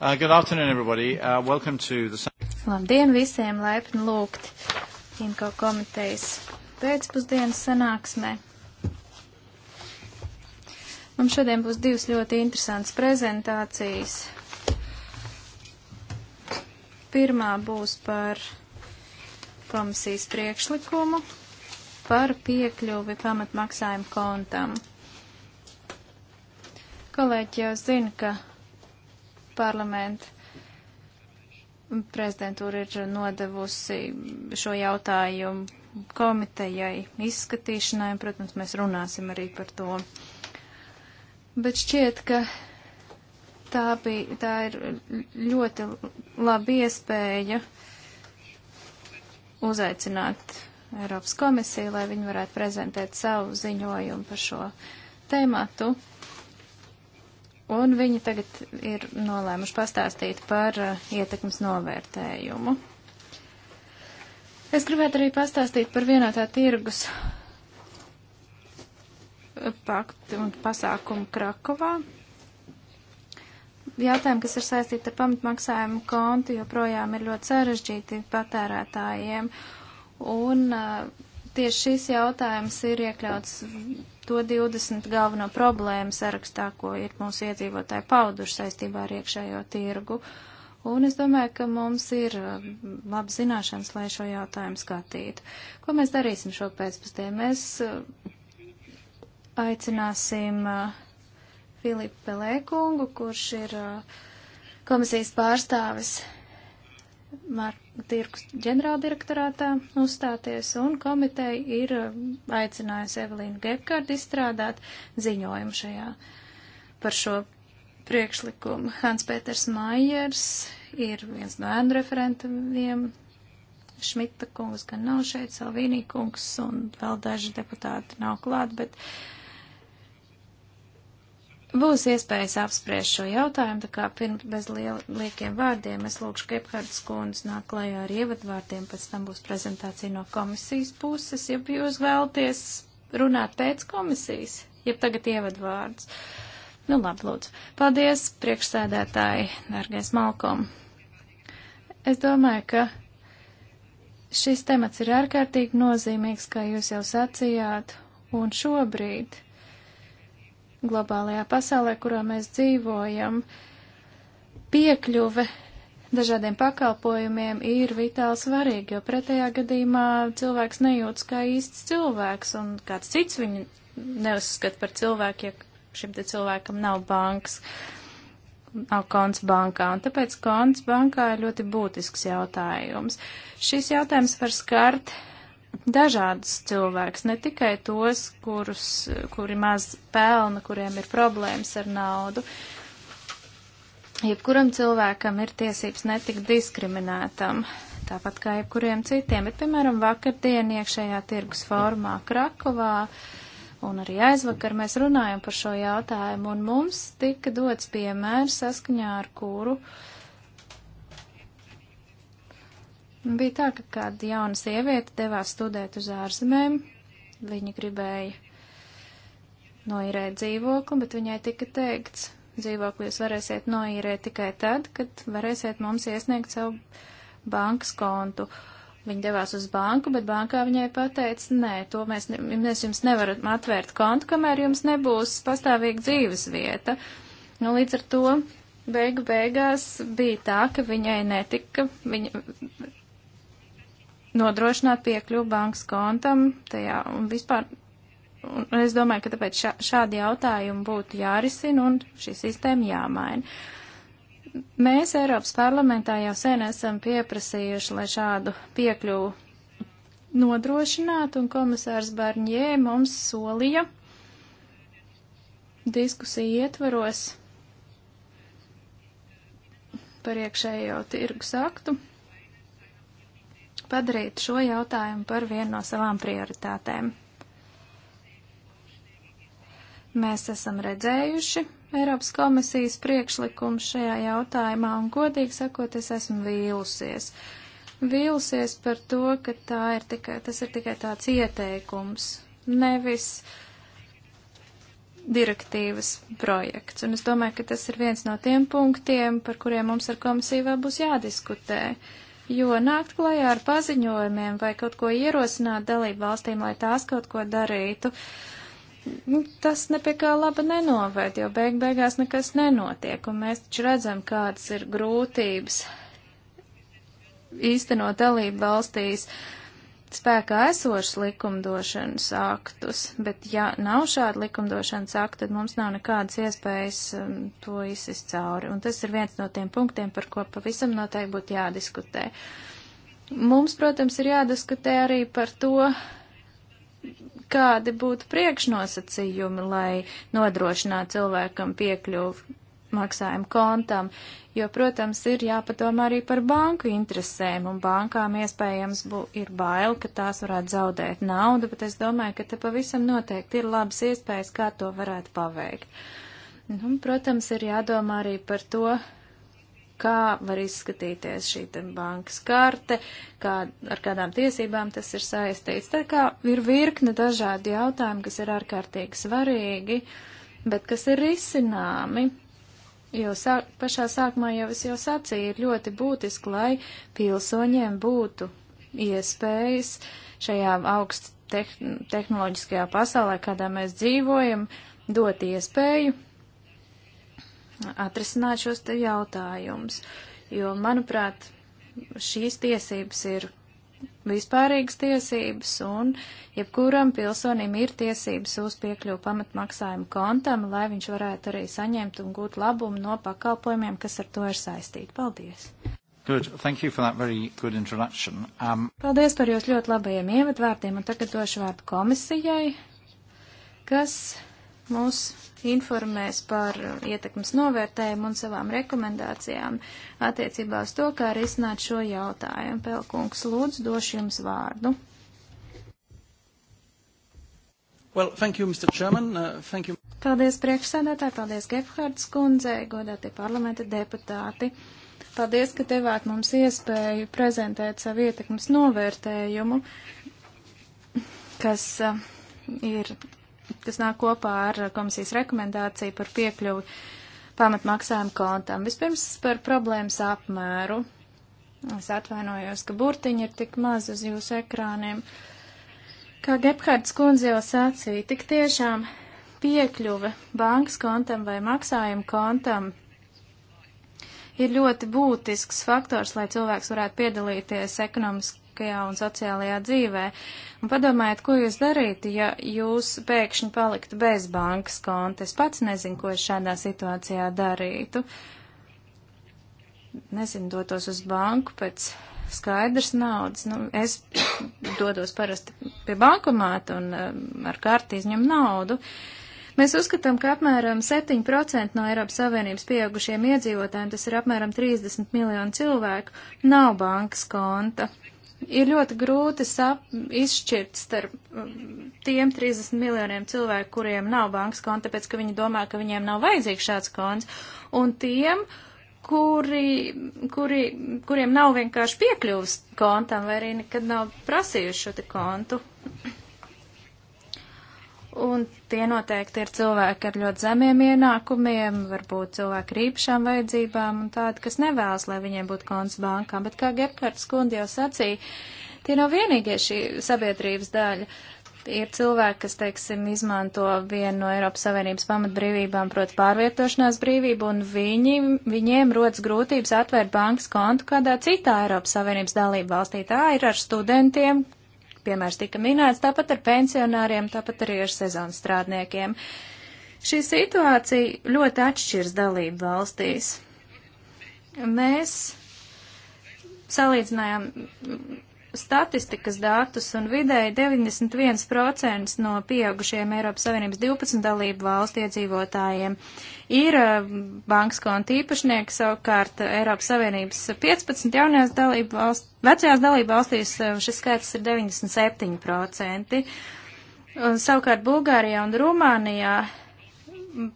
Uh, good afternoon, everybody. Uh, welcome to the... Labdien visiem, laipni lūgt Inko komitejas pēcpusdienas sanāksmē. Mums šodien būs divas ļoti interesantas prezentācijas. Pirmā būs par komisijas priekšlikumu par piekļuvi pamatmaksājumu kontam. Kolēģi jau zina, ka parlamentu. Prezidentūra ir nodevusi šo jautājumu komitejai izskatīšanai, un, protams, mēs runāsim arī par to. Bet šķiet, ka tā, bija, tā ir ļoti laba iespēja uzaicināt Eiropas komisiju, lai viņi varētu prezentēt savu ziņojumu par šo tēmatu un viņi tagad ir nolēmuši pastāstīt par uh, ietekmes novērtējumu. Es gribētu arī pastāstīt par vienotā tirgus eh, paktu un pasākumu Krakovā. Jautājumi, kas ir saistīti ar pamatmaksājumu kontu, joprojām ir ļoti sarežģīti patērētājiem. Un uh, tieši šis jautājums ir iekļauts to 20 galveno problēmu sarakstā, ko ir mūsu iedzīvotāji pauduši saistībā ar iekšējo tirgu. Un es domāju, ka mums ir uh, labi zināšanas, lai šo jautājumu skatītu. Ko mēs darīsim šo pēcpusdienu? Mēs uh, aicināsim uh, Filipu Pelēkungu, kurš ir komisijas pārstāvis Marta tirkus ģenerāldirektorātā uzstāties, un komiteja ir eh, aicinājusi Evelīnu Gepkārdu izstrādāt ziņojumu šajā par šo priekšlikumu. Hans Pēters Maiers ir viens no ēnu referentiem, Šmita kungs gan nav šeit, Salvīnī kungs un vēl daži deputāti nav klāt, bet uh, Būs iespējas apspriest šo jautājumu, tā kā pirms bez liel, liekiem vārdiem es lūkšu Gebhardas kundas nāk klajā ar ievadvārdiem, pēc tam būs prezentācija no komisijas puses, ja jūs vēlties runāt pēc komisijas, ja tagad ievadvārds. Nu, labi, lūdzu. Paldies, priekšsēdētāji, dargais Malkom. Es domāju, ka šis temats ir ārkārtīgi nozīmīgs, kā jūs jau sacījāt, un šobrīd globālajā pasaulē, kurā mēs dzīvojam, piekļuve dažādiem pakalpojumiem ir vitāli svarīga, jo pretējā gadījumā cilvēks nejūtas kā īsts cilvēks, un kāds cits viņu neuzskata par cilvēku, ja šim te cilvēkam nav bankas, nav konts bankā, un tāpēc konts bankā ir ļoti būtisks jautājums. Šis jautājums var skart dažādus cilvēkus, ne tikai tos, kurus, kuri maz pelna, kuriem ir problēmas ar naudu. Jebkuram cilvēkam ir tiesības netikt diskriminētam, tāpat kā jebkuriem citiem, bet, piemēram, vakardien iekšējā tirgus formā Krakovā un arī aizvakar mēs runājam par šo jautājumu, un mums tika dots piemērs saskaņā ar kuru uh, Bija tā, ka kāda jauna sieviete devās studēt uz ārzemēm. Viņa gribēja noīrēt dzīvokli, bet viņai tika teikts, dzīvokli jūs varēsiet noīrēt tikai tad, kad varēsiet mums iesniegt savu bankas kontu. Viņa devās uz banku, bet bankā viņai pateica, nē, to mēs, ne, mēs jums nevaram atvērt kontu, kamēr jums nebūs pastāvīga dzīves vieta. Nu, līdz ar to beigu beigās bija tā, ka viņai netika, viņa, nodrošināt piekļuvu bankas kontam tajā un vispār. Un es domāju, ka tāpēc šā, šādi jautājumi būtu jārisina un šī sistēma jāmaina. Mēs Eiropas parlamentā jau sen esam pieprasījuši, lai šādu piekļuvu nodrošinātu, un komisārs Barņē mums solīja diskusiju ietvaros par iekšējo tirgus aktu padarīt šo jautājumu par vienu no savām prioritātēm. Mēs esam redzējuši Eiropas komisijas priekšlikumu šajā jautājumā, un godīgi sakot, es esmu vīlusies. Vīlusies par to, ka tā ir tikai, tas ir tikai tāds ieteikums, nevis direktīvas projekts. Un es domāju, ka tas ir viens no tiem punktiem, par kuriem mums ar komisiju vēl būs jādiskutē. Uh, jo nākt klajā ar paziņojumiem vai kaut ko ierosināt dalību valstīm, lai tās kaut ko darītu, nu, tas ne pie kā laba nenovērt, jo beig beigās nekas nenotiek, un mēs taču redzam, kādas ir grūtības īstenot dalību valstīs spēkā esošas likumdošanas aktus, bet ja nav šāda likumdošanas akta, tad mums nav nekādas iespējas um, to izsist cauri. Un tas ir viens no tiem punktiem, par ko pavisam noteikti būtu jādiskutē. Mums, protams, ir jādiskutē arī par to, kādi būtu priekšnosacījumi, lai nodrošinātu cilvēkam piekļuvu maksājumu kontam, jo, protams, ir jāpadomā arī par banku interesēm, un bankām iespējams bū, ir bail, ka tās varētu zaudēt naudu, bet es domāju, ka te pavisam noteikti ir labas iespējas, kā to varētu paveikt. Nu, protams, ir jādomā arī par to, kā var izskatīties šī bankas karte, kā, ar kādām tiesībām tas ir saistīts. Tā kā ir virkne dažādi jautājumi, kas ir ārkārtīgi svarīgi, bet kas ir risināmi. Jau sāk, pašā sākumā jau es jau sacīju, ir ļoti būtiski, lai pilsoņiem būtu iespējas šajā augst teh tehnoloģiskajā pasaulē, kādā mēs dzīvojam, dot iespēju atrisināt šos te jautājumus. Jo, manuprāt, šīs tiesības ir vispārīgas tiesības un jebkuram pilsonim ir tiesības uz piekļuvu pamatmaksājumu kontam, lai viņš varētu arī saņemt un gūt labumu no pakalpojumiem, kas ar to ir saistīti. Paldies! Good. Thank you for that very good introduction. Um... Paldies par jūs ļoti labajiem ievadvārdiem, un tagad došu vārdu komisijai, kas mūs informēs par uh, ietekmes novērtējumu un savām rekomendācijām attiecībā uz to, kā risināt šo jautājumu. Pelkungs, lūdzu, došu jums vārdu. Well, thank you, Mr. Chairman. Uh, thank you. Paldies priekšsēdētāji, paldies Gephards kundze, godātie parlamenta deputāti. Paldies, ka devāt mums iespēju prezentēt savu ietekmes novērtējumu, kas uh, ir kas nāk kopā ar komisijas rekomendāciju par piekļuvi pamatmaksājumu kontam. Vispirms par problēmas apmēru. Es atvainojos, ka burtiņi ir tik maz uz jūsu ekrāniem. Kā Gebhards kundze jau sacīja, tik tiešām piekļuve bankas kontam vai maksājuma kontam ir ļoti būtisks faktors, lai cilvēks varētu piedalīties ekonomiski ekonomiskajā un sociālajā dzīvē. Un padomājiet, ko jūs darītu, ja jūs pēkšņi paliktu bez bankas konta. Es pats nezinu, ko es šādā situācijā darītu. Nezinu, dotos uz banku pēc skaidrs naudas. Nu, es dodos parasti pie bankomāta un um, ar karti izņem naudu. Mēs uzskatām, ka apmēram 7% no Eiropas Savienības pieaugušiem iedzīvotājiem, tas ir apmēram 30 miljonu cilvēku, nav bankas konta ir ļoti grūti sap, izšķirt starp um, tiem 30 miljoniem cilvēku, kuriem nav bankas konta, tāpēc, ka viņi domā, ka viņiem nav vajadzīgs šāds konts, un tiem, kuri, kuri, kuriem nav vienkārši piekļuvs kontam vai arī nekad nav prasījuši šo te kontu. Un tie noteikti ir cilvēki ar ļoti zemiem ienākumiem, varbūt cilvēki ar īpašām vajadzībām un tādi, kas nevēlas, lai viņiem būtu konts bankā. Bet, kā Gerkārds Kundi jau sacīja, tie nav vienīgie šī sabiedrības daļa. Ir cilvēki, kas, teiksim, izmanto vienu no Eiropas Savienības pamatbrīvībām, proti pārvietošanās brīvību, un viņi, viņiem rodas grūtības atvērt bankas kontu kādā citā Eiropas Savienības dalību valstī. Tā ir ar studentiem, piemērs tika minēts, tāpat ar pensionāriem, tāpat arī ar sezonas strādniekiem. Šī situācija ļoti atšķirs dalību valstīs. Mēs salīdzinājām statistikas datus un vidēji 91% no pieaugušiem Eiropas Savienības 12 dalību valstu iedzīvotājiem ir eh, bankas konta īpašnieki, savukārt eh, Eiropas Savienības 15 jaunajās dalību valsts, vecajās dalību valstīs eh, šis skaits ir 97%. Un, savukārt Bulgārijā un Rumānijā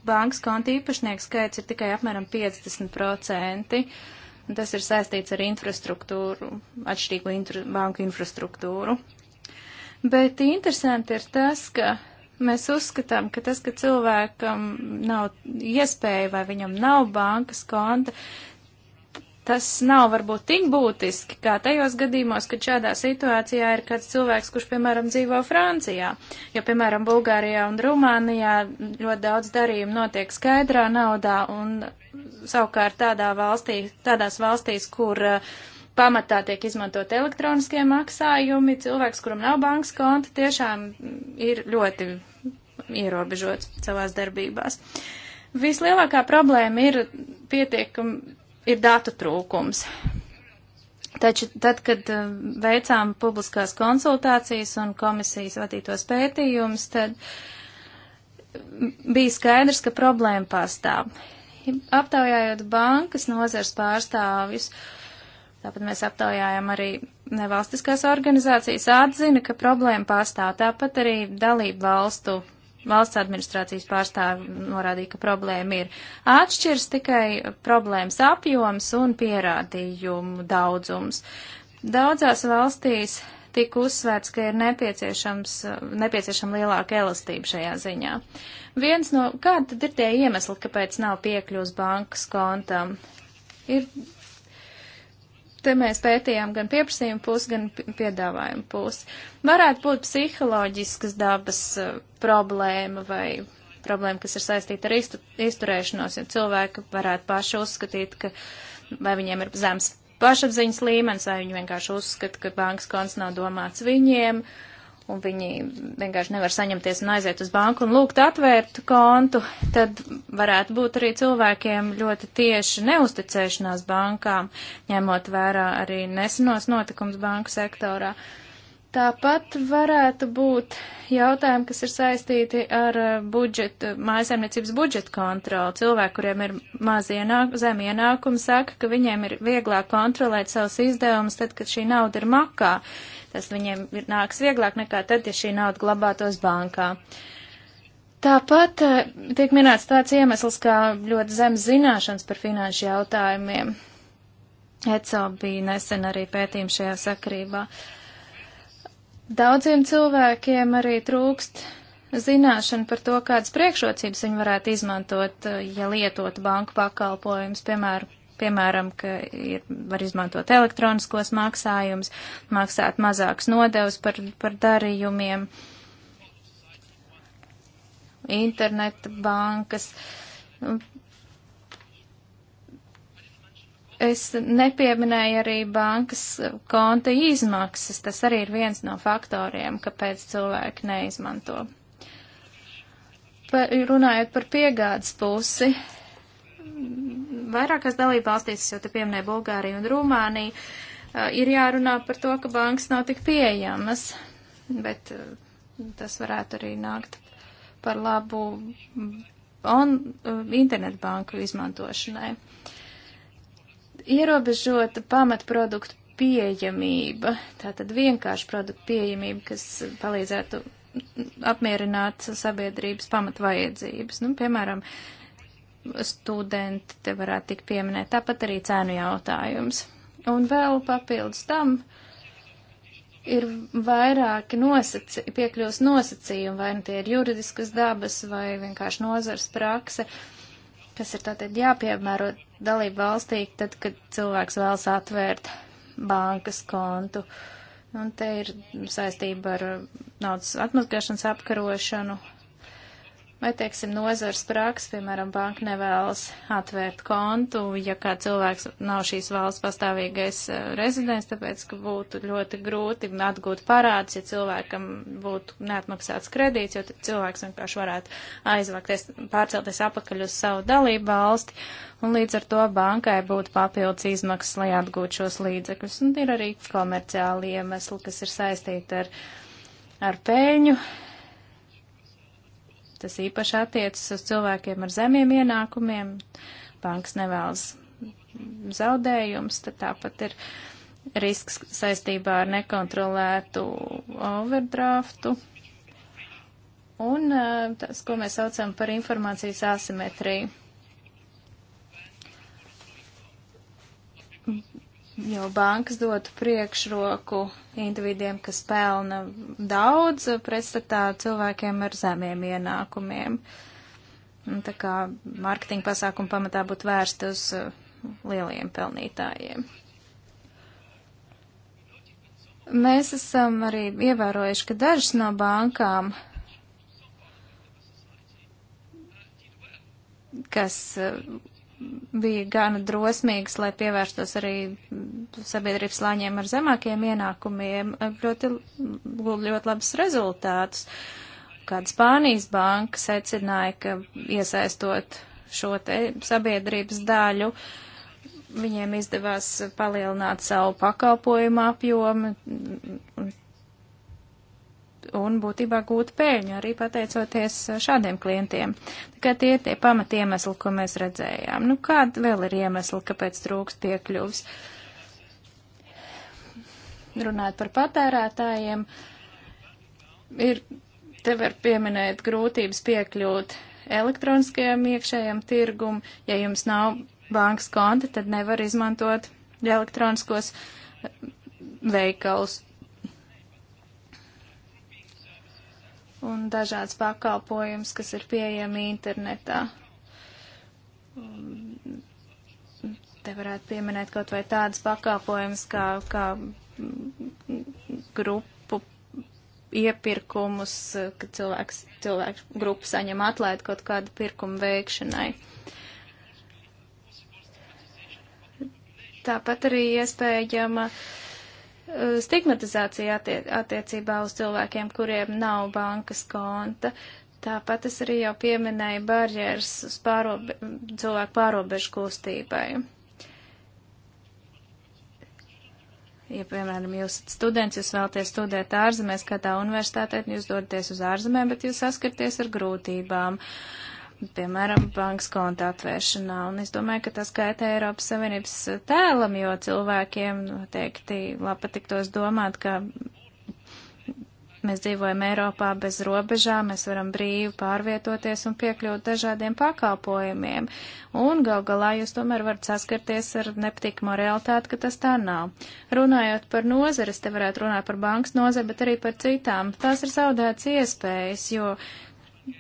bankas konta īpašnieku skaits ir tikai apmēram 50% un tas ir saistīts ar infrastruktūru, atšķirīgu intru, banku infrastruktūru. Bet interesanti ir tas, ka mēs uzskatām, ka tas, ka cilvēkam nav iespēja vai viņam nav bankas konta, tas nav varbūt tik būtiski, kā tajos gadījumos, kad šādā situācijā ir kāds cilvēks, kurš, piemēram, dzīvo Francijā. Jo, piemēram, Bulgārijā un Rumānijā ļoti daudz darījumu notiek skaidrā naudā un savukārt tādā valstī, tādās valstīs, kur uh, pamatā tiek izmantot elektroniskie maksājumi, cilvēks, kuram nav bankas konta, tiešām ir ļoti ierobežots savās darbībās. Vislielākā problēma ir pietiekami ir datu trūkums. Taču tad, kad eh, veicām publiskās konsultācijas un komisijas vadītos pētījumus, tad bija skaidrs, ka problēma pastāv. Aptaujājot bankas nozars pārstāvjus, tāpat mēs aptaujājam arī nevalstiskās organizācijas, atzina, ka problēma pastāv. Tāpat arī dalību valstu valsts administrācijas pārstāvi norādīja, ka problēma ir. Atšķirs tikai problēmas apjoms un pierādījumu daudzums. Daudzās valstīs tika uzsvērts, ka ir nepieciešams, nepieciešama lielāka elastība šajā ziņā. Viens no, kāda tad ir tie iemesli, kāpēc nav piekļūs bankas kontam? Ir Te mēs pētījām gan pieprasījumu pusi, gan piedāvājumu pusi. Varētu būt psiholoģiskas dabas uh, problēma vai problēma, kas ir saistīta ar iztu, izturēšanos, jo cilvēki varētu paši uzskatīt, ka vai viņiem ir zems pašapziņas līmenis, vai viņi vienkārši uzskata, ka bankas konts nav domāts viņiem. Uh, un viņi vienkārši nevar saņemties un aiziet uz banku un lūgt atvērt kontu, tad varētu būt arī cilvēkiem ļoti tieši neusticēšanās bankām, ņemot vērā arī nesenos notikums banku sektorā. Uh, Tāpat varētu būt jautājumi, kas ir saistīti ar eh, budžetu, mājasemniecības budžetu kontroli. Cilvēki, kuriem ir maz ienāk, zem ienākumi, saka, ka viņiem ir vieglāk kontrolēt savus izdevumus tad, kad šī nauda ir makā. Tas viņiem ir nāks vieglāk nekā tad, ja šī nauda glabātos bankā. Tāpat eh, tiek minēts tāds iemesls, kā ļoti zemes zināšanas par finanšu jautājumiem. ECO bija nesen arī pētījums šajā sakarībā. Uh, Daudziem cilvēkiem arī trūkst zināšana par to, kādas priekšrocības viņi varētu izmantot, eh, ja lietot banku pakalpojumus, piemēram, piemēram, ka ir, var izmantot elektroniskos maksājumus, maksāt mazāks nodevs par, par darījumiem, interneta bankas. Es nepieminēju arī bankas konta izmaksas. Tas arī ir viens no faktoriem, kāpēc cilvēki neizmanto. Pa, runājot par piegādes pusi, vairākās dalībvalstīs, es jau te pieminēju Bulgāriju un Rumāniju, ir jārunā par to, ka bankas nav tik pieejamas, bet tas varētu arī nākt par labu on, internetbanku izmantošanai. Uh, ierobežota pamatproduktu pieejamība, tātad vienkārši produktu pieejamība, kas palīdzētu apmierināt sabiedrības pamatvajadzības. Nu, piemēram, studenti te varētu tik pieminēt, tāpat arī cēnu jautājums. Un vēl papildus tam ir vairāki nosacī, piekļūst nosacījumi, vai nu tie ir juridiskas dabas vai vienkārši nozars prakse. Uh, kas ir tātad jāpiemēro dalību valstī, tad, kad cilvēks vēlas atvērt bankas kontu. Un te ir saistība ar naudas atmazgāšanas apkarošanu, Vai, teiksim, nozars praks, piemēram, banka nevēlas atvērt kontu, ja kā cilvēks nav šīs valsts pastāvīgais eh, rezidents, tāpēc, ka būtu ļoti grūti atgūt parādus, ja cilvēkam būtu neatmaksāts kredīts, jo cilvēks vienkārši varētu aizvākties, pārcelties apakaļ uz savu dalību valsti, un līdz ar to bankai būtu papildus izmaksas, lai atgūtu šos līdzekļus. Un ir arī komerciāli iemesli, kas ir saistīti ar, ar pēļņu Tas īpaši attiecas uz cilvēkiem ar zemiem ienākumiem. Banks nevēlas zaudējums, tad tāpat ir risks saistībā ar nekontrolētu overdraftu. Un eh, tas, ko mēs saucam par informācijas asimetriju. jo bankas dotu priekšroku individiem, kas pelna daudz, pretstatā cilvēkiem ar zemiem ienākumiem. Un tā kā mārketinga pasākuma pamatā būtu vērsta uz uh, lielajiem pelnītājiem. Mēs esam arī ievērojuši, ka dažas no bankām kas uh, bija gana drosmīgs, lai pievērstos arī sabiedrības slāņiem ar zemākiem ienākumiem, ļoti, ļoti labus rezultātus. Kāda Spānijas banka secināja, ka iesaistot šo te sabiedrības daļu, viņiem izdevās palielināt savu pakalpojumu apjomu, un būtībā gūt pēļņu arī pateicoties uh, šādiem klientiem. Tikai tie ir tie pamati iemesli, ko mēs redzējām. Nu, kāda vēl ir iemesli, kāpēc trūkst piekļuvs? Runāt par patērētājiem, ir, te var pieminēt grūtības piekļūt elektroniskajam iekšējam tirgum, ja jums nav bankas konta, tad nevar izmantot elektroniskos uh, veikals. un dažāds pakalpojums, kas ir pieejami internetā. Te varētu pieminēt kaut vai tādas pakalpojumus kā, kā grupu iepirkumus, ka cilvēks, cilvēks grupa saņem atlaidu kaut kādu pirkumu veikšanai. Tāpat arī iespējama uh, Eh, stigmatizācija attie attiecībā uz cilvēkiem, kuriem nav bankas konta. Tāpat es arī jau pieminēju barjeras pārobe cilvēku pārobežu kustībai. ja, piemēram, jūs esat students, jūs vēlaties studēt ārzemēs, kādā universitātē, jūs dodaties uz ārzemēm, bet jūs saskaties ar grūtībām. Uh, piemēram, bankas konta atvēršanā. Un es domāju, ka tas kaitē Eiropas Savienības tēlam, jo cilvēkiem noteikti labi patiktos domāt, ka mēs dzīvojam Eiropā bez robežām, mēs varam brīvi pārvietoties un piekļūt dažādiem pakalpojumiem. Un gal galā jūs tomēr varat saskarties ar nepatīkamo realitāti, ka tas tā nav. Runājot par nozares, te varētu runāt par bankas nozari, bet arī par citām. Tās ir zaudētas iespējas, jo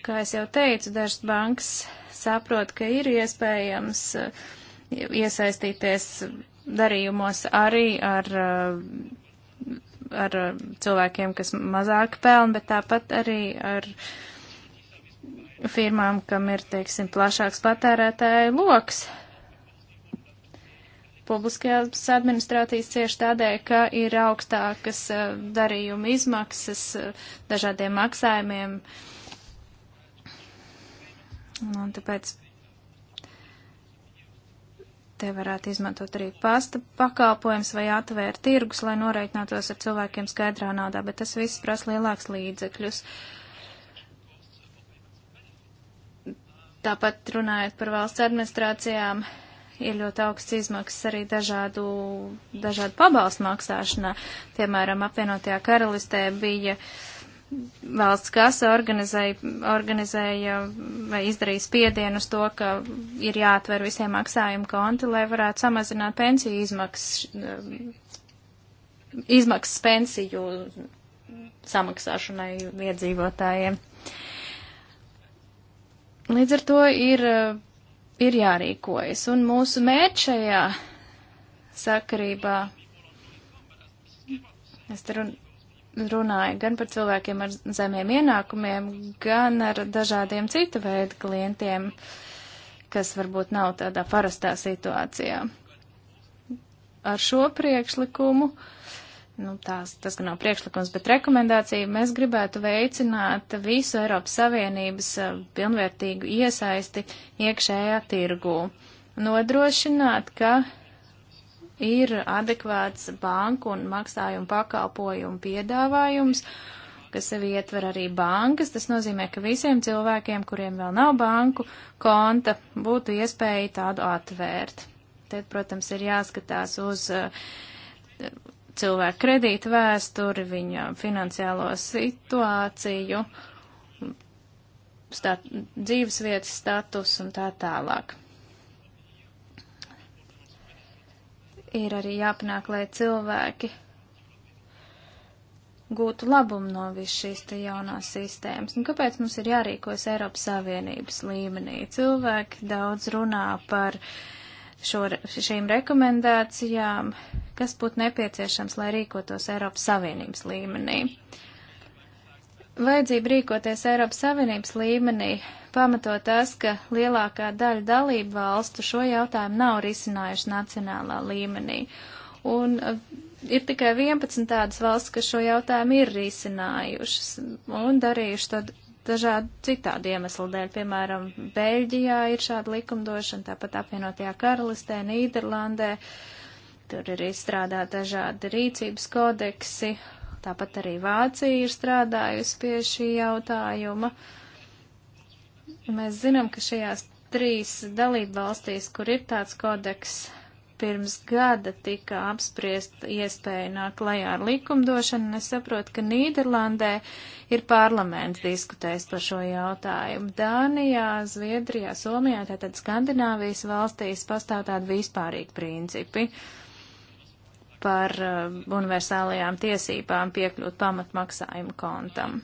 kā es jau teicu, dažas bankas saprot, ka ir iespējams eh, iesaistīties darījumos arī ar, eh, ar cilvēkiem, kas mazāk pelna, bet tāpat arī ar firmām, kam ir, teiksim, plašāks patērētāju loks. Publiskajās administrācijas cieši tādēļ, ka ir augstākas eh, darījuma izmaksas dažādiem maksājumiem. Uh, Un tāpēc te varētu izmantot arī pasta pakalpojums vai atvērt tirgus, lai noreikinātos ar cilvēkiem skaidrā naudā, bet tas viss prasa lielāks līdzekļus. Tāpat runājot par valsts administrācijām, ir ļoti augsts izmaksas arī dažādu, dažādu pabalstu maksāšanā. Piemēram, apvienotajā karalistē bija uh, valsts kasa organizēja, organizēja vai izdarīja spiedienu uz to, ka ir jāatver visiem maksājumu konti, lai varētu samazināt pensiju izmaksas, izmaksas pensiju samaksāšanai iedzīvotājiem. Līdz ar to ir, ir jārīkojas, un mūsu mērķi šajā sakarībā, es te runu, runāja gan par cilvēkiem ar zemiem ienākumiem, gan ar dažādiem cita veida klientiem, kas varbūt nav tādā parastā situācijā. Ar šo priekšlikumu, nu tās, tas gan nav priekšlikums, bet rekomendācija, mēs gribētu veicināt visu Eiropas Savienības eh, pilnvērtīgu iesaisti iekšējā tirgū. Nodrošināt, ka ir adekvāts banku un maksājumu pakalpojumu piedāvājums, kas sevi ietver arī bankas. Tas nozīmē, ka visiem cilvēkiem, kuriem vēl nav banku konta, būtu iespēja tādu atvērt. Tad, protams, ir jāskatās uz eh, cilvēku kredītu vēsturi, viņa finansiālo situāciju, stat dzīvesvietas status un tā tālāk. ir arī jāpanāk, lai cilvēki gūtu labumu no visu šīs te jaunās sistēmas. Un kāpēc mums ir jārīkojas Eiropas Savienības līmenī? Cilvēki daudz runā par šo, šīm rekomendācijām, kas būtu nepieciešams, lai rīkotos Eiropas Savienības līmenī. Uh, vajadzība rīkoties Eiropas Savienības līmenī pamato tas, ka lielākā daļa dalību valstu šo jautājumu nav risinājuši nacionālā līmenī. Un uh, ir tikai 11 tādas valsts, kas šo jautājumu ir risinājušas un darījuši to dažādu citādu iemeslu dēļ. Piemēram, Beļģijā ir šāda likumdošana, tāpat apvienotajā karalistē, Nīderlandē. Tur ir izstrādāti dažādi rīcības kodeksi Tāpat arī Vācija ir strādājusi pie šī jautājuma. Mēs zinām, ka šajās trīs dalību valstīs, kur ir tāds kodeks, pirms gada tika apspriest iespēja nākt klajā ar likumdošanu. Es saprotu, ka Nīderlandē ir parlaments diskutējis par šo jautājumu. Dānijā, Zviedrijā, Somijā, tātad Skandināvijas valstīs pastāv tādi vispārīgi principi. Uh, par eh, universālajām tiesībām piekļūt pamatmaksājumu kontam.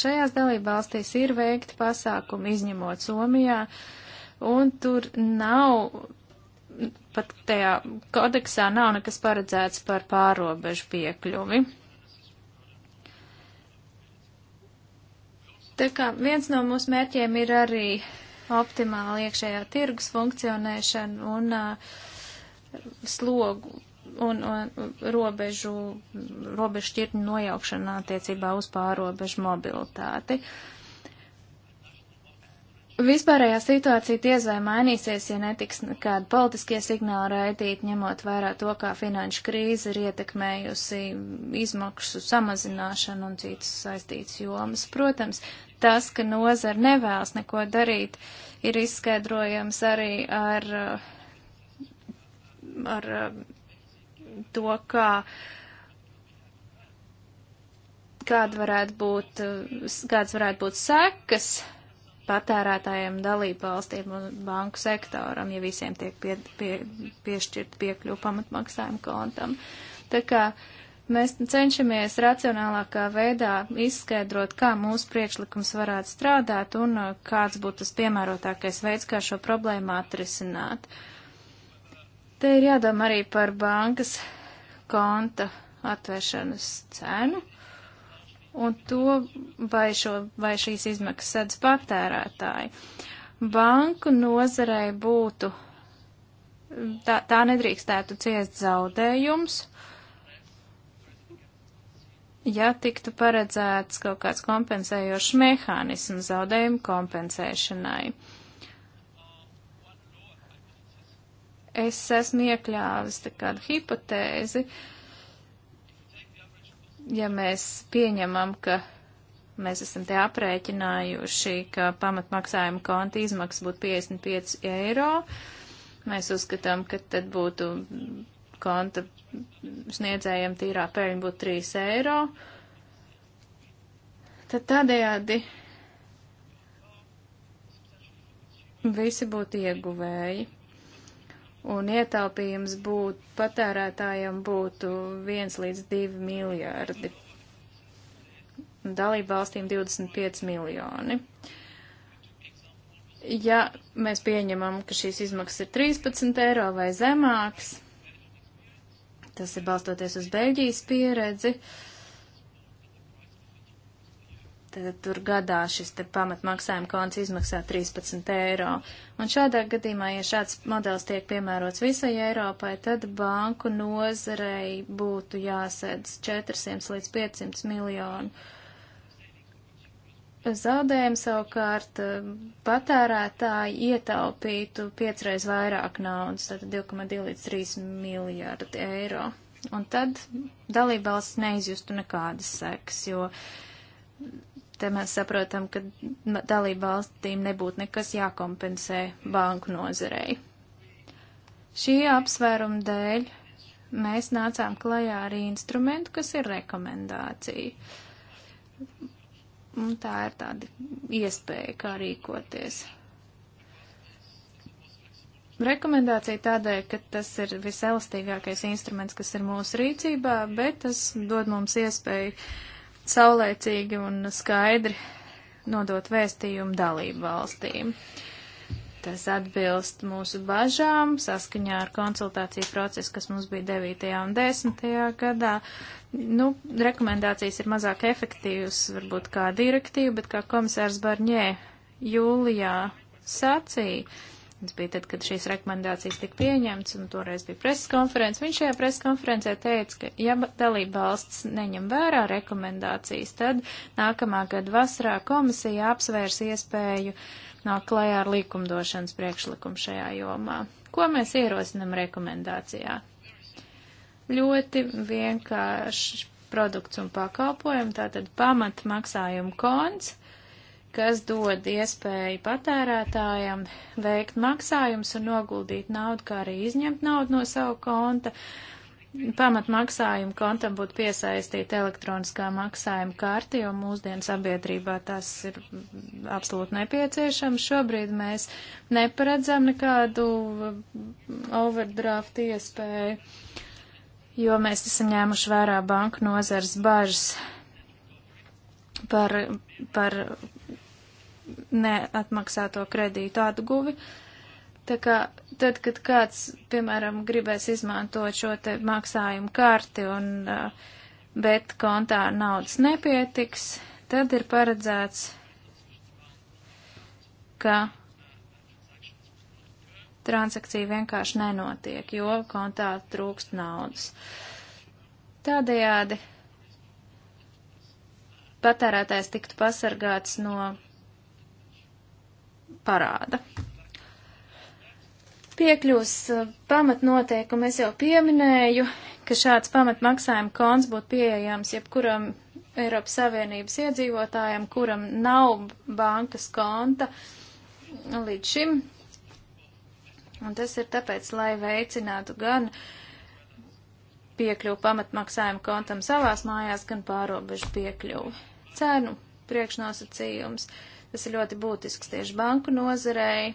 Šajās dalībvalstīs ir veikti pasākumi, izņemot Somijā, un tur nav, pat tajā kodeksā nav nekas paredzēts par pārobežu piekļuvi. Tā kā viens no mūsu mērķiem ir arī uh, optimāli iekšējā tirgus funkcionēšanu un uh, slogu un, un robežu, robežu šķirtņu nojaukšanu attiecībā uz pārobežu mobilitāti. Vispārējā situācija tiezvai mainīsies, ja netiks kādi politiskie signāli raidīt, ņemot vērā to, kā finanšu krīze ir ietekmējusi izmaksu samazināšanu un citas saistītas jomas. Protams, tas, ka nozara nevēlas neko darīt, ir izskaidrojams arī ar, ar to, kā, kāda varētu būt, kāds varētu būt sekas patērētājiem, dalībvalstīm un banku sektoram, ja visiem tiek pie, pie, piešķirt piekļuvu pamatmaksājumu kontam. Tā kā uh, Mēs cenšamies racionālākā veidā izskaidrot, kā mūsu priekšlikums varētu strādāt un uh, kāds būtu tas piemērotākais veids, kā šo problēmu atrisināt. Te ir jādomā arī par bankas konta atvēršanas cenu un to, vai, šo, vai šīs izmaksas sedz patērētāji. Banku nozarei būtu, tā, tā nedrīkstētu ciest zaudējums, ja tiktu paredzēts kaut kāds kompensējošs mehānisms zaudējumu kompensēšanai. Es esmu iekļāvis tādu hipotēzi, ja mēs pieņemam, ka mēs esam te aprēķinājuši, ka pamatmaksājuma konta izmaksas būtu 55 eiro, mēs uzskatām, ka tad būtu konta sniedzējiem tīrā peļņa būtu 3 eiro, tad tādējādi visi būtu ieguvēji. Un ietaupījums būtu patērētājiem būtu 1 līdz 2 miljardi. Dalība valstīm 25 miljoni. Ja mēs pieņemam, ka šīs izmaksas ir 13 eiro vai zemāks, Tas ir balstoties uz Beļģijas pieredzi. Tad tur gadā šis te pamatmaksājuma konts izmaksā 13 eiro. Un šādā gadījumā, ja šāds modelis tiek piemērots visai Eiropai, tad banku nozarei būtu jāsēdz 400 līdz 500 miljonu zaudējumu savukārt eh, patērētāji ietaupītu piecreiz vairāk naudas, tātad 2,2 līdz 3 miljārdi eiro. Un tad dalībvalsts neizjustu nekādas sekas, jo te mēs saprotam, ka dalībvalstīm nebūtu nekas jākompensē banku nozarei. Šī apsvēruma dēļ mēs nācām klajā arī instrumentu, kas ir rekomendācija Un tā ir tāda iespēja, kā rīkoties. Rekomendācija tādēļ, ka tas ir viselastīgākais instruments, kas ir mūsu rīcībā, bet tas dod mums iespēju saulēcīgi un skaidri nodot vēstījumu dalību valstīm. Uh, Tas atbilst mūsu bažām saskaņā ar konsultāciju procesu, kas mums bija 9. un 10. gadā. Nu, rekomendācijas ir mazāk efektīvas, varbūt kā direktīva, bet kā komisārs Barņē jūlijā sacīja, tas bija tad, kad šīs rekomendācijas tika pieņemts, un toreiz bija preses konferences, viņš šajā preses konferencē teica, ka ja dalība valsts neņem vērā rekomendācijas, tad nākamā gada vasarā komisija apsvērs iespēju uh, nāk klajā ar likumdošanas priekšlikumu šajā jomā. Ko mēs ierosinam rekomendācijā? Ļoti vienkārši produkts un pakalpojumi, tātad pamat maksājumu konts, kas dod iespēju patērētājam veikt maksājumus un noguldīt naudu, kā arī izņemt naudu no savu konta, uh, pamatmaksājumu kontam būtu piesaistīta elektroniskā maksājuma karti, jo mūsdienu sabiedrībā tas ir absolūti nepieciešams. Šobrīd mēs neparedzam nekādu overdraft iespēju, jo mēs esam ņēmuši vērā banku nozars bažas par, par neatmaksāto kredītu atguvi. Uh, Tā kā tad, kad kāds, piemēram, gribēs izmantot šo te maksājumu karti un, bet kontā naudas nepietiks, tad ir paredzēts, ka transakcija vienkārši nenotiek, jo kontā trūkst naudas. Tādējādi patērētājs tiktu pasargāts no parāda. Piekļūs eh, pamatnoteikumi es jau pieminēju, ka šāds pamatmaksājuma konts būtu pieejams jebkuram Eiropas Savienības iedzīvotājam, kuram nav bankas konta līdz šim. Un tas ir tāpēc, lai veicinātu gan piekļuvu pamatmaksājumu kontam savās mājās, gan pārobežu piekļuvu. Cenu priekšnosacījums. Tas ir ļoti būtisks tieši banku nozarei.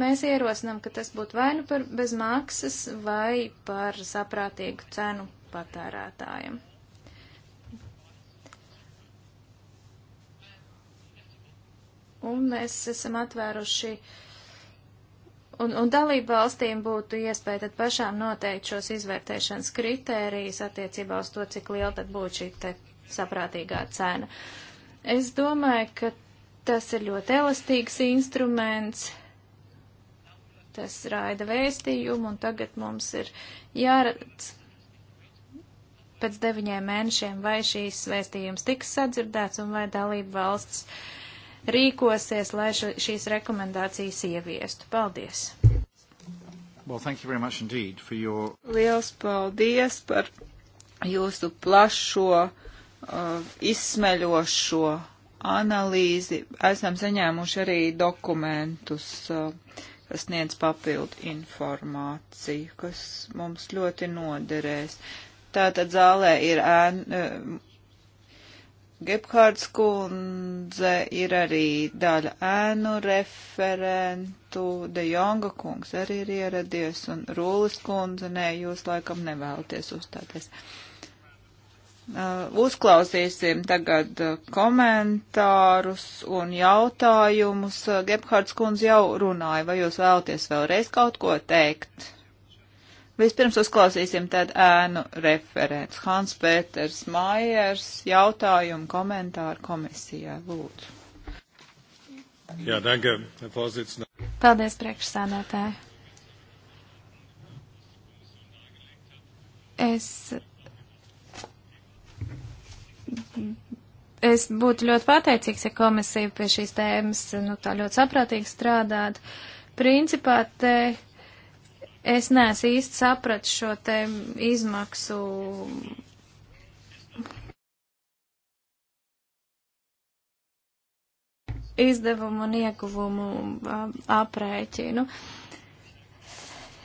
Mēs ierosinām, ka tas būtu vai nu par bezmaksas, vai par saprātīgu cenu patērētājiem. Un mēs esam atvēruši un, un dalību valstīm būtu iespēja tad pašām noteikt šos izvērtēšanas kritērijus attiecībā uz to, cik liela tad būtu šī te saprātīgā cena. Es domāju, ka tas ir ļoti elastīgs instruments, tas raida vēstījumu, un tagad mums ir jāredz pēc deviņiem mēnešiem, vai šīs vēstījums tiks sadzirdēts un vai dalība valsts rīkosies, lai šo, šīs rekomendācijas ieviestu. Paldies! Well, thank you very much indeed for your... Liels paldies par jūsu plašo, uh, izsmeļošo analīzi. Esam saņēmuši arī dokumentus. Uh, sniedz papildu informāciju, kas mums ļoti noderēs. Tātad zālē ir ēna. E, Gebhards kundze ir arī daļa ēnu referentu, De Jonga kungs arī ir ieradies, un Rūlis kundze, nē, jūs laikam nevēlaties uzstāties. Uh, Uh, uzklausīsim tagad uh, komentārus un jautājumus. Uh, Gebhards kundze jau runāja, vai jūs vēlaties vēlreiz kaut ko teikt? Vispirms uzklausīsim tad ēnu referents. Hans Pēters Maiers, jautājumu komentāru komisijai, lūdzu. Jā, danke, Herr Vorsitzender. Paldies, priekšsādātāji. Es es būtu ļoti pateicīgs, ja komisija pie šīs tēmas, nu, tā ļoti saprātīgi strādāt. Principā te es neesmu īsti sapratu šo te izmaksu. izdevumu un ieguvumu um, aprēķinu.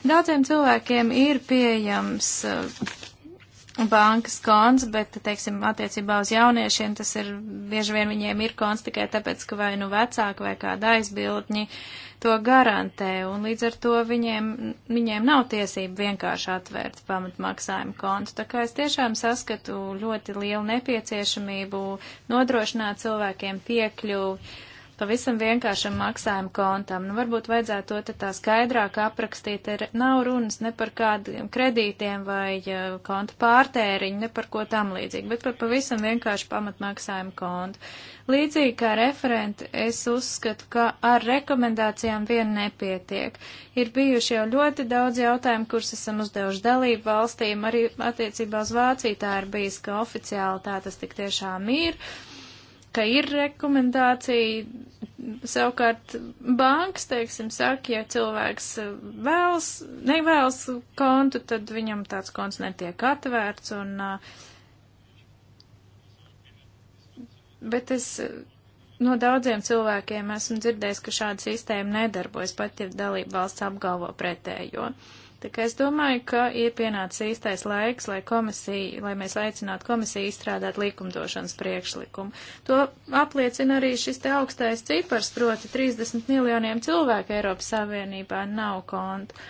Daudziem cilvēkiem ir pieejams uh, bankas konts, bet, teiksim, attiecībā uz jauniešiem tas ir, bieži vien viņiem ir konts tikai tāpēc, ka vai nu vecāki vai kāda aizbildņi to garantē, un līdz ar to viņiem, viņiem nav tiesība vienkārši atvērt pamatmaksājumu kontu. Tā kā es tiešām saskatu ļoti lielu nepieciešamību nodrošināt cilvēkiem piekļuvi pavisam vienkāršam maksājuma kontam. Nu, varbūt vajadzētu to tā, tā skaidrāk aprakstīt. Ir, nav runas ne par kādiem kredītiem vai uh, konta pārtēriņu, ne par ko tam līdzīgi, bet par pavisam vienkāršu pamatmaksājumu kontu. Līdzīgi kā referenti, es uzskatu, ka ar rekomendācijām vien nepietiek. Ir bijuši jau ļoti daudz jautājumu, kurus esam uzdevuši dalību valstīm, arī attiecībā uz Vāciju tā ir bijis, ka oficiāli tā tas tik tiešām ir. Uh, ka ir rekomendācija. Savukārt bankas, teiksim, saka, ja cilvēks vēlas, nevēlas kontu, tad viņam tāds konts netiek atvērts. Un, bet es no daudziem cilvēkiem esmu dzirdējis, ka šāda sistēma nedarbojas, pat ja dalība valsts apgalvo pretējo. Uh, Tā kā es domāju, ka ir pienācis īstais laiks, lai komisija, lai mēs aicinātu komisiju izstrādāt likumdošanas priekšlikumu. To apliecina arī šis te augstais cipars, proti 30 miljoniem cilvēku Eiropas Savienībā nav kontu.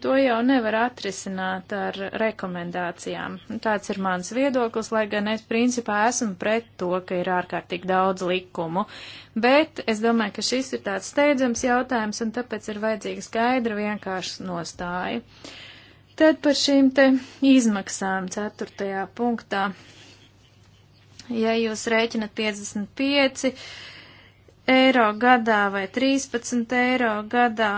To jau nevar atrisināt ar rekomendācijām. Nu, tāds ir mans viedoklis, lai gan es principā esmu pret to, ka ir ārkārtīgi daudz likumu. Bet es domāju, ka šis ir tāds steidzams jautājums un tāpēc ir vajadzīga skaidra vienkārša nostāja. Tad par šīm te izmaksām ceturtajā punktā. Ja jūs rēķinat 55 eiro gadā vai 13 eiro gadā,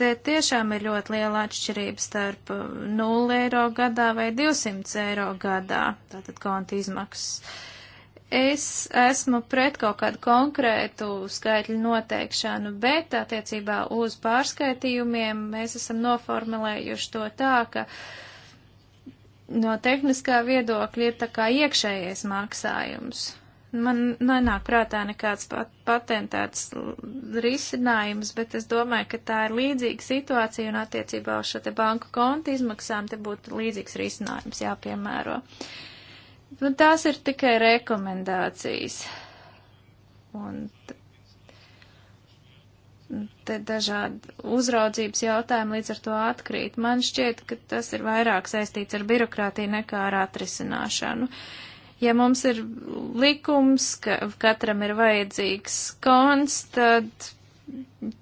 Te tiešām ir ļoti liela atšķirība starp 0 uh, eiro gadā vai 200 eiro gadā, tātad konta izmaksas. Es esmu pret kaut kādu konkrētu skaitļu noteikšanu, bet attiecībā uz pārskaitījumiem mēs esam noformulējuši to tā, ka no tehniskā viedokļa ir tā kā iekšējais maksājums. Man nenāk prātā nekāds pat, patentēts risinājums, bet es domāju, ka tā ir līdzīga situācija un attiecībā uz šo te banku kontu izmaksām te būtu līdzīgs risinājums jāpiemēro. Un nu, tās ir tikai rekomendācijas. Un te dažādi uzraudzības jautājumi līdz ar to atkrīt. Man šķiet, ka tas ir vairāk saistīts ar birokrātiju nekā ar atrisināšanu. Uh, Ja mums ir likums, ka katram ir vajadzīgs kons, tad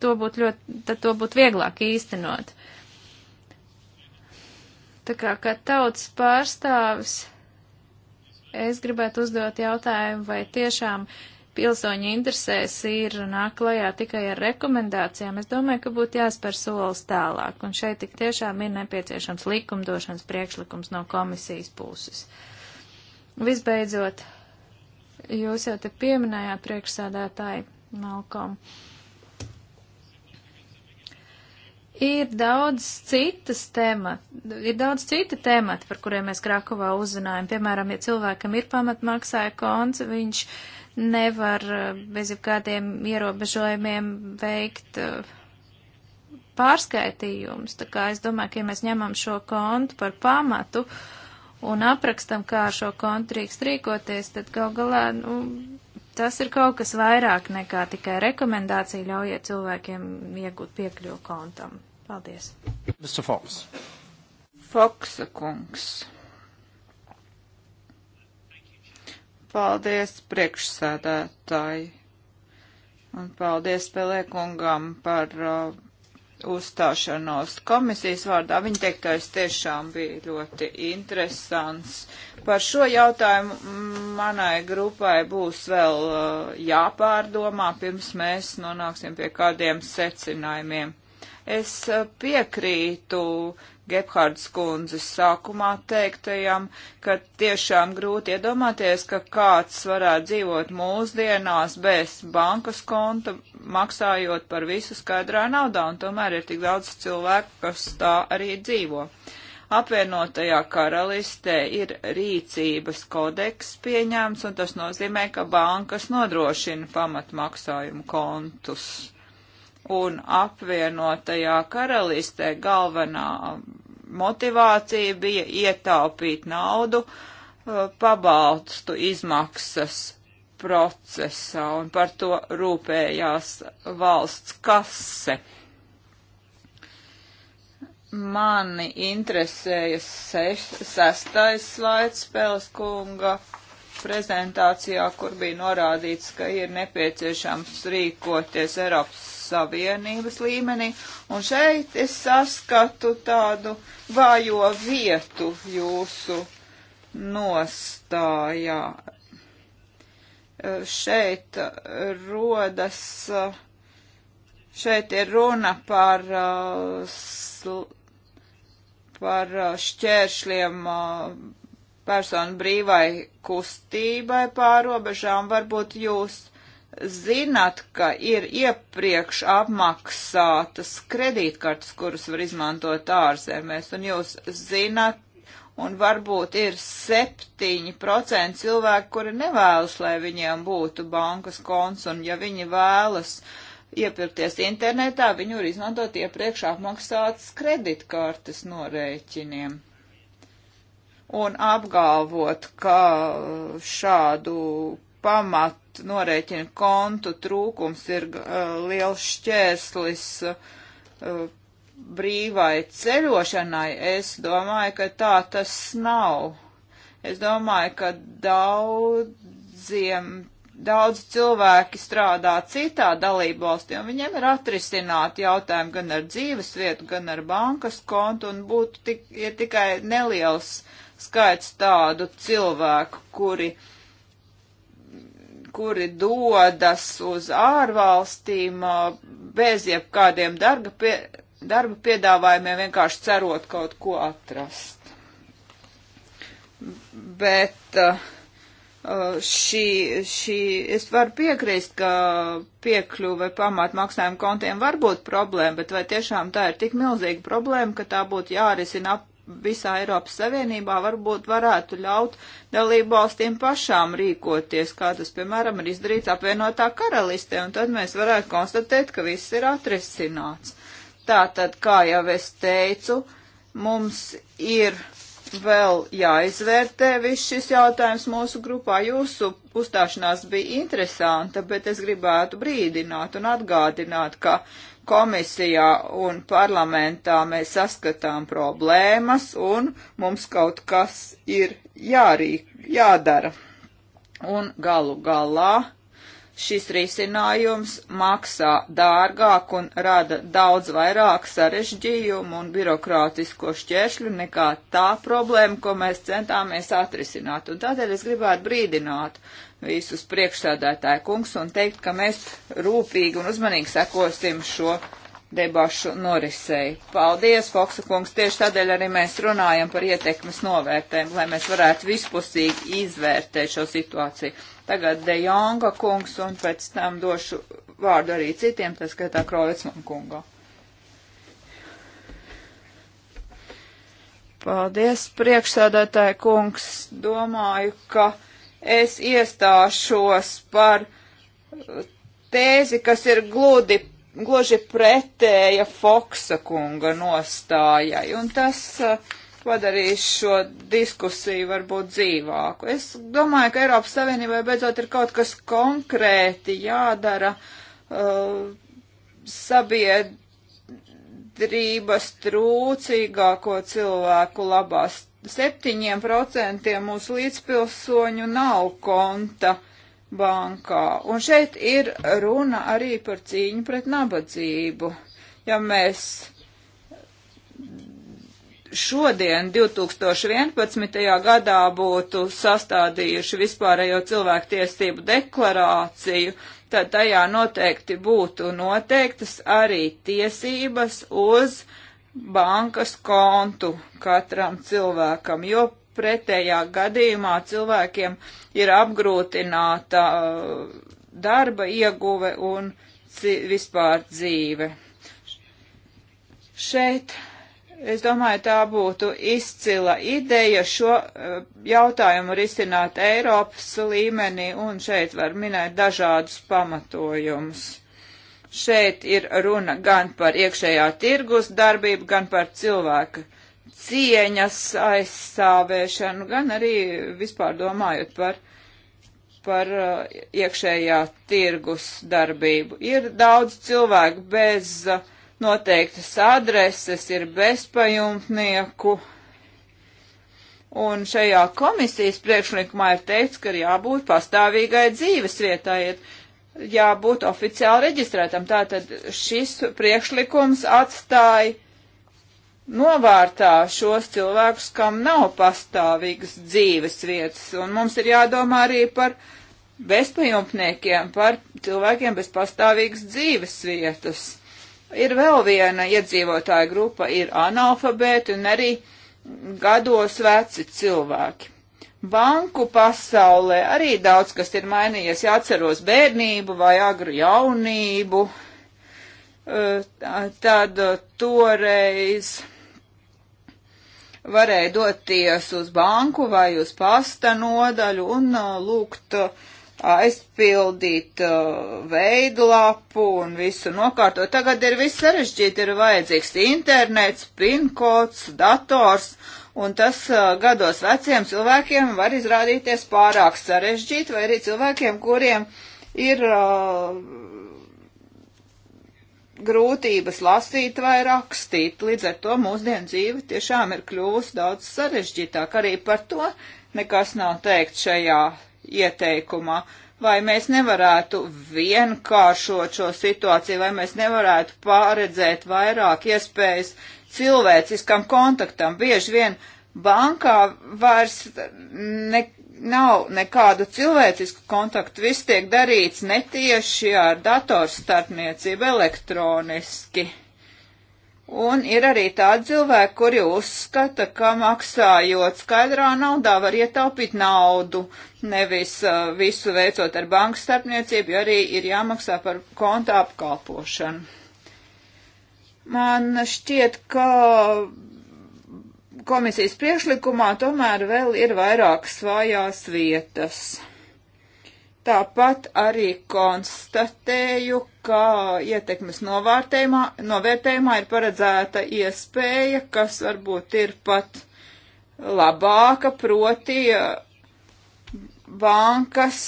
to būtu ļoti, tad to būtu vieglāk īstenot. Tā kā, kā tautas pārstāvis, es gribētu uzdot jautājumu, vai tiešām pilsoņu interesēs ir nāk klajā tikai ar rekomendācijām, es domāju, ka būtu jāspēr solis tālāk. Un šeit tik tiešām ir nepieciešams likumdošanas priekšlikums no komisijas puses. Uh, Visbeidzot, jūs jau te pieminējāt priekšsādātāji Malkom. Ir daudz citas temat, ir daudz citi temati, par kuriem mēs Krakovā uzzinājām. Piemēram, ja cilvēkam ir pamatmaksāja konts, viņš nevar eh, bez jebkādiem ierobežojumiem veikt eh, pārskaitījums. Tā kā es domāju, ka ja mēs ņemam šo kontu par pamatu, uh, un aprakstam, kā ar šo kontu drīkst rīkoties, tad gal galā, nu, tas ir kaut kas vairāk nekā tikai rekomendācija ļaujiet cilvēkiem iegūt piekļuvu kontam. Paldies. Mr. Fox. Foksa kungs. Paldies priekšsēdētāji. Un paldies Pelēkungam par uh, uzstāšanos komisijas vārdā. Viņa teiktais tiešām bija ļoti interesants. Par šo jautājumu manai grupai būs vēl uh, jāpārdomā, pirms mēs nonāksim pie kādiem secinājumiem. Es uh, piekrītu Gebhards kundzes sākumā teiktajam, ka tiešām grūti iedomāties, ka kāds varētu dzīvot mūsdienās bez bankas konta, maksājot par visu skaidrā naudā, un tomēr ir tik daudz cilvēku, kas tā arī dzīvo. Apvienotajā karalistē ir rīcības kodeks pieņēmts, un tas nozīmē, ka bankas nodrošina pamatmaksājumu kontus. Un apvienotajā karalistē galvenā motivācija bija ietaupīt naudu uh, pabalstu izmaksas procesā, un par to rūpējās valsts kase. Mani interesēja seš, sestais slaids Pelskunga prezentācijā, kur bija norādīts, ka ir nepieciešams rīkoties Eiropas Savienības līmenī, un šeit es saskatu tādu vājo vietu jūsu nostājā. Eh, šeit eh, rodas, eh, šeit ir runa par, par šķēršļiem personu brīvai kustībai pārobežām. Varbūt jūs zināt, ka ir iepriekš apmaksātas kredītkartes, kuras var izmantot ārzemēs, un jūs zināt, un varbūt ir 7% cilvēki, kuri nevēlas, lai viņiem būtu bankas konts, un ja viņi vēlas iepirkties internetā, viņi var izmantot iepriekš apmaksātas kreditkartes norēķiniem. Un apgalvot, ka šādu pamat norēķina kontu trūkums ir uh, liels šķērslis uh, brīvai ceļošanai, es domāju, ka tā tas nav. Es domāju, ka daudziem, daudz cilvēki strādā citā dalību valstī, un viņiem ir atrisināti jautājumi gan ar dzīves vietu, gan ar bankas kontu, un būtu tik, ir tikai neliels skaits tādu cilvēku, kuri uh, kuri dodas uz ārvalstīm bez jebkādiem darba, pie, darba piedāvājumiem, vienkārši cerot kaut ko atrast. Bet šī, šī, es varu piekrist, ka piekļuve pamatmaksājuma kontiem var būt problēma, bet vai tiešām tā ir tik milzīga problēma, ka tā būtu jārisina ap visā Eiropas Savienībā varbūt varētu ļaut dalību valstīm pašām rīkoties, kā tas, piemēram, ir izdarīts apvienotā karalistē, un tad mēs varētu konstatēt, ka viss ir atrisināts. Tātad, kā jau es teicu, mums ir vēl jāizvērtē viss šis jautājums mūsu grupā. Jūsu uzstāšanās bija interesanta, bet es gribētu brīdināt un atgādināt, ka komisijā un parlamentā mēs saskatām problēmas un mums kaut kas ir jārī, jādara. Un galu galā šis risinājums maksā dārgāk un rada daudz vairāk sarežģījumu un birokrātisko šķēršļu nekā tā problēma, ko mēs centāmies atrisināt. Un tādēļ es gribētu brīdināt visus priekšsādātāju kungs un teikt, ka mēs rūpīgi un uzmanīgi sekosim šo debašu norisei. Paldies, Foksa kungs, tieši tādēļ arī mēs runājam par ietekmes novērtēm, lai mēs varētu vispusīgi izvērtēt šo situāciju. Tagad De Jonga kungs un pēc tam došu vārdu arī citiem, tā skaitā Krovicman kunga. Paldies, priekšsādātāja kungs. Domāju, ka es iestāšos par tēzi, kas ir gludi, gluži pretēja Foksa kunga nostājai, un tas padarīs šo diskusiju varbūt dzīvāku. Es domāju, ka Eiropas Savienībai beidzot ir kaut kas konkrēti jādara uh, sabiedrības trūcīgāko cilvēku labās 7% mūsu līdzpilsoņu nav konta bankā. Un šeit ir runa arī par cīņu pret nabadzību. Ja mēs šodien, 2011. gadā, būtu sastādījuši vispārējo cilvēktiesību deklarāciju, tad tajā noteikti būtu noteiktas arī tiesības uz uh, bankas kontu katram cilvēkam, jo pretējā gadījumā cilvēkiem ir apgrūtināta uh, darba ieguve un vispār dzīve. Šeit, es domāju, tā būtu izcila ideja šo uh, jautājumu risināt Eiropas līmenī, un šeit var minēt dažādus pamatojumus. Šeit ir runa gan par iekšējā tirgus darbību, gan par cilvēku cieņas aizstāvēšanu, gan arī vispār domājot par, par uh, iekšējā tirgus darbību. Ir daudz cilvēku bez uh, noteiktas adreses, ir bezpajumtnieku. Un šajā komisijas priekšlikumā ir teikts, ka ir jābūt pastāvīgai dzīves vietai. Ja jābūt oficiāli reģistrētam. Tātad šis priekšlikums atstāja novārtā šos cilvēkus, kam nav pastāvīgas dzīves vietas, un mums ir jādomā arī par bezpajumtniekiem, par cilvēkiem bez pastāvīgas dzīves vietas. Ir vēl viena iedzīvotāja grupa, ir analfabēti un arī gados veci cilvēki. Banku pasaulē arī daudz kas ir mainījies, ja atceros bērnību vai agru jaunību, eh, tad toreiz varēja doties uz banku vai uz pasta nodaļu un eh, lūgt eh, aizpildīt uh, veidlapu un visu nokārtot. Tagad ir viss sarežģīti, ir vajadzīgs internets, pinkods, dators, un tas uh, gados veciem cilvēkiem var izrādīties pārāk sarežģīti, vai arī cilvēkiem, kuriem ir uh, grūtības lasīt vai rakstīt. Līdz ar to mūsdienu dzīve tiešām ir kļuvusi daudz sarežģītāk. Arī par to nekas nav teikt šajā ieteikumā. Vai mēs nevarētu vienkāršot šo situāciju, vai mēs nevarētu pārredzēt vairāk iespējas cilvēciskam kontaktam. Bieži vien bankā vairs ne, nav nekādu cilvēcisku kontaktu, viss tiek darīts netieši ar datorstarpniecību elektroniski. Un ir arī tādi cilvēki, kuri uzskata, ka maksājot skaidrā naudā var ietaupīt naudu, nevis uh, visu veicot ar bankas starpniecību, jo arī ir jāmaksā par konta apkalpošanu. Man šķiet, ka komisijas priekšlikumā tomēr vēl ir vairākas vājās vietas. Tāpat arī konstatēju, ka ietekmes novērtējumā ir paredzēta iespēja, kas varbūt ir pat labāka, proti bankas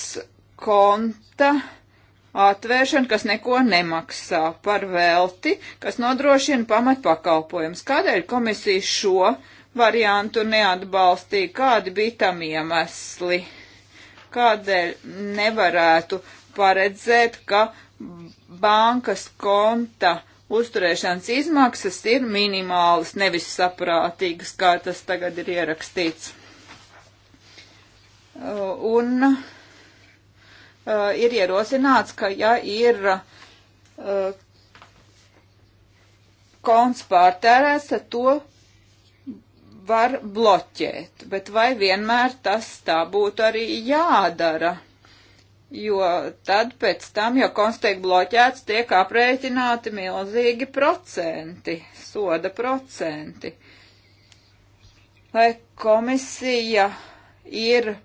konta atvēršana, kas neko nemaksā par velti, kas nodrošina pamatpakalpojums. Kādēļ komisija šo variantu neatbalstīja? Kādi bija tam iemesli? Kādēļ nevarētu paredzēt, ka bankas konta uzturēšanas izmaksas ir minimālas, nevis saprātīgas, kā tas tagad ir ierakstīts? Un Uh, ir ierosināts, ka ja ir uh, konts pārtērēts, tad to var bloķēt. Bet vai vienmēr tas tā būtu arī jādara? Jo tad pēc tam, ja konts tiek bloķēts, tiek aprēķināti milzīgi procenti, soda procenti. Vai komisija ir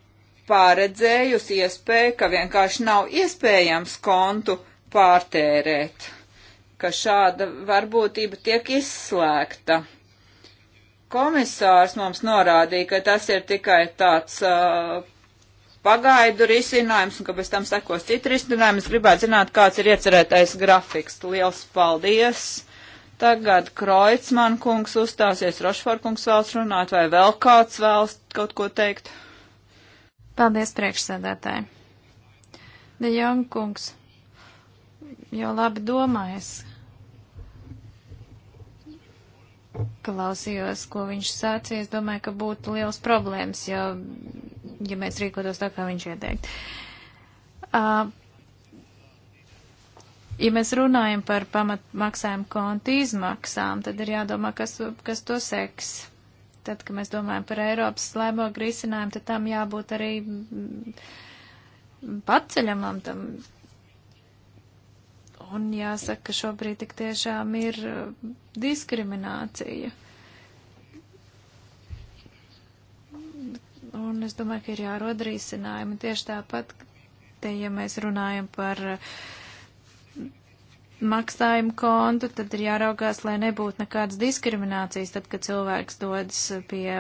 pārredzējusi iespēju, ka vienkārši nav iespējams kontu pārtērēt, ka šāda varbūtība tiek izslēgta. Komisārs mums norādīja, ka tas ir tikai tāds uh, pagaidu risinājums un ka pēc tam sekos citi risinājumi. Es gribētu zināt, kāds ir iecerētais grafiks. Liels paldies! Tagad Kroicman kungs uzstāsies, Rošfor kungs vēlas runāt, vai vēl kāds vēlas kaut ko teikt? Paldies, priekšsēdētāji. De Jongkungs jau labi domājas. Klausījos, ko viņš sācīja. Es domāju, ka būtu liels problēmas, jo, ja mēs rīkotos tā, kā viņš ieteikt. Uh, ja mēs runājam par pamatmaksājumu kontu izmaksām, tad ir jādomā, kas, kas to seks tad, kad mēs domājam par Eiropas slēmogu risinājumu, tad tam jābūt arī paceļamam tam. Un jāsaka, ka šobrīd tik tiešām ir diskriminācija. Un es domāju, ka ir jārod risinājumi. Tieši tāpat, te, ja mēs runājam par uh, maksājumu kontu, tad ir jāraugās, lai nebūtu nekādas diskriminācijas, tad, kad cilvēks dodas pie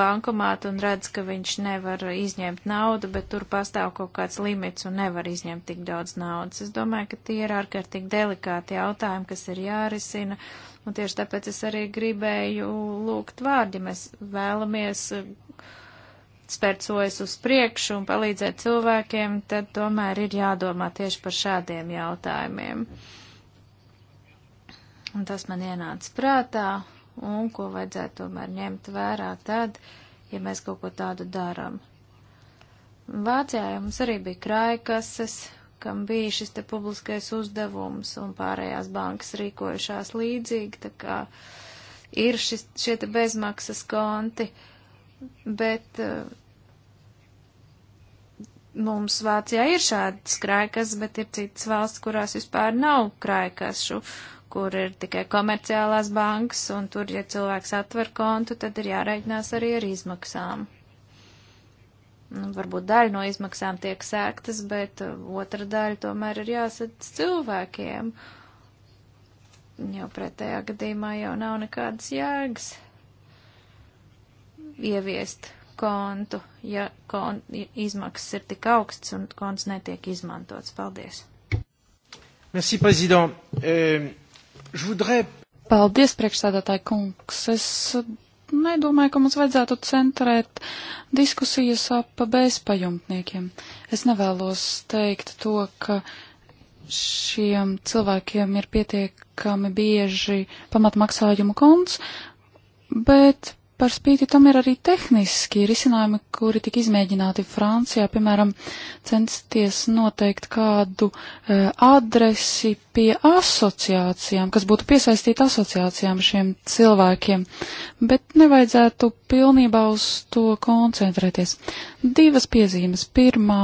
bankomāta un redz, ka viņš nevar izņemt naudu, bet tur pastāv kaut kāds limits un nevar izņemt tik daudz naudas. Es domāju, ka tie ir ārkārtīgi delikāti jautājumi, kas ir jārisina, un tieši tāpēc es arī gribēju lūgt vārdi. Mēs vēlamies spērt sojas uz priekšu un palīdzēt cilvēkiem, tad tomēr ir jādomā tieši par šādiem jautājumiem. Un tas man ienāca prātā, un ko vajadzētu tomēr ņemt vērā tad, ja mēs kaut ko tādu darām. Vācijā ja mums arī bija krājkases, kam bija šis te publiskais uzdevums, un pārējās bankas rīkojušās līdzīgi, tā kā ir šis, šie te bezmaksas konti. Uh, bet eh, mums Vācijā ir šādas krājkas, bet ir citas valsts, kurās vispār nav krājkašu, kur ir tikai komerciālās bankas, un tur, ja cilvēks atver kontu, tad ir jāreikinās arī ar izmaksām. Nu, varbūt daļa no izmaksām tiek sēktas, bet eh, otra daļa tomēr ir jāsadz cilvēkiem. Jo pretējā gadījumā jau nav nekādas jēgas ieviest kontu, ja kon, izmaksas ir tik augsts un konts netiek izmantots. Paldies. Merci, prezident. Euh, voudrais... Paldies, priekšsēdētāji kungs. Es uh, nedomāju, ka mums vajadzētu centrēt diskusijas ap bezpajumtniekiem. Es nevēlos teikt to, ka šiem cilvēkiem ir pietiekami bieži pamatmaksājumu konts, bet par spīti tam ir arī tehniski risinājumi, kuri tika izmēģināti Francijā, piemēram, censties noteikt kādu e, adresi pie asociācijām, kas būtu piesaistīta asociācijām šiem cilvēkiem, bet nevajadzētu pilnībā uz to koncentrēties. Divas piezīmes. Pirmā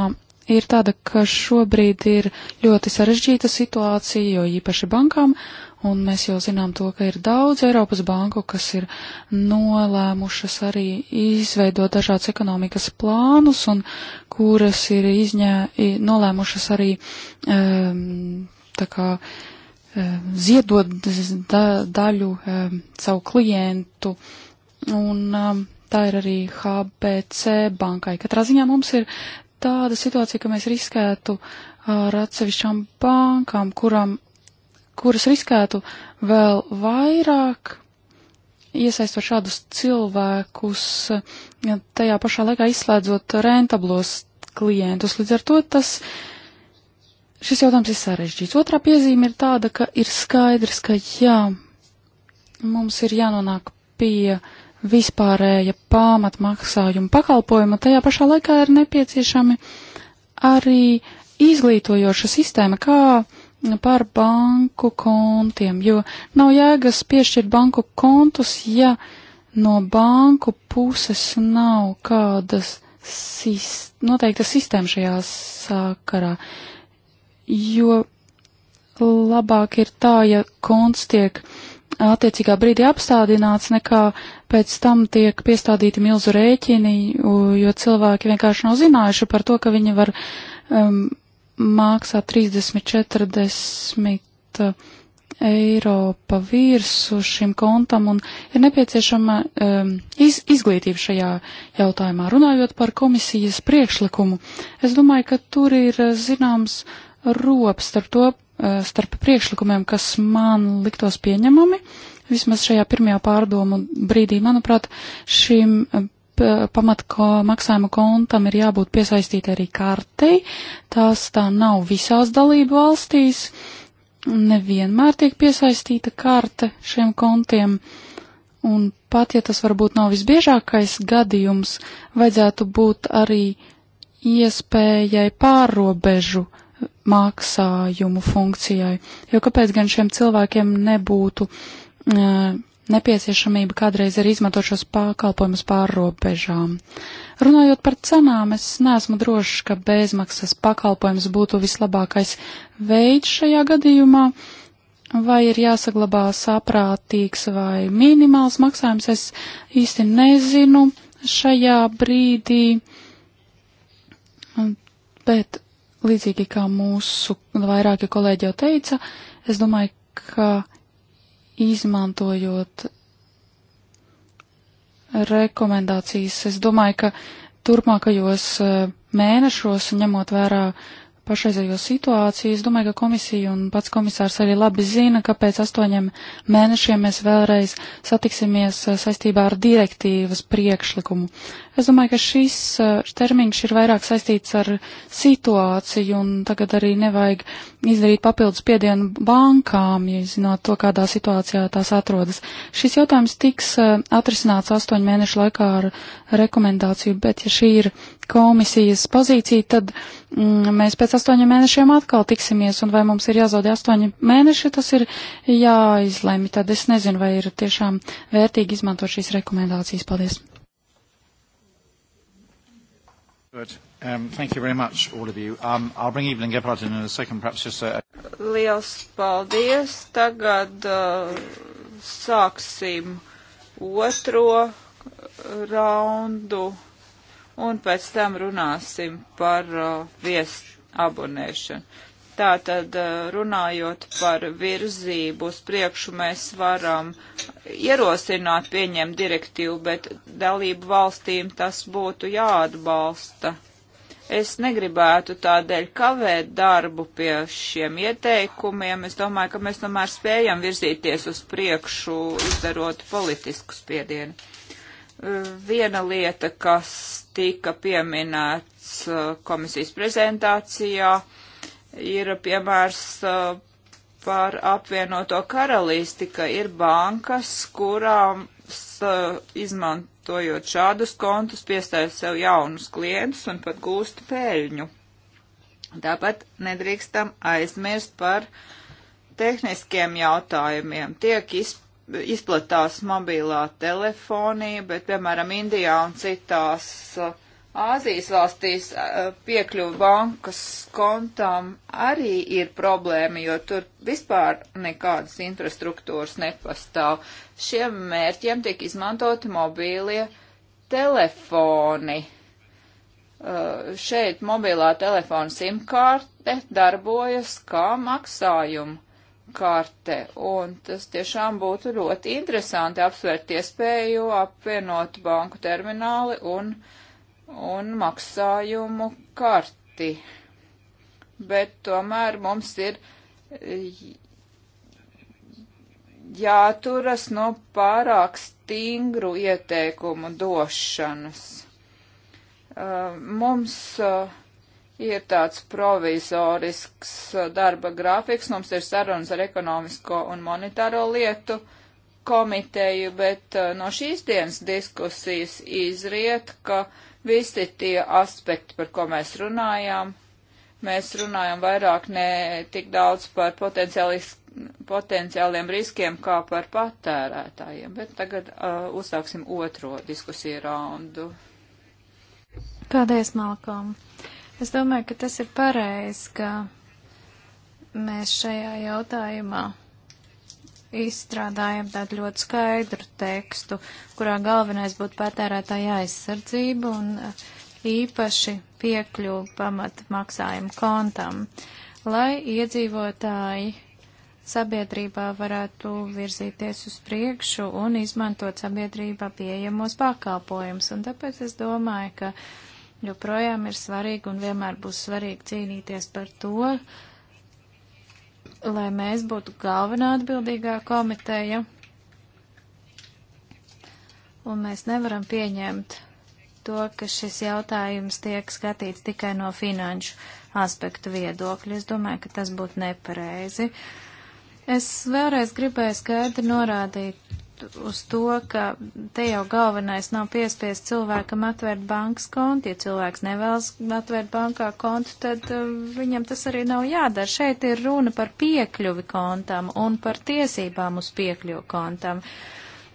ir tāda, ka šobrīd ir ļoti sarežģīta situācija, jo īpaši bankām. E, Un mēs jau zinām to, ka ir daudz Eiropas banku, kas ir nolēmušas arī izveidot dažādas ekonomikas plānus un kuras ir izņē, nolēmušas arī um, tā kā um, ziedot da, daļu um, savu klientu. Un um, tā ir arī HBC bankai. Katrā ziņā mums ir tāda situācija, ka mēs riskētu ar atsevišķām bankām, kuram kuras riskētu vēl vairāk iesaistot šādus cilvēkus, tajā pašā laikā izslēdzot rentablos klientus. Līdz ar to tas, šis jautājums ir sarežģīts. Otrā piezīme ir tāda, ka ir skaidrs, ka jā, mums ir jānonāk pie vispārēja pamatmaksājuma pakalpojuma, tajā pašā laikā ir nepieciešami arī izglītojoša sistēma, kā par banku kontiem, jo nav jēgas piešķirt banku kontus, ja no banku puses nav kādas sist noteikta sistēma šajā sakarā, jo labāk ir tā, ja konts tiek attiecīgā brīdī apstādināts, nekā pēc tam tiek piestādīti milzu rēķini, jo cilvēki vienkārši nav zinājuši par to, ka viņi var um, maksā 30-40 uh, eiro pa virsu šim kontam un ir nepieciešama um, iz, izglītība šajā jautājumā. Runājot par komisijas priekšlikumu, es domāju, ka tur ir uh, zināms rops starp to, uh, starp priekšlikumiem, kas man liktos pieņemami. Vismaz šajā pirmajā pārdomu brīdī, manuprāt, šim pamatko maksājuma kontam ir jābūt piesaistīta arī kartei. Tās tā nav visās dalību valstīs. Nevienmēr tiek piesaistīta karte šiem kontiem. Un pat, ja tas varbūt nav visbiežākais gadījums, vajadzētu būt arī iespējai pārrobežu maksājumu funkcijai. Jo kāpēc gan šiem cilvēkiem nebūtu uh, nepieciešamība kādreiz ir izmantot šos pakalpojumus pārrobežām. Runājot par cenām, es neesmu drošs, ka bezmaksas pakalpojums būtu vislabākais veids šajā gadījumā, vai ir jāsaglabā saprātīgs vai minimāls maksājums, es īsti nezinu šajā brīdī, bet līdzīgi kā mūsu vairāki kolēģi jau teica, es domāju, ka izmantojot rekomendācijas. Es domāju, ka turpmākajos e, mēnešos, ņemot vērā pašreizējo situāciju, es domāju, ka komisija un pats komisārs arī labi zina, ka pēc astoņiem mēnešiem mēs vēlreiz satiksimies e, saistībā ar direktīvas priekšlikumu. Es domāju, ka šis eh, termiņš ir vairāk saistīts ar situāciju un tagad arī nevajag izdarīt papildus piedienu bankām, ja zinot to, kādā situācijā tās atrodas. Šis jautājums tiks eh, atrisināts astoņu mēnešu laikā ar rekomendāciju, bet ja šī ir komisijas pozīcija, tad mm, mēs pēc astoņiem mēnešiem atkal tiksimies, un vai mums ir jāzaudē astoņi mēneši, tas ir jāizlemj. Tad es nezinu, vai ir tiešām vērtīgi izmantot šīs rekomendācijas. Paldies! Good. Um, thank you very much, all of you. Um, I'll bring Evelyn Gephardt in, in a second, perhaps just a... Liels paldies. Tagad uh, sāksim otro raundu, un pēc tam runāsim par uh, viesu abonēšanu. Tātad runājot par virzību uz priekšu, mēs varam ierosināt pieņemt direktīvu, bet dalību valstīm tas būtu jāatbalsta. Es negribētu tādēļ kavēt darbu pie šiem ieteikumiem. Es domāju, ka mēs tomēr spējam virzīties uz priekšu, izdarot politisku spiedienu. Viena lieta, kas tika pieminēts komisijas prezentācijā, uh, ir piemērs uh, par apvienoto karalisti, ka ir bankas, kurām uh, izmantojot šādus kontus, piesaist sev jaunus klientus un pat gūst peļņu. Tāpat nedrīkstam aizmirst par tehniskiem jautājumiem. Tiek izpētīt izplatās mobilā telefonija, bet, piemēram, Indijā un citās uh, Āzijas valstīs piekļuvu bankas kontām arī ir problēma, jo tur vispār nekādas infrastruktūras nepastāv. Šiem mērķiem tiek izmantoti mobīlie telefoni. Šeit mobilā telefona simkārte darbojas kā maksājuma karte, un tas tiešām būtu ļoti interesanti apsvērt iespēju apvienot banku termināli un uh, un maksājumu karti. Bet tomēr mums ir jāturas no pārāk stingru ieteikumu došanas. Uh, mums uh, ir tāds provizorisks uh, darba grafiks, mums ir sarunas ar ekonomisko un monetāro lietu komiteju, bet no šīs dienas diskusijas izriet, ka uh, Visi tie aspekti, par ko mēs runājām, mēs runājam vairāk ne tik daudz par potenciāliem riskiem kā par patērētājiem, bet tagad uh, uzsāksim otro diskusiju raundu. Paldies, Malkom. Es domāju, ka tas ir pareizi, ka mēs šajā jautājumā izstrādājam tādu ļoti skaidru tekstu, kurā galvenais būtu patērētāja aizsardzība un uh, īpaši piekļuvu pamat maksājumu kontam, lai iedzīvotāji sabiedrībā varētu virzīties uz priekšu un izmantot sabiedrībā pieejamos pakalpojumus. Un tāpēc es domāju, ka joprojām ir svarīgi un vienmēr būs svarīgi cīnīties par to, lai mēs būtu galvenā atbildīgā komiteja, un mēs nevaram pieņemt to, ka šis jautājums tiek skatīts tikai no finanšu aspektu viedokļa. Es domāju, ka tas būtu nepareizi. Es vēlreiz gribēju skaidri norādīt uz to, ka te jau galvenais nav piespiest cilvēkam atvērt bankas kontu. Ja cilvēks nevēlas atvērt bankā kontu, tad uh, viņam tas arī nav jādara. Šeit ir runa par piekļuvi kontam un par tiesībām uz piekļuvi kontam. Uh,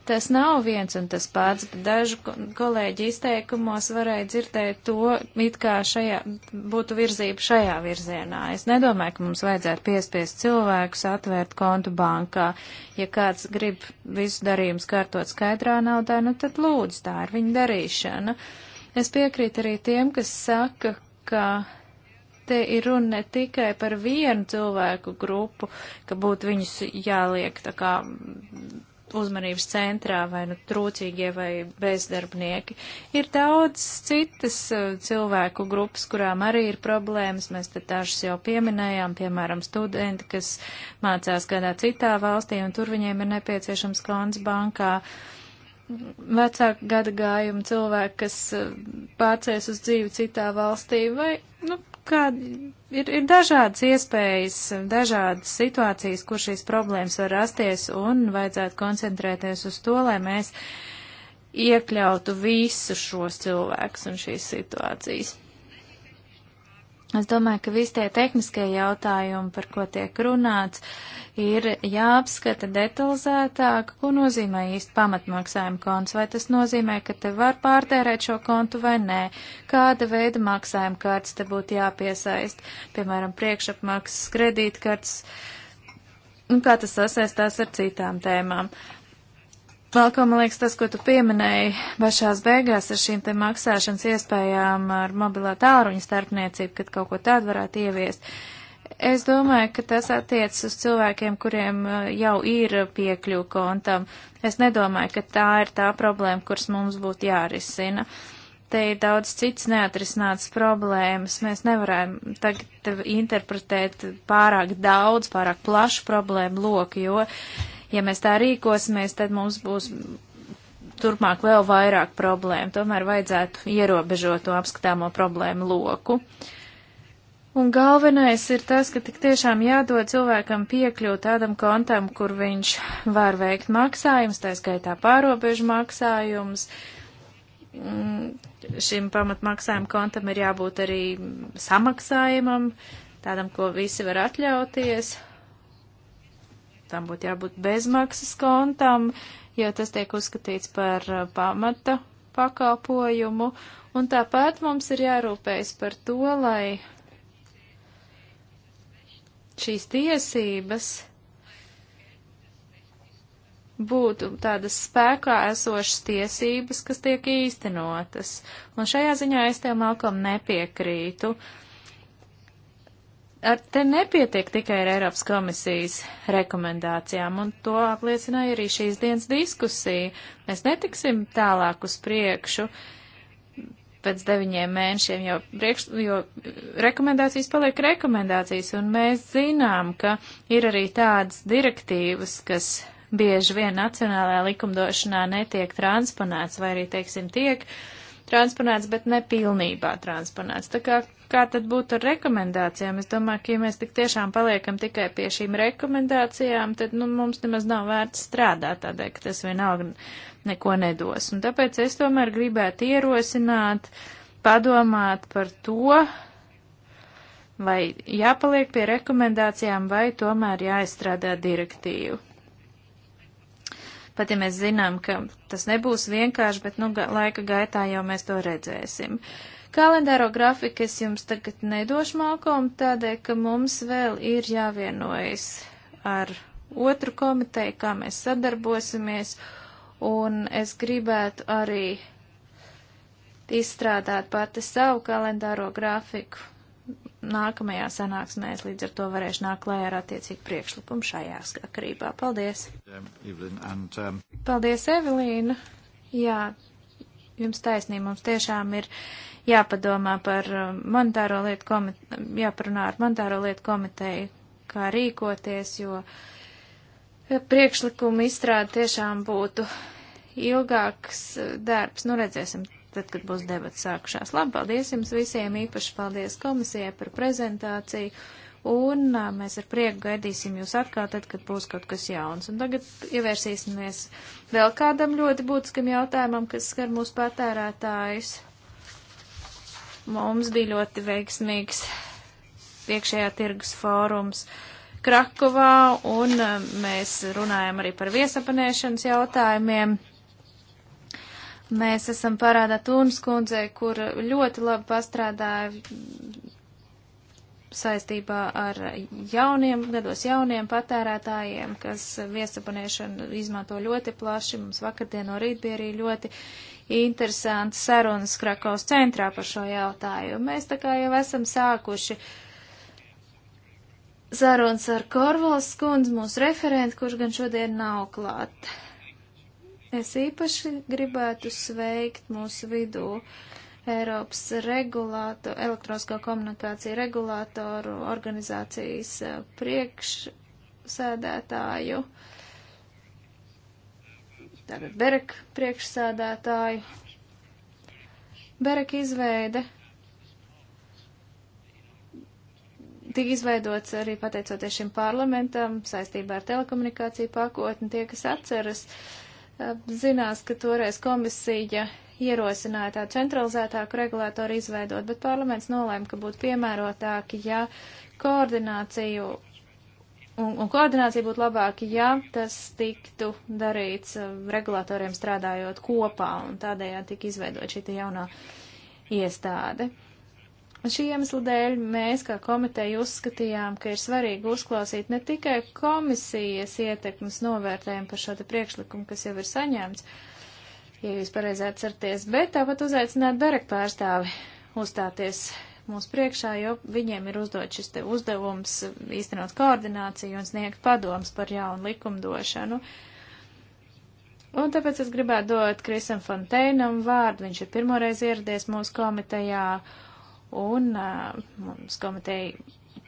tas nav viens un tas pats, bet dažu kolēģi izteikumos varēja dzirdēt to, it kā šajā, būtu virzība šajā virzienā. Es nedomāju, ka mums vajadzētu piespiest cilvēkus atvērt kontu bankā. Ja kāds grib visu darījumus kārtot skaidrā naudā, nu tad lūdzu, tā ir viņa darīšana. Es piekrītu arī tiem, kas saka, ka te ir runa ne tikai par vienu cilvēku grupu, ka būtu viņus jāliek tā kā uzmanības centrā, vai nu trūcīgie vai bezdarbnieki. Ir daudz citas uh, cilvēku grupas, kurām arī ir problēmas. Mēs te dažas jau pieminējām, piemēram, studenti, kas mācās kādā citā valstī, un tur viņiem ir nepieciešams konts bankā. Uh, vecāku gada gājumu cilvēki, kas eh, pārcēs uz dzīvi citā valstī, vai, nu, kādi ir, ir dažādas iespējas, dažādas situācijas, kur šīs problēmas var rasties, un vajadzētu koncentrēties uz to, lai mēs iekļautu visu šos cilvēkus un šīs situācijas. Es domāju, ka visi tie tehniskie jautājumi, par ko tiek runāts, ir jāapskata detalizētāk, ko nozīmē īsti pamatmaksājuma konts, vai tas nozīmē, ka te var pārtērēt šo kontu vai nē, kāda veida maksājuma kārtas te būtu jāpiesaist, piemēram, priekšapmaksas, kredītkartes, un kā tas sasaistās ar citām tēmām. Uh, Vēl ko man liekas tas, ko tu pieminēji pašās beigās ar šīm te maksāšanas iespējām ar mobilā tāruņa starpniecību, kad kaut ko tādu varētu ieviest. Es domāju, ka tas attiecas uz cilvēkiem, kuriem eh, jau ir piekļuvu kontam. Es nedomāju, ka tā ir tā problēma, kuras mums būtu jārisina. Te ir daudz cits neatrisināts problēmas. Mēs nevaram tagad interpretēt pārāk daudz, pārāk plašu problēmu loku, jo Ja mēs tā rīkosimies, tad mums būs turpmāk vēl vairāk problēmu. Tomēr vajadzētu ierobežot to apskatāmo problēmu loku. Un galvenais ir tas, ka tik tiešām jādod cilvēkam piekļūt tādam kontam, kur viņš var veikt maksājumus, tā skaitā pārobežu maksājumus. Mm, šim pamatmaksājuma kontam ir jābūt arī samaksājumam, tādam, ko visi var atļauties, tam būtu jābūt bezmaksas kontam, jo tas tiek uzskatīts par uh, pamata pakalpojumu. Un tāpat mums ir jārūpējas par to, lai šīs tiesības būtu tādas spēkā esošas tiesības, kas tiek īstenotas. Un šajā ziņā es tev, Malkom, nepiekrītu. Uh, ar te nepietiek tikai ar Eiropas komisijas rekomendācijām, un to apliecināja arī šīs dienas diskusija. Mēs netiksim tālāk uz priekšu. Pēc deviņiem mēnešiem jau, priekš, jo rekomendācijas paliek rekomendācijas, un mēs zinām, ka ir arī tādas direktīvas, kas bieži vien nacionālajā likumdošanā netiek transponēts, vai arī, teiksim, tiek transponēts, bet nepilnībā transponēts. Tā kā Kā tad būtu ar rekomendācijām? Es domāju, ka ja mēs tik tiešām paliekam tikai pie šīm rekomendācijām, tad nu, mums nemaz nav vērts strādāt tādēļ, ka tas vienalga neko nedos. Un tāpēc es tomēr gribētu ierosināt, padomāt par to, vai jāpaliek pie rekomendācijām, vai tomēr jāizstrādā direktīvu pat ja mēs zinām, ka tas nebūs vienkārši, bet nu, laika gaitā jau mēs to redzēsim. Kalendāro grafiku es jums tagad nedošu malkom, tādēļ, ka mums vēl ir jāvienojas ar otru komiteju, kā mēs sadarbosimies, un es gribētu arī izstrādāt pati savu kalendāro grafiku. Nākamajā sanāksmēs līdz ar to varēšu nākt klājā ar attiecīgu priekšlikumu šajā sakarībā. Paldies! Um, um, Paldies, Evelīna! Jā, jums taisnība, mums tiešām ir jāpadomā par um, monetāro lietu komiteju, jāparunā ar monetāro lietu komiteju, kā rīkoties, jo priekšlikuma izstrāde tiešām būtu ilgāks eh, darbs. Nu, redzēsim, tad, kad būs debats sākušās. Labi, paldies jums visiem, īpaši paldies komisijai par prezentāciju. Un eh, mēs ar prieku gaidīsim jūs atkal tad, kad būs kaut kas jauns. Un tagad ievērsīsimies vēl kādam ļoti būtiskam jautājumam, kas skar mūsu patērētājus. Mums bija ļoti veiksmīgs iekšējā tirgus fórums Krakovā, un eh, mēs runājam arī par viesapanēšanas jautājumiem. Mēs esam parādā Tūnas kundzei, kur ļoti labi pastrādāja saistībā ar jauniem, gados jauniem patērētājiem, kas viesapanēšanu izmanto ļoti plaši. Mums vakardien no rīt bija arī ļoti interesantas sarunas Krakaus centrā par šo jautājumu. Mēs tā kā jau esam sākuši sarunas ar Korvals kundzi, mūsu referentu, kurš gan šodien nav klāt. Es īpaši gribētu sveikt mūsu vidū Eiropas regulāto, elektronisko komunikāciju regulātoru organizācijas priekšsēdētāju. Uh, Tātad Berek priekšsēdētāju. Berek izveide tika izveidots arī pateicoties šim parlamentam saistībā ar telekomunikāciju pakotni. Tie, kas atceras, zinās, ka toreiz komisija ierosināja tādu centralizētāku regulātoru izveidot, bet parlaments nolēma, ka būtu piemērotāk, ja koordināciju un, un koordinācija būtu labāka, ja tas tiktu darīts eh, regulatoriem strādājot kopā, un tādējādi tika izveidot šī jaunā iestāde. Šī iemesla dēļ mēs, kā komiteja, uzskatījām, ka ir svarīgi uzklausīt ne tikai komisijas ietekmes novērtējumu par šo te priekšlikumu, kas jau ir saņemts, ja jūs pareizi atcerties, bet tāpat uzaicināt Berek pārstāvi uzstāties mūsu priekšā, jo viņiem ir uzdot šis te uzdevums īstenot koordināciju un sniegt padoms par jaunu likumdošanu. Un tāpēc es gribētu dot Krisam Fonteinam vārdu. Viņš ir pirmoreiz ieradies mūsu komitejā un uh, mums komiteja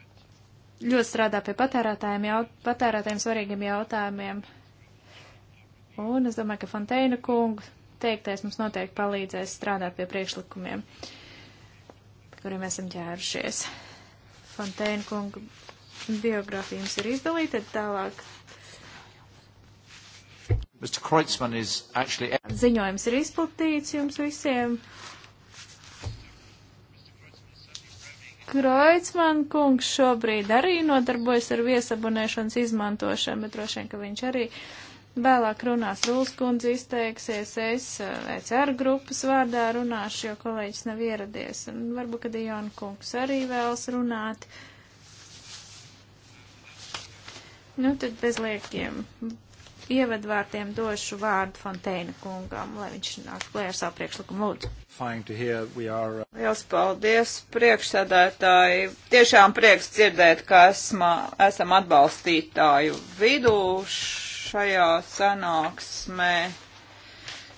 ļoti strādā pie patērētājiem, jaut, patērētājiem svarīgiem jautājumiem. Un es domāju, ka Fonteina kungu teiktais mums noteikti palīdzēs strādāt pie priekšlikumiem. Uh, kuriem esam ķērušies. Fonteina kunga biogrāfija jums ir izdalīta, tad tālāk. Actually... Ziņojums ir izplatīts jums visiem. Kreutzmann kungs šobrīd arī nodarbojas ar viesabunēšanas izmantošanu, bet droši vien, ka viņš arī uh, Vēlāk runās Rūlas kundze izteiksies, es ECR eh, e grupas vārdā runāšu, jo kolēģis nav ieradies. Un varbūt, ka Diona kungs arī vēlas runāt. Nu, tad bez liekiem ievadvārtiem došu vārdu Fonteina kungam, lai viņš nāk klē ar savu priekšlikumu lūdzu. Are... Uh, Liels paldies, priekšsēdētāji. Tiešām prieks dzirdēt, ka esma, esam atbalstītāju vidū šajā sanāksmē.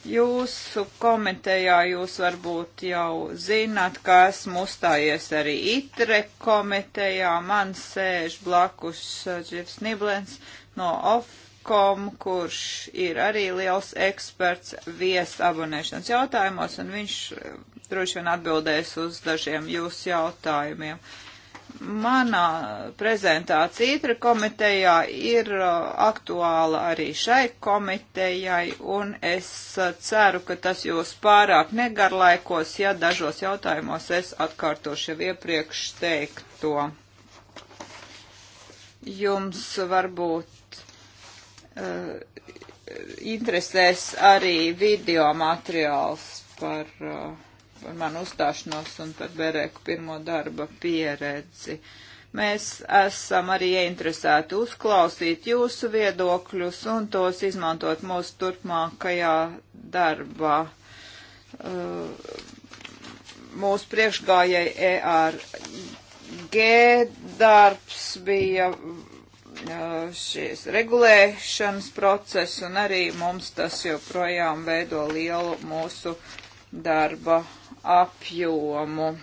Jūsu komitejā jūs varbūt jau zināt, ka esmu uzstājies arī ITRE komitejā. Man sēž blakus Džifs Niblens no OFCOM, kurš ir arī liels eksperts viesu abonēšanas jautājumos, un viņš droši vien atbildēs uz dažiem jūsu jautājumiem. Uh, manā prezentācija ITRA komitejā ir uh, aktuāla arī šai komitejai, un es uh, ceru, ka tas jūs pārāk negarlaikos, ja dažos jautājumos es atkārtošu jau iepriekš teikto. Jums varbūt uh, interesēs arī video materiāls par. Uh, manu uzstāšanos un par Berēku pirmo darba pieredzi. Mēs esam arī ieinteresēti uzklausīt jūsu viedokļus un tos izmantot mūsu turpmākajā darbā. Uh, mūsu priekšgājai ERG darbs bija uh, šīs regulēšanas process, un arī mums tas joprojām veido lielu mūsu darba apjomu.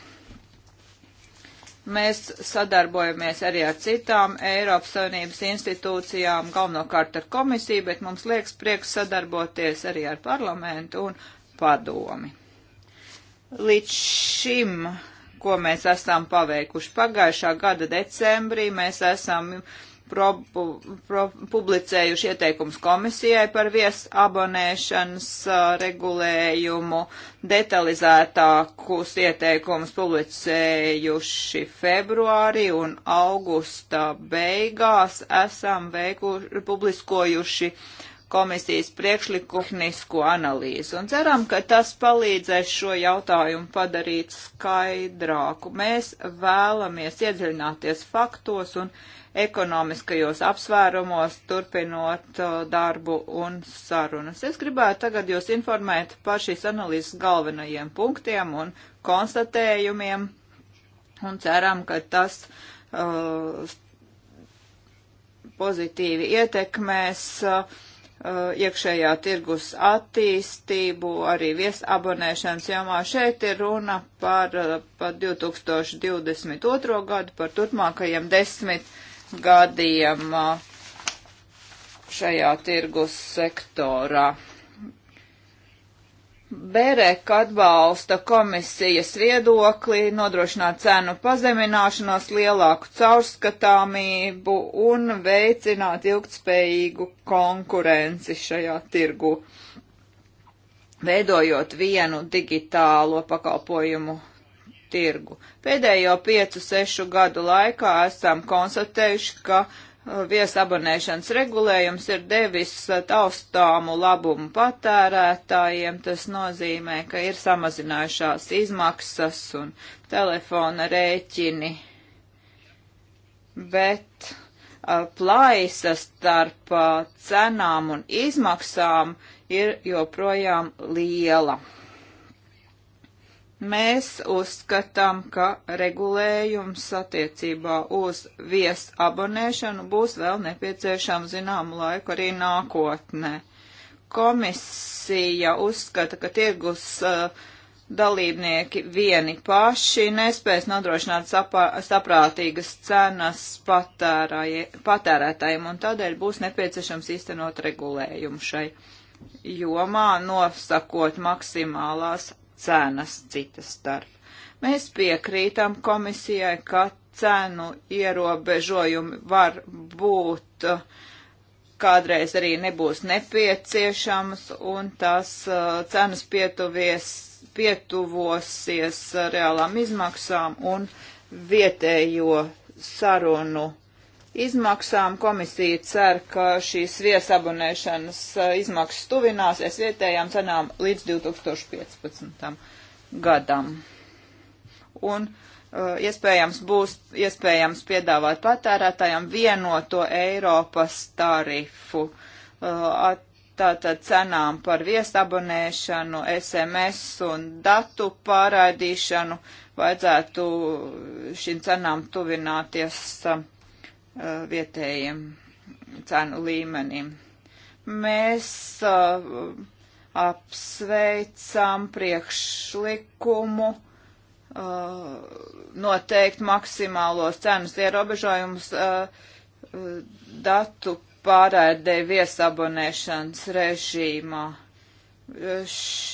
Mēs sadarbojamies arī ar citām Eiropas Savienības institūcijām, galvenokārt ar komisiju, bet mums liekas prieks sadarboties arī ar parlamentu un padomi. Līdz šim, ko mēs esam paveikuši pagājušā gada decembrī, mēs esam uh, probu, pro, publicējuši ieteikums komisijai par viesabonēšanas regulējumu, detalizētākus ieteikumus publicējuši februārī un augusta beigās esam veikuši, publiskojuši komisijas priekšlikuhnisko analīzi un ceram, ka tas palīdzēs šo jautājumu padarīt skaidrāku. Mēs vēlamies iedziļināties faktos un ekonomiskajos apsvērumos, turpinot uh, darbu un sarunas. Es gribētu tagad jūs informēt par šīs analīzes galvenajiem punktiem un konstatējumiem un ceram, ka tas uh, pozitīvi ietekmēs uh, iekšējā tirgus attīstību, arī viesabonēšanas jomā. Šeit ir runa par, uh, par 2022. gadu, par turpmākajiem desmit gadiem uh, šajā tirgus sektorā. Berek atbalsta komisijas viedokli, nodrošināt cenu pazemināšanos, lielāku caurskatāmību un veicināt ilgtspējīgu konkurenci šajā tirgu, veidojot vienu digitālo pakalpojumu tirgu. Pēdējo 5-6 gadu laikā esam konstatējuši, ka uh, viesabonēšanas regulējums ir devis uh, taustāmu labumu patērētājiem. Tas nozīmē, ka ir samazinājušās izmaksas un telefona rēķini. Bet uh, plaisa starp cenām un izmaksām ir joprojām liela. Mēs uzskatām, ka regulējums attiecībā uz vies abonēšanu būs vēl nepieciešams zināmu laiku arī nākotnē. Komisija uzskata, ka tirgus uh, dalībnieki vieni paši nespēs nodrošināt sapā, saprātīgas cenas patērētājiem, un tādēļ būs nepieciešams īstenot regulējumu šai jomā, nosakot maksimālās cenas citas starp. Mēs piekrītam komisijai, ka cenu ierobežojumi var būt uh, kādreiz arī nebūs nepieciešams un tās uh, cenas pietuvies, pietuvosies uh, reālām izmaksām un vietējo sarunu izmaksām. Komisija cer, ka šīs viesabunēšanas uh, izmaksas tuvināsies vietējām cenām līdz 2015. gadam. Un uh, iespējams būs iespējams piedāvāt patērētājiem vienoto Eiropas tarifu uh, tātad cenām par viesabonēšanu, SMS un datu pārādīšanu vajadzētu šīm cenām tuvināties uh, Uh, vietējiem cenu līmenim. Mēs uh, apsveicam priekšlikumu uh, noteikt maksimālos cenas ierobežojumus uh, datu pārēdē viesabonēšanas režīmā. Uh,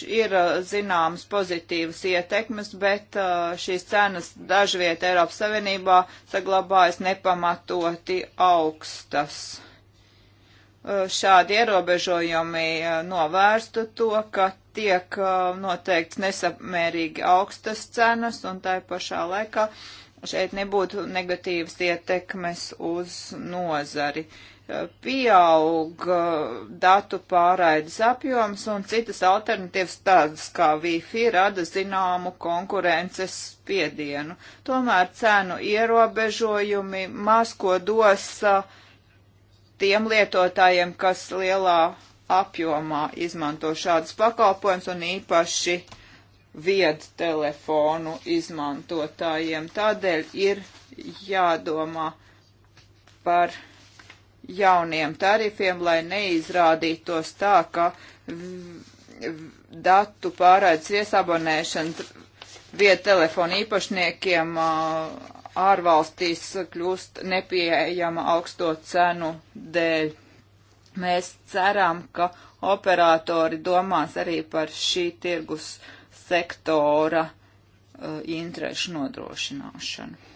ir zināmas pozitīvas ietekmes, bet šīs cenas dažviet Eiropas Savienībā saglabājas nepamatoti augstas. Šādi ierobežojumi novērstu to, ka tiek noteikts nesamērīgi augstas cenas un tai pašā laikā šeit nebūtu negatīvas ietekmes uz nozari. Uh, pieaug datu pārraides apjoms un citas alternatīvas tādas kā Wi-Fi rada zināmu konkurences spiedienu. Tomēr cenu ierobežojumi maz ko dos tiem lietotājiem, kas lielā apjomā izmanto šādus pakalpojumus un īpaši viedu telefonu izmantotājiem. Tādēļ ir jādomā par jauniem tarifiem, lai neizrādītos tā, ka datu pārraides viesabonēšana vieta telefonu īpašniekiem ārvalstīs kļūst nepieejama augsto cenu dēļ. Mēs ceram, ka operatori domās arī par šī tirgus sektora uh, interešu nodrošināšanu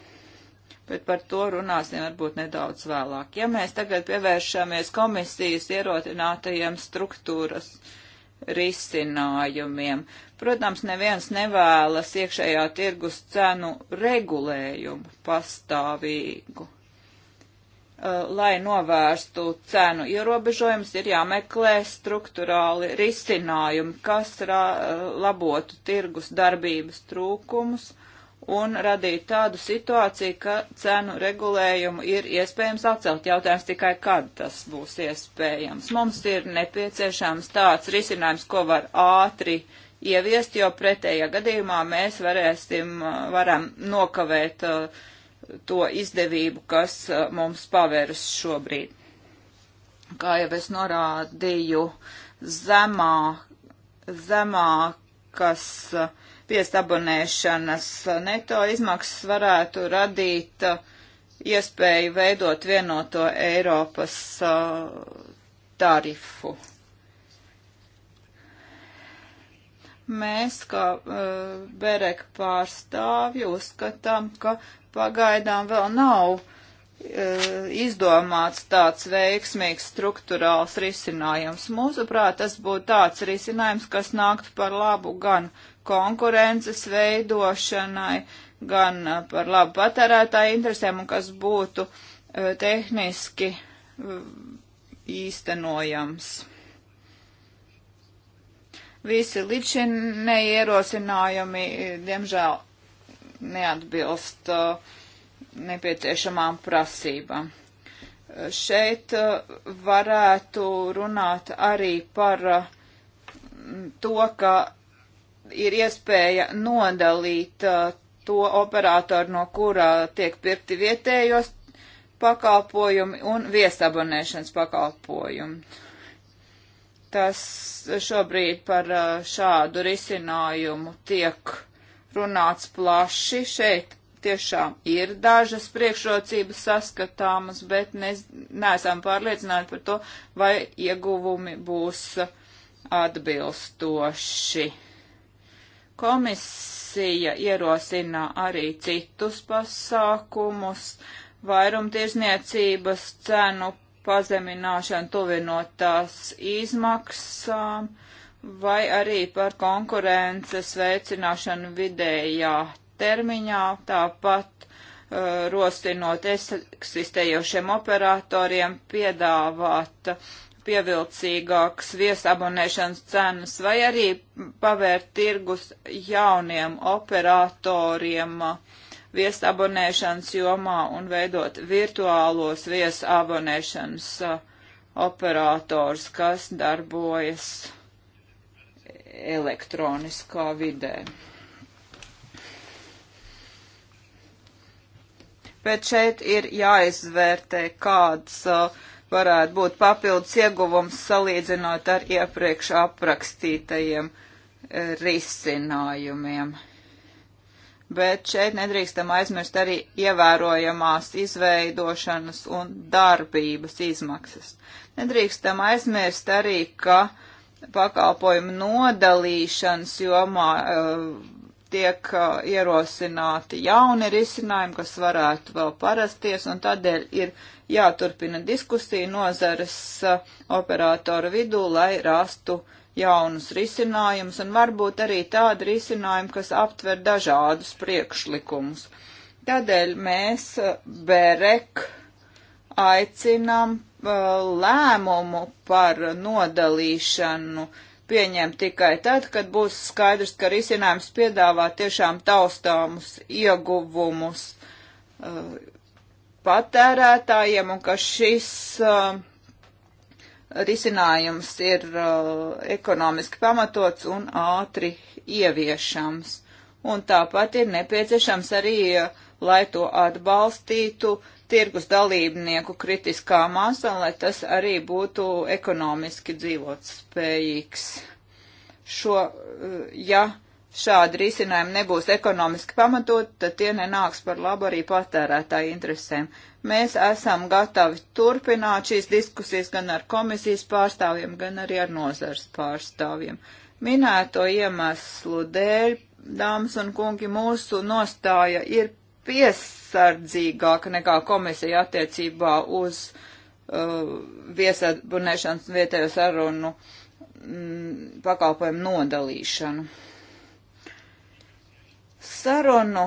bet par to runāsim varbūt nedaudz vēlāk. Ja mēs tagad pievēršamies komisijas ierotinātajiem struktūras risinājumiem, protams, neviens nevēlas iekšējā tirgus cenu regulējumu pastāvīgu uh, lai novērstu cenu ierobežojumus, ir jāmeklē struktūrāli risinājumi, kas ra, uh, labotu tirgus darbības trūkumus un radīt tādu situāciju, ka cenu regulējumu ir iespējams atcelt. Jautājums tikai, kad tas būs iespējams. Mums ir nepieciešams tāds risinājums, ko var ātri ieviest, jo pretējā gadījumā mēs varēsim, varam nokavēt uh, to izdevību, kas uh, mums pavērs šobrīd. Kā jau es norādīju, zemā, zemākas uh, spiest abonēšanas neto izmaksas varētu radīt uh, iespēju veidot vienoto Eiropas uh, tarifu. Mēs, kā uh, Bereka pārstāvji, uzskatām, ka pagaidām vēl nav izdomāts tāds veiksmīgs struktūrāls risinājums. Mūsuprāt, tas būtu tāds risinājums, kas nāktu par labu gan uh, konkurences veidošanai, gan uh, par labu patērētāju interesēm un kas būtu uh, tehniski uh, īstenojams. Visi līdz šim neierosinājumi, diemžēl, neatbilst nepieciešamām prasībām. Šeit varētu runāt arī par to, ka ir iespēja nodalīt uh, to operātoru, no kurā tiek pirkti vietējos pakalpojumi un viesabonēšanas pakalpojumi. Tas šobrīd par uh, šādu risinājumu tiek runāts plaši. Šeit tiešām ir dažas priekšrocības saskatāmas, bet ne, neesam pārliecināti par to, vai ieguvumi būs atbilstoši. Komisija ierosina arī citus pasākumus, vairumtirzniecības cenu pazemināšanu tuvinotās izmaksām vai arī par konkurences veicināšanu vidējā termiņā, tāpat uh, rosinot eksistējošiem operatoriem piedāvāt pievilcīgākas viesabonēšanas cenas vai arī pavērt tirgus jauniem operatoriem viesabonēšanas jomā un veidot virtuālos viesabonēšanas uh, operators, kas darbojas elektroniskā vidē. Bet šeit ir jāizvērtē, kāds uh, varētu būt papildus ieguvums salīdzinot ar iepriekš aprakstītajiem eh, risinājumiem. Bet šeit nedrīkstam aizmirst arī ievērojamās izveidošanas un darbības izmaksas. Nedrīkstam aizmirst arī, ka pakalpojumu nodalīšanas jomā uh, tiek uh, ierosināti jauni risinājumi, kas varētu vēl parasties, un tādēļ ir jāturpina diskusija nozares uh, operātoru vidū, lai rastu jaunus risinājumus un varbūt arī tādu risinājumu, kas aptver dažādus priekšlikumus. Tādēļ mēs uh, Berek aicinām uh, lēmumu par nodalīšanu pieņemt tikai tad, kad būs skaidrs, ka risinājums piedāvā tiešām taustāmus ieguvumus uh, patērētājiem un ka šis uh, risinājums ir uh, ekonomiski pamatots un ātri ieviešams. Un tāpat ir nepieciešams arī, uh, lai to atbalstītu tirgus dalībnieku kritiskā māsā, lai tas arī būtu ekonomiski dzīvot spējīgs. Šo, uh, ja šādi risinājumi nebūs ekonomiski pamatot, tad tie nenāks par labu arī patērētāju interesēm. Mēs esam gatavi turpināt šīs diskusijas gan ar komisijas pārstāvjiem, gan arī ar nozars pārstāvjiem. Minēto iemeslu dēļ, dāmas un kungi, mūsu nostāja ir piesardzīgāka nekā komisija attiecībā uz uh, viesabunēšanas vietējo sarunu mm, pakalpojumu nodalīšanu. Sarunu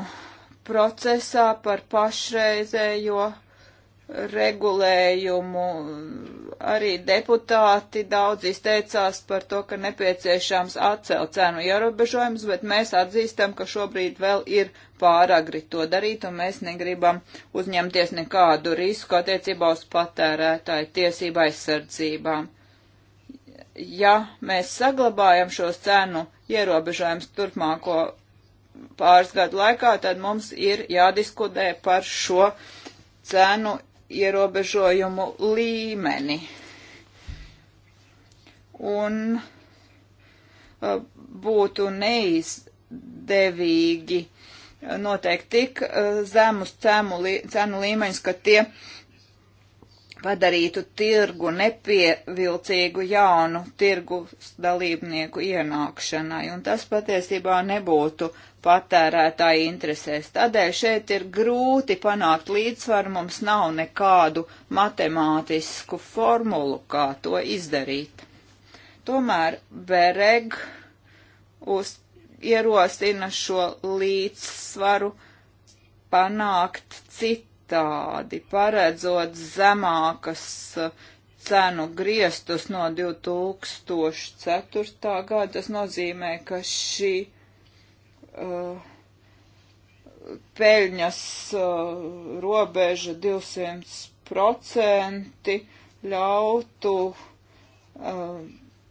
procesā par pašreizējo regulējumu. Arī deputāti daudz izteicās par to, ka nepieciešams atcelt cenu ierobežojumus, bet mēs atzīstam, ka šobrīd vēl ir pāragri to darīt, un mēs negribam uzņemties nekādu risku attiecībā uz patērētāju tiesību aizsardzībām. Ja mēs saglabājam šos cenu ierobežojumus turpmāko pāris gadu laikā, tad mums ir jādiskutē par šo cenu ierobežojumu līmeni. Un uh, būtu neizdevīgi noteikti tik uh, zemus cenu līmeņus, ka tie padarītu tirgu nepievilcīgu jaunu tirgu dalībnieku ienākšanai, un tas patiesībā nebūtu patērētāji interesēs. Tādēļ šeit ir grūti panākt līdzsvaru, mums nav nekādu matemātisku formulu, kā to izdarīt. Tomēr Bereg uz ierostina šo līdzsvaru panākt citu citādi, paredzot zemākas uh, cenu griestus no 2004. gada. Tas nozīmē, ka šī uh, peļņas uh, robeža 200% ļautu uh,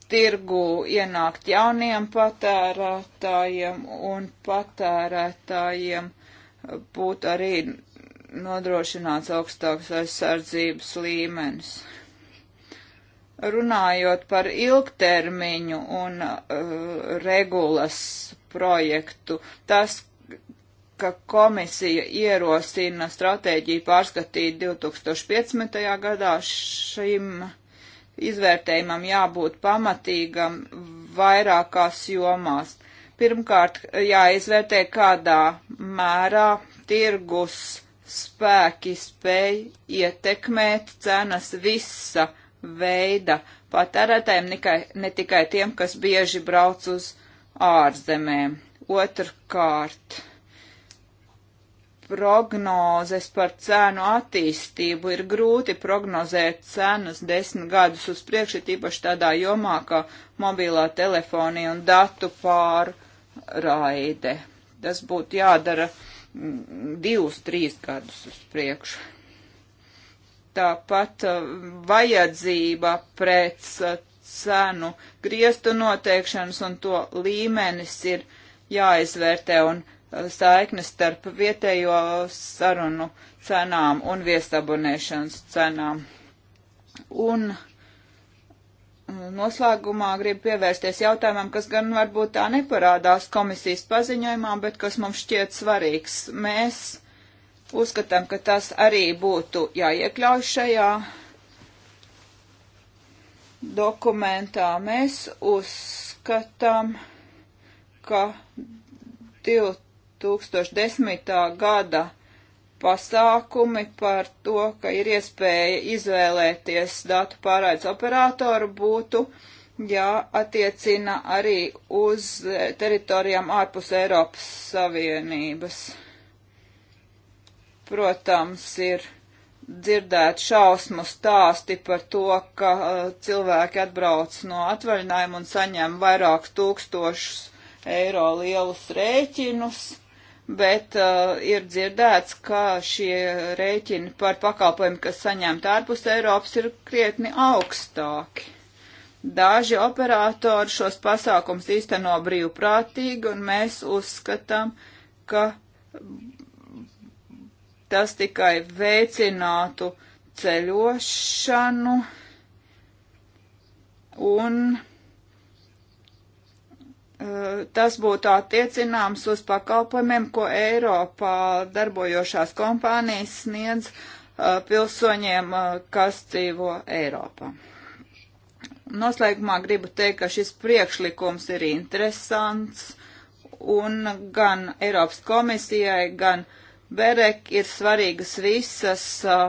tirgu ienākt jauniem patērētājiem un patērētājiem būtu arī nodrošināts augstāks aizsardzības līmenis. Runājot par ilgtermiņu un uh, regulas projektu, tas, ka komisija ierosina stratēģiju pārskatīt 2015. gadā, šim izvērtējumam jābūt pamatīgam vairākās jomās. Pirmkārt, jāizvērtē, kādā mērā tirgus spēki spēj ietekmēt cenas visa veida patērētājiem, ne, ne tikai tiem, kas bieži brauc uz ārzemēm. Otrkārt, prognozes par cenu attīstību ir grūti prognozēt cenas desmit gadus uz priekšu, tīpaši tādā jomā, kā mobilā telefonija un datu pārraide. Tas būtu jādara uh, divus, trīs gadus uz priekšu. Tāpat uh, vajadzība pret uh, cenu griestu noteikšanas un to līmenis ir jāizvērtē un uh, saiknes starp vietējo sarunu cenām un viesabonēšanas cenām. Un uh, Noslēgumā gribu pievērsties jautājumam, kas gan varbūt tā neparādās komisijas paziņojumā, bet kas mums šķiet svarīgs. Mēs uzskatām, ka tas arī būtu jāiekļauj šajā dokumentā. Mēs uzskatām, ka 2010. gada pasākumi par to, ka ir iespēja izvēlēties datu pārraides operatoru būtu jāattiecina arī uz teritorijām ārpus Eiropas Savienības. Protams, ir dzirdēt šausmu stāsti par to, ka uh, cilvēki atbrauc no atvaļinājuma un saņem vairāk tūkstošus eiro lielus rēķinus bet uh, ir dzirdēts, ka šie rēķini par pakalpojumu, kas saņemta ārpus Eiropas, ir krietni augstāki. Daži operatori šos pasākums īsteno brīvprātīgi, un mēs uzskatām, ka tas tikai veicinātu ceļošanu un Eh, tas būtu attiecināms uz pakalpojumiem, ko Eiropā darbojošās kompānijas sniedz uh, pilsoņiem, uh, kas dzīvo Eiropā. Noslēgumā gribu teikt, ka šis priekšlikums ir interesants un gan Eiropas komisijai, gan Berek ir svarīgas visas uh,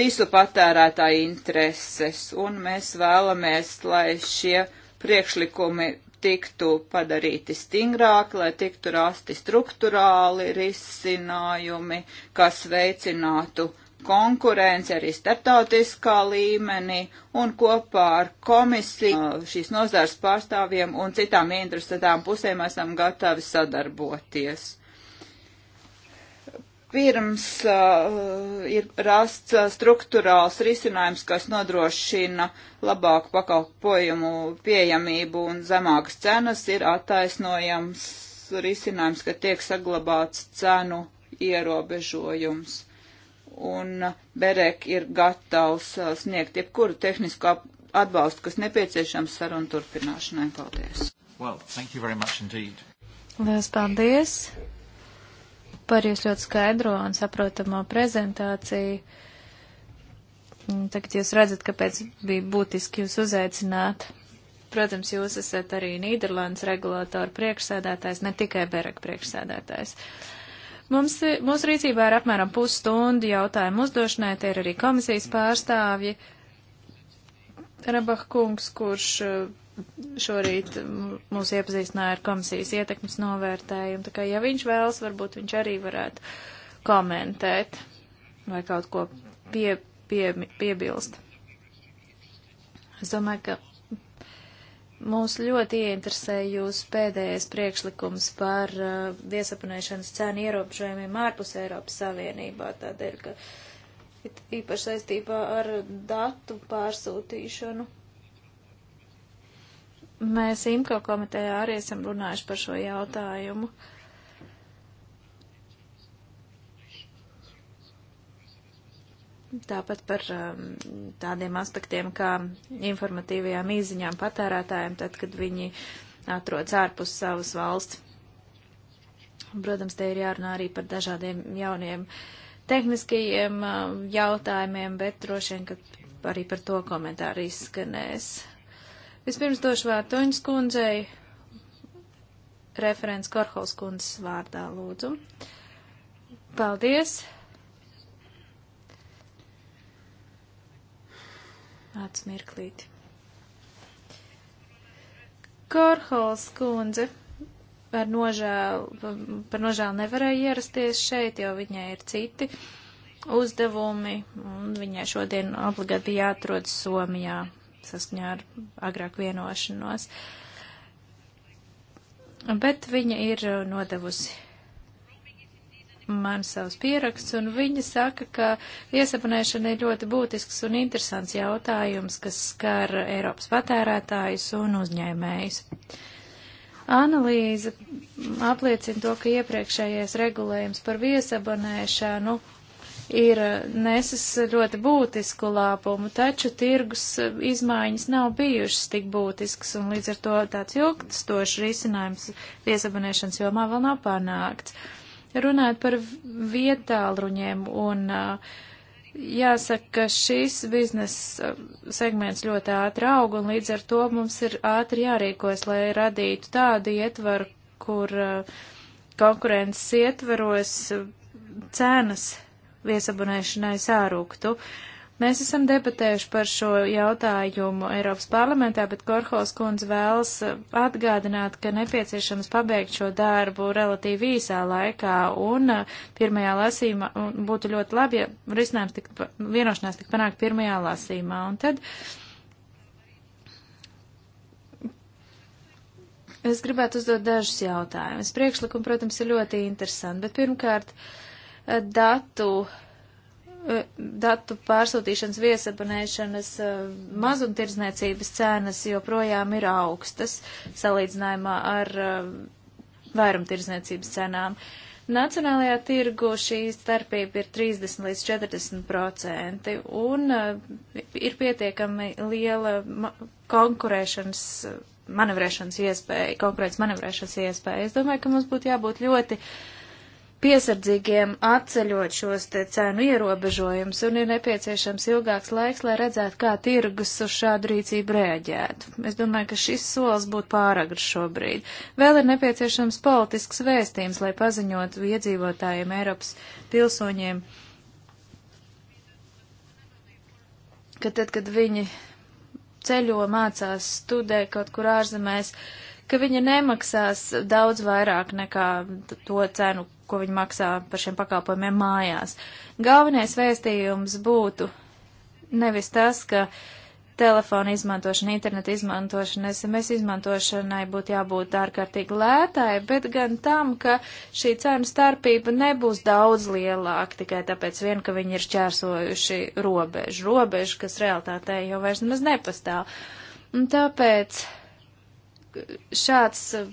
visu patērētāju intereses, un mēs vēlamies, lai šie uh, priekšlikumi tiktu padarīti stingrāki, lai tiktu rasti struktūrāli risinājumi, kas veicinātu konkurence arī startautiskā līmenī un kopā ar komisiju uh, šīs nozars pārstāvjiem un citām interesētām pusēm esam gatavi sadarboties. Pirms uh, ir rasts uh, struktūrāls risinājums, kas nodrošina labāku pakalpojumu pieejamību un zemākas cenas, ir attaisnojams risinājums, ka tiek saglabāts cenu ierobežojums. Un Berek ir gatavs uh, sniegt jebkuru tehnisko atbalstu, kas nepieciešams sarunu turpināšanai. Paldies! Well, thank you very much indeed. Lielas paldies! par jūs ļoti skaidro un saprotamo prezentāciju. Tagad jūs redzat, kāpēc bija būtiski jūs uzaicināt. Protams, jūs esat arī Nīderlandes regulātora priekšsēdētājs, ne tikai Bereka priekšsēdētājs. Mums, mūsu rīcībā ir apmēram pusstundi jautājumu uzdošanai, tie ir arī komisijas pārstāvji. Rabah kungs, kurš šorīt mūs iepazīstināja ar komisijas ietekmes novērtējumu, tā kā ja viņš vēlas, varbūt viņš arī varētu komentēt vai kaut ko pie, pie, piebilst. Es domāju, ka mūs ļoti ieinteresē jūsu pēdējais priekšlikums par uh, viesapunēšanas cenu ierobežojumiem ārpus Eiropas Savienībā, tādēļ, ka īpaši saistībā ar datu pārsūtīšanu Mēs IMCO komitejā arī esam runājuši par šo jautājumu. Tāpat par um, tādiem aspektiem kā informatīvajām īziņām patērētājiem, tad, kad viņi atrodas ārpus savas valsts. Protams, te ir jārunā arī par dažādiem jauniem tehniskajiem um, jautājumiem, bet droši vien, ka arī par to komentāru izskanēs. Vispirms došu vārdu Toņas kundzei, referents Korhaus kundzes vārdā, lūdzu. Paldies! Atsmirklīti. Korhols kundze par nožēlu, par nožēlu nevarēja ierasties šeit, jo viņai ir citi uzdevumi, un viņai šodien obligāti jāatrodas Somijā saskaņā ar agrāk vienošanos. Bet viņa ir uh, nodevusi man savus pierakstus, un viņa saka, ka iesapunēšana ir ļoti būtisks un interesants jautājums, kas skar Eiropas patērētājus un uzņēmējus. Analīze apliecina to, ka iepriekšējais regulējums par viesabonēšanu ir eh, nesis ļoti būtisku lāpumu, taču tirgus eh, izmaiņas nav bijušas tik būtiskas, un līdz ar to tāds ilgstošs risinājums viesabonēšanas jomā vēl nav panākts. Runājot par vietālruņiem un uh, Jāsaka, ka šīs biznesa segments ļoti ātri aug, un līdz ar to mums ir ātri jārīkojas, lai radītu tādu ietvaru, kur konkurences ietvaros cenas viesabunēšanai sārūktu. Mēs esam debatējuši par šo jautājumu Eiropas parlamentā, bet Korhos kundze vēlas atgādināt, ka nepieciešams pabeigt šo darbu relatīvi īsā laikā, un uh, pirmajā lasīmā būtu ļoti labi, ja risinājums tik, vienošanās tik panākt pirmajā lasīmā. Un tad es gribētu uzdot dažus jautājumus. Priekšlikumi, protams, ir ļoti interesanti, bet pirmkārt. Uh, datu, eh, datu pārsūtīšanas viesabonēšanas eh, mazumtirdzniecības cenas joprojām ir augstas salīdzinājumā ar eh, vairumtirdzniecības cenām. Nacionālajā tirgu šī starpība ir 30 līdz 40 procenti un ir pietiekami liela ma konkurēšanas manevrēšanas iespēja, konkurētas manevrēšanas iespēja. Es domāju, ka mums būtu jābūt ļoti uh, piesardzīgiem atceļot šos te cenu ierobežojumus un ir nepieciešams ilgāks laiks, lai redzētu, kā tirgus uz šādu rīcību rēģētu. Es domāju, ka šis solis būtu pāragrs šobrīd. Vēl ir nepieciešams politisks vēstījums, lai paziņotu iedzīvotājiem Eiropas pilsoņiem, ka tad, kad viņi ceļo, mācās, studē kaut kur ārzemēs, uh, ka viņa nemaksās daudz vairāk nekā to cenu, ko viņa maksā par šiem pakalpojumiem mājās. Galvenais vēstījums būtu nevis tas, ka telefona izmantošana, interneta izmantošana, SMS izmantošanai būtu jābūt ārkārtīgi lētai, bet gan tam, ka šī cenu starpība nebūs daudz lielāka tikai tāpēc vien, ka viņi ir šķērsojuši robežu, robežu, kas realtātē jau vairs nemaz nepastāv. Un tāpēc šāds eh,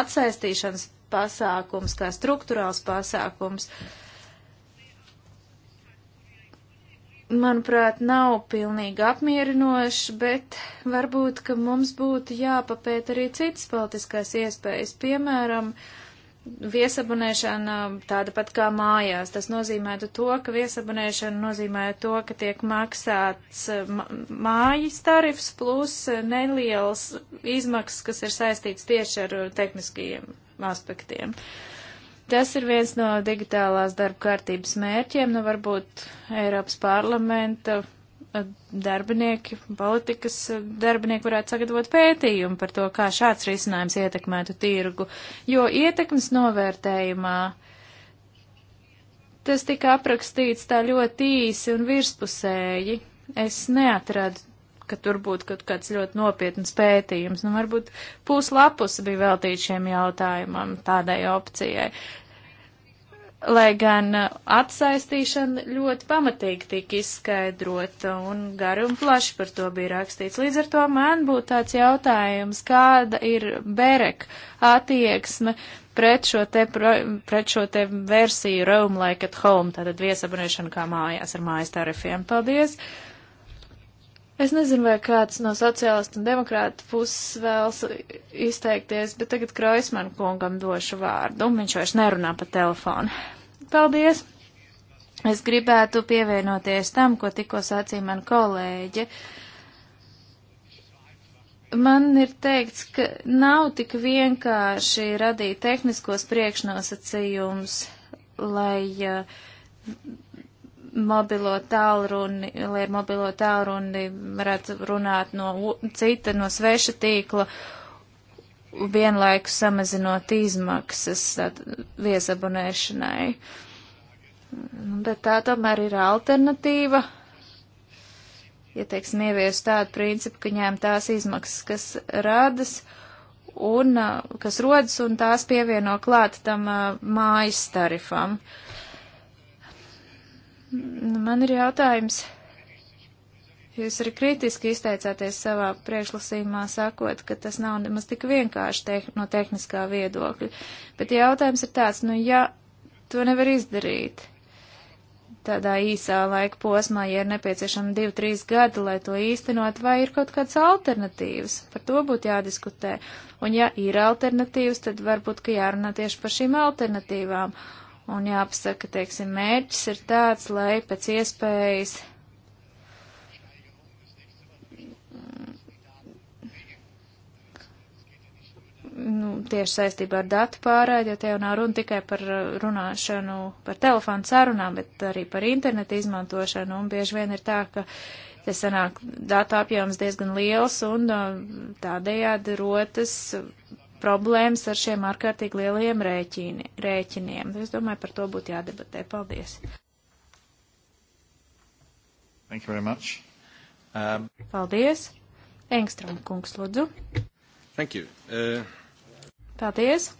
atsaistīšanas pasākums, kā struktūrāls pasākums, manuprāt, nav pilnīgi apmierinošs, bet varbūt, ka mums būtu jāpapēt arī citas politiskās iespējas, piemēram, uh, viesabunēšana tāda pat kā mājās. Tas nozīmētu to, ka viesabunēšana nozīmē to, ka tiek maksāts mājas tarifs plus neliels izmaksas, kas ir saistīts tieši ar tehniskajiem aspektiem. Tas ir viens no digitālās darba kārtības mērķiem, nu varbūt Eiropas parlamenta darbinieki, politikas darbinieki varētu sagatavot pētījumu par to, kā šāds risinājums ietekmētu tirgu, jo ietekmes novērtējumā tas tika aprakstīts tā ļoti īsi un virspusēji. Es neatradu, ka tur būtu kaut kāds ļoti nopietns pētījums, nu varbūt puslapus bija veltīts šiem jautājumam, tādai opcijai lai gan uh, atsaistīšana ļoti pamatīgi tika izskaidrota un gari un plaši par to bija rakstīts. Līdz ar to man būtu tāds jautājums, kāda ir Berek attieksme pret šo te, pret šo te versiju Roam Like at Home, tātad viesabunēšana kā mājās ar mājas tarifiem. Paldies! Uh, Es nezinu, vai kāds no sociālistu un demokrātu puses vēlas izteikties, bet tagad Kroisman kungam došu vārdu, un viņš vairs nerunā pa telefonu. Paldies! Es gribētu pievienoties tam, ko tikko sacīja man kolēģe. Man ir teikts, ka nav tik vienkārši radīt tehniskos priekšnosacījumus, lai uh, mobilo tālruni, lai ar mobilo tālruni varētu runāt no cita, no sveša tīkla, vienlaikus samazinot izmaksas viesabonēšanai. Nu, bet tā tomēr ir alternatīva, ja, teiksim, ievies tādu principu, ka ņēm tās izmaksas, kas radas un uh, kas rodas un tās pievieno klāt tam uh, mājas tarifam. Uh, Nu, man ir jautājums. Jūs arī kritiski izteicāties savā priekšlasījumā, sakot, ka tas nav nemaz tik vienkārši te no tehniskā viedokļa. Bet jautājums ir tāds, nu ja to nevar izdarīt tādā īsā laika posmā, ja ir nepieciešama 2-3 gadi, lai to īstenot, vai ir kaut kāds alternatīvas, par to būtu jādiskutē. Un ja ir alternatīvas, tad varbūt, ka jārunā tieši par šīm alternatīvām. Uh, Un jāpasaka, teiksim, mērķis ir tāds, lai pēc iespējas nu, tieši saistībā ar datu pārēdi, jo te jau nav runa tikai par uh, runāšanu, par telefonu sarunām, bet arī par internetu izmantošanu. Un bieži vien ir tā, ka te sanāk datu apjoms diezgan liels un uh, tādējādi rotas problēmas ar šiem ārkārtīgi lieliem rēķini, rēķiniem. Es domāju, par to būtu jādebatē. Paldies. Thank you very much. Um... Paldies. Engstrom kungs, lūdzu. Thank you. Uh... Paldies.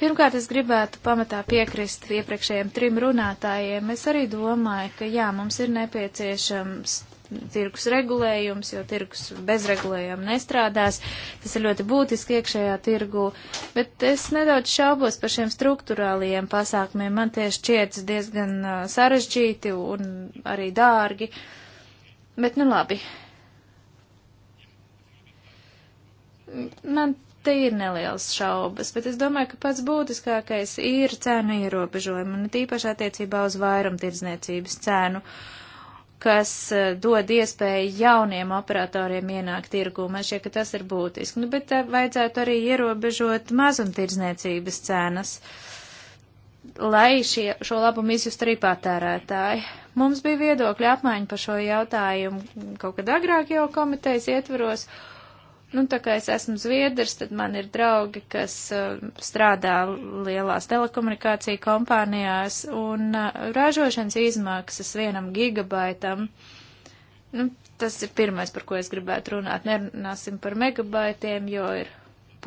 Pirmkārt, es gribētu pamatā piekrist iepriekšējiem trim runātājiem. Es arī domāju, ka jā, mums ir nepieciešams tirgus regulējums, jo tirgus bez regulējuma nestrādās. Tas ir ļoti būtiski iekšējā tirgu, bet es nedaudz šaubos par šiem struktūrālajiem pasākumiem. Man tie šķiet diezgan sarežģīti un arī dārgi, bet nu labi. Man te ir nelielas šaubas, bet es domāju, ka pats būtiskākais ir cēnu ierobežojumi, un tīpaši attiecībā uz vairumtirdzniecības cēnu. Uh, kas eh, dod iespēju jauniem operatoriem ienākt tirgū. Man šķiet, ka tas ir būtiski. Nu, bet eh, vajadzētu arī ierobežot mazumtirdzniecības cenas, lai šie, šo labumu izjust arī patērētāji. Mums bija viedokļa apmaiņa par šo jautājumu kaut kad agrāk jau komitejas ietvaros, Nu, tā kā es esmu zviedrs, tad man ir draugi, kas uh, strādā lielās telekomunikācija kompānijās, un uh, ražošanas izmaksas vienam gigabaitam, nu, tas ir pirmais, par ko es gribētu runāt. Nerunāsim par megabaitiem, jo ir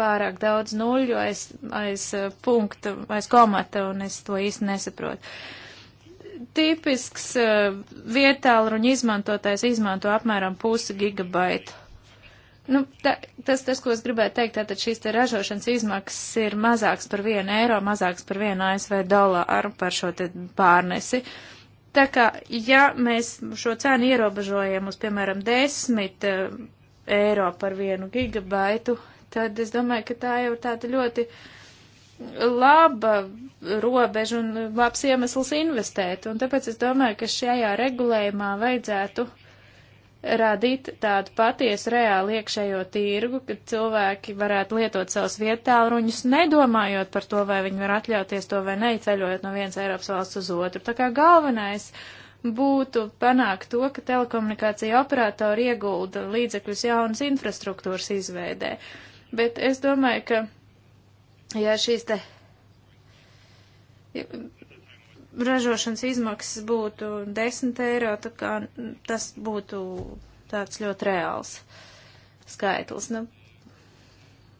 pārāk daudz nuļu aiz, aiz eh, punkta, aiz komata, un es to īsti nesaprotu. Tipisks uh, vietālruņa izmantotais izmanto apmēram pusi gigabaitu Nu, tā, tas, tas, ko es gribēju teikt, tātad šīs te ražošanas izmaksas ir mazāks par vienu eiro, mazāks par vienu ASV dolāru par šo te pārnesi. Tā kā, ja mēs šo cenu ierobežojam uz, piemēram, desmit e, eiro par vienu gigabaitu, tad es domāju, ka tā jau tāda ļoti laba robeža un labs iemesls investēt. Un tāpēc es domāju, ka šajā regulējumā vajadzētu radīt tādu patiesu reāli iekšējo tirgu, kad cilvēki varētu lietot savus vietāluruņus, nedomājot par to, vai viņi var atļauties to vai ne, ceļojot no vienas Eiropas valsts uz otru. Tā kā galvenais būtu panākt to, ka telekomunikācija operatori iegulda līdzekļus jaunas infrastruktūras izveidē. Bet es domāju, ka, ja šīs te ražošanas izmaksas būtu 10 eiro, tā kā tas būtu tāds ļoti reāls skaitlis. Nu,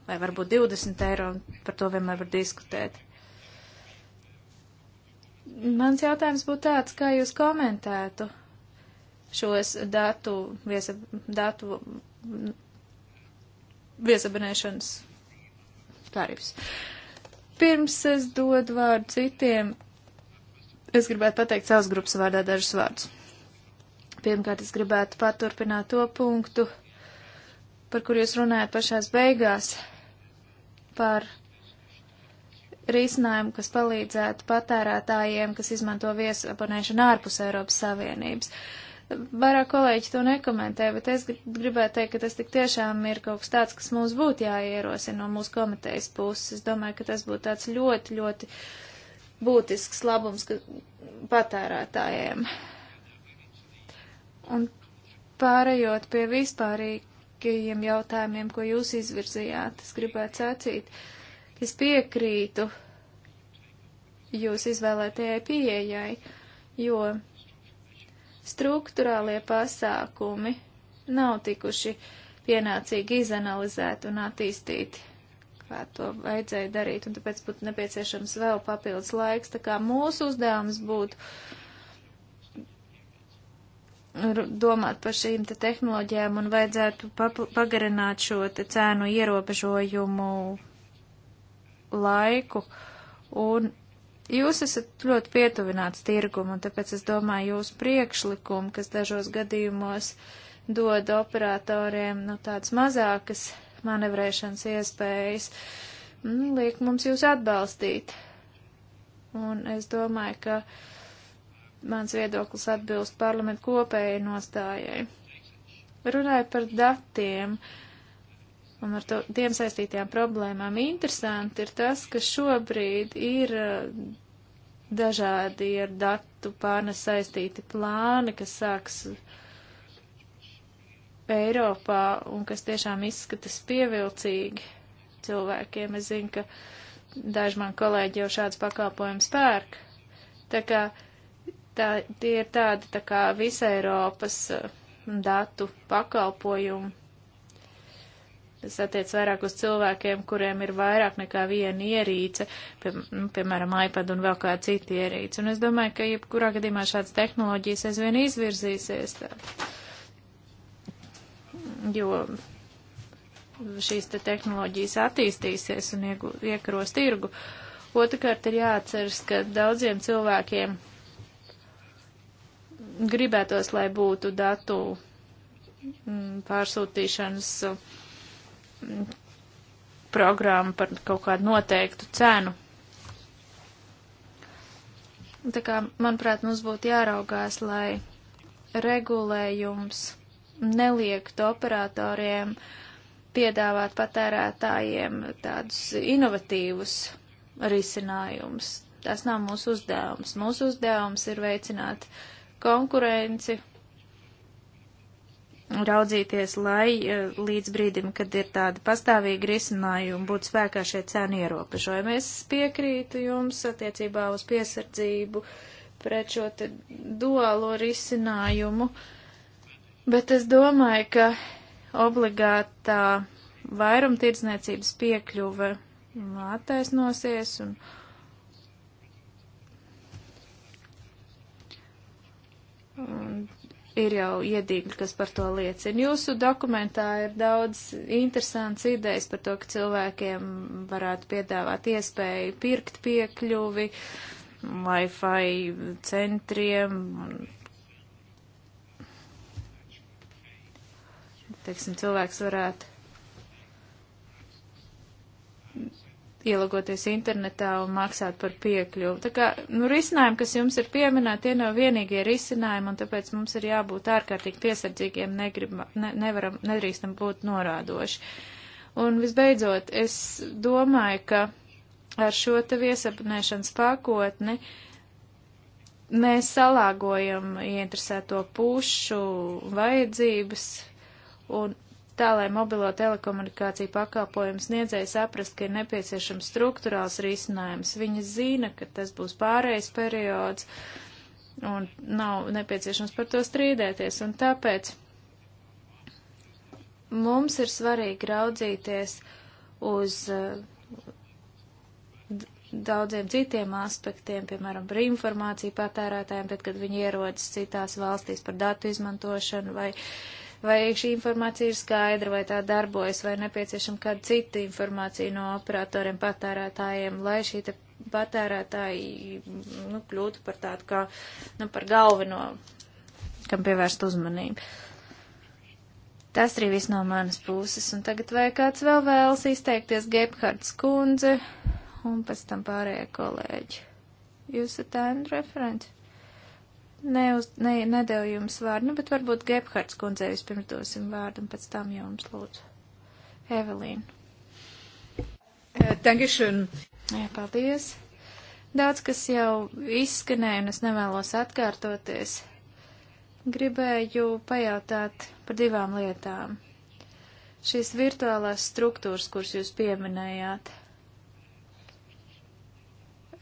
vai varbūt 20 eiro, un par to vienmēr var diskutēt. Mans jautājums būtu tāds, kā jūs komentētu šos datu, viesa, datu viesabinēšanas tarifs. Pirms es dodu vārdu citiem Es gribētu pateikt savas grupas vārdā dažus vārdus. Pirmkārt, es gribētu paturpināt to punktu, par kur jūs runājat pašās beigās, par risinājumu, kas palīdzētu patērētājiem, kas izmanto viesabonēšanu ārpus Eiropas Savienības. Vairāk kolēģi to nekomentē, bet es gribētu teikt, ka tas tik tiešām ir kaut kas tāds, kas mums būtu jāierosina no mūsu komitejas puses. Es domāju, ka tas būtu tāds ļoti, ļoti. Uh, būtisks labums patērētājiem. Un pārējot pie vispārīgajiem jautājumiem, ko jūs izvirzījāt, es gribētu sacīt, ka es piekrītu jūs izvēlētajai pieejai, jo struktūrālie pasākumi nav tikuši pienācīgi izanalizēti un attīstīti kā to vajadzēja darīt, un tāpēc būtu nepieciešams vēl papildus laiks. Tā kā mūsu uzdevums būtu domāt par šīm te tehnoloģijām un vajadzētu pagarināt šo te cēnu ierobežojumu laiku. Un jūs esat ļoti pietuvināts tirgumu, un tāpēc es domāju, jūsu priekšlikumu, kas dažos gadījumos dod operatoriem nu, tādas mazākas manevrēšanas iespējas, mm, liek mums jūs atbalstīt. Un es domāju, ka mans viedoklis atbilst parlamentu kopējai nostājai. Runāju par datiem un ar to, tiem saistītajām problēmām. Interesanti ir tas, ka šobrīd ir eh, dažādi ar datu pārnes saistīti plāni, kas sāks Eiropā un kas tiešām izskatas pievilcīgi cilvēkiem. Es zinu, ka daži man kolēģi jau šāds pakalpojums pērk. Tā kā tā, tie ir tādi tā kā visa Eiropas uh, datu pakalpojumi. Tas attiec vairāk uz cilvēkiem, kuriem ir vairāk nekā viena ierīce, pie, nu, piemēram, iPad un vēl kā cita ierīce. Un es domāju, ka jebkurā gadījumā šādas tehnoloģijas aizvien izvirzīsies. Tā jo šīs te tehnoloģijas attīstīsies un iekaros tirgu. Otrakārt ir jāatceras, ka daudziem cilvēkiem gribētos, lai būtu datu mm, pārsūtīšanas mm, programma par kaut kādu noteiktu cenu. Tā kā, manuprāt, mums būtu jāraugās, lai regulējums neliektu operatoriem piedāvāt patērētājiem tādus inovatīvus risinājumus. Tas nav mūsu uzdevums. Mūsu uzdevums ir veicināt konkurenci, raudzīties, lai eh, līdz brīdim, kad ir tādi pastāvīgi risinājumi, būtu spēkā šie cēni ierobežojumi. Es piekrītu jums attiecībā uz piesardzību pret šo te duālo risinājumu. Uh, Bet es domāju, ka obligātā vairumtirdzniecības piekļuve attaisnosies un. Un ir jau iedīgļi, kas par to liecina. Jūsu dokumentā ir daudz interesants idejas par to, ka cilvēkiem varētu piedāvāt iespēju pirkt piekļuvi Wi-Fi centriem un teiksim, cilvēks varētu ielogoties internetā un maksāt par piekļuvu. Tā kā, nu, risinājumi, kas jums ir pieminēti, tie nav vienīgie risinājumi, un tāpēc mums ir jābūt ārkārtīgi piesardzīgiem, negribam, ne, nevaram, nedrīkstam būt norādoši. Un visbeidzot, es domāju, ka ar šo te viesapnēšanas pakotni mēs salāgojam ieinteresēto pušu vajadzības un tā, lai mobilo telekomunikāciju pakalpojumu sniedzēji saprast, ka ir nepieciešams struktūrāls risinājums. Viņi zina, ka tas būs pārējais periods un nav nepieciešams par to strīdēties. Un tāpēc mums ir svarīgi raudzīties uz uh, daudziem citiem aspektiem, piemēram, par informāciju patērētājiem, tad, kad viņi ierodas citās valstīs par datu izmantošanu vai uh, vai šī informācija ir skaidra, vai tā darbojas, vai nepieciešama kāda cita informācija no operatoriem, patērētājiem, lai šī patērētāji nu, kļūtu par tādu kā nu, par galveno, kam pievērst uzmanību. Tas arī viss no manas puses, un tagad vai kāds vēl vēlas izteikties Gebhards kundze, un pēc tam pārējie kolēģi. Jūs esat ēnu referenti? neuz, ne, nedēļu jums vārdu, nu, bet varbūt Gebhards kundzei vispirms dosim vārdu un pēc tam jums lūdzu. Evelīna. Eh, dankeschön. Jā, paldies. Daudz, kas jau izskanēja, un es nevēlos atkārtoties. Gribēju pajautāt par divām lietām. Šīs virtuālās struktūras, kuras jūs pieminējāt,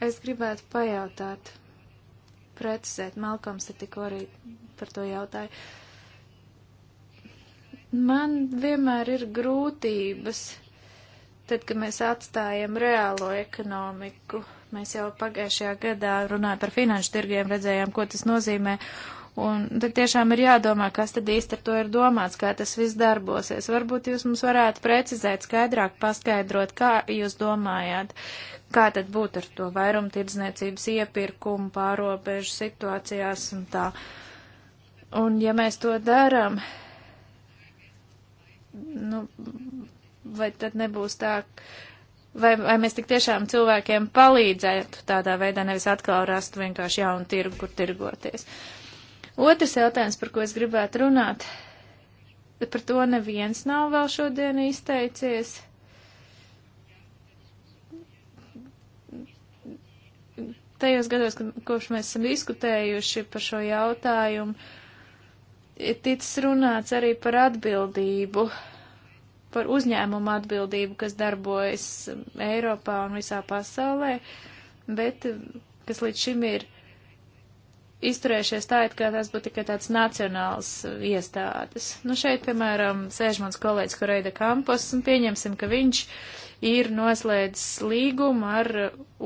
es gribētu pajautāt, precizēt. Malkoms te tikko arī par to jautāja. Man vienmēr ir grūtības, tad, kad mēs atstājam reālo ekonomiku. Mēs jau pagājušajā gadā runājam par finanšu tirgiem, redzējām, ko tas nozīmē. Un tad tiešām ir jādomā, kas tad īsti ar to ir domāts, kā tas viss darbosies. Varbūt jūs mums varētu precizēt, skaidrāk paskaidrot, kā jūs domājāt, Kā tad būt ar to vairumtirdzniecības iepirkumu pārobežu situācijās un tā? Un ja mēs to darām, nu, vai tad nebūs tā, vai, vai mēs tik tiešām cilvēkiem palīdzētu tādā veidā, nevis atkal rastu vienkārši jaunu tirgu, kur tirgoties. Otrs jautājums, par ko es gribētu runāt, par to neviens nav vēl šodien izteicies. tajos gados, kad, kopš mēs esam diskutējuši par šo jautājumu, ir ticis runāts arī par atbildību, par uzņēmumu atbildību, kas darbojas Eiropā un visā pasaulē, bet kas līdz šim ir izturējušies tā, it kā tās būtu tikai tāds nacionāls iestādes. Nu, šeit, piemēram, sēž mans kolēģis Koreida Kampos, un pieņemsim, ka viņš uh, ir noslēdzis līgumu ar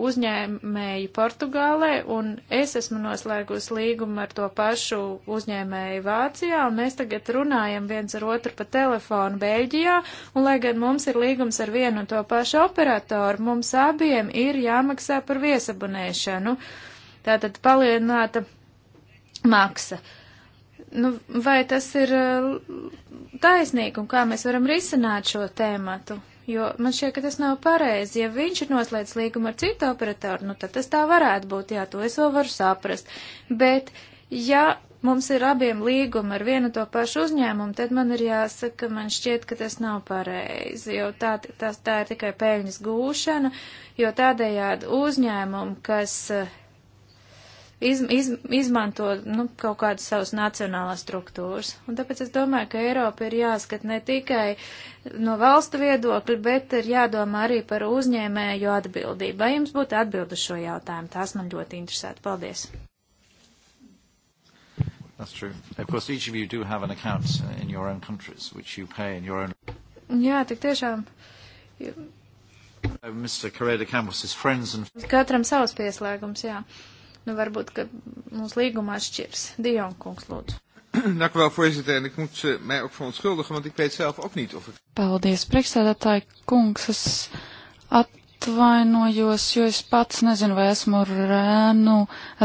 uzņēmēju Portugālē, un es esmu noslēgus līgumu ar to pašu uzņēmēju Vācijā, un mēs tagad runājam viens ar otru pa telefonu Beļģijā, un lai gan mums ir līgums ar vienu un to pašu operatoru, mums abiem ir jāmaksā par viesabunēšanu. Tātad palielināta maksa. Nu, vai tas ir eh, taisnīgi un kā mēs varam risināt šo tēmatu? jo man šķiet, ka tas nav pareizi. Ja viņš ir noslēdz līgumu ar citu operatoru, nu tad tas tā varētu būt, jā, to es vēl varu saprast. Bet, ja mums ir abiem līgumi ar vienu to pašu uzņēmumu, tad man ir jāsaka, man šķiet, ka tas nav pareizi, jo tā, tas, tā ir tikai peļņas gūšana, jo tādējādi uzņēmumu, kas uh, iz, iz, izmanto nu, kaut kādas savas nacionālās struktūras. Un tāpēc es domāju, ka Eiropa ir jāskat ne tikai no valstu viedokļa, bet ir jādomā arī par uzņēmēju atbildību. Vai jums būtu atbildi šo jautājumu? Tās man ļoti interesētu. Paldies! That's true. Of course, each of you do have an account in your own countries, which you pay in your own. Jā, tik tiešām. Uh, Mr. Carrera Campos' friends and. Katram savs pieslēgums, jā. Uh, Nu, varbūt, ka mums līgumā šķirs. Dion kungs, lūdzu. Dank u wel, voorzitter. En ik moet uh, mij ook verontschuldigen, want ik weet zelf ook niet of ik... Paldies, priekšsēdētāji kungs. Es atvainojos, jo es pats nezinu, vai esmu rēnu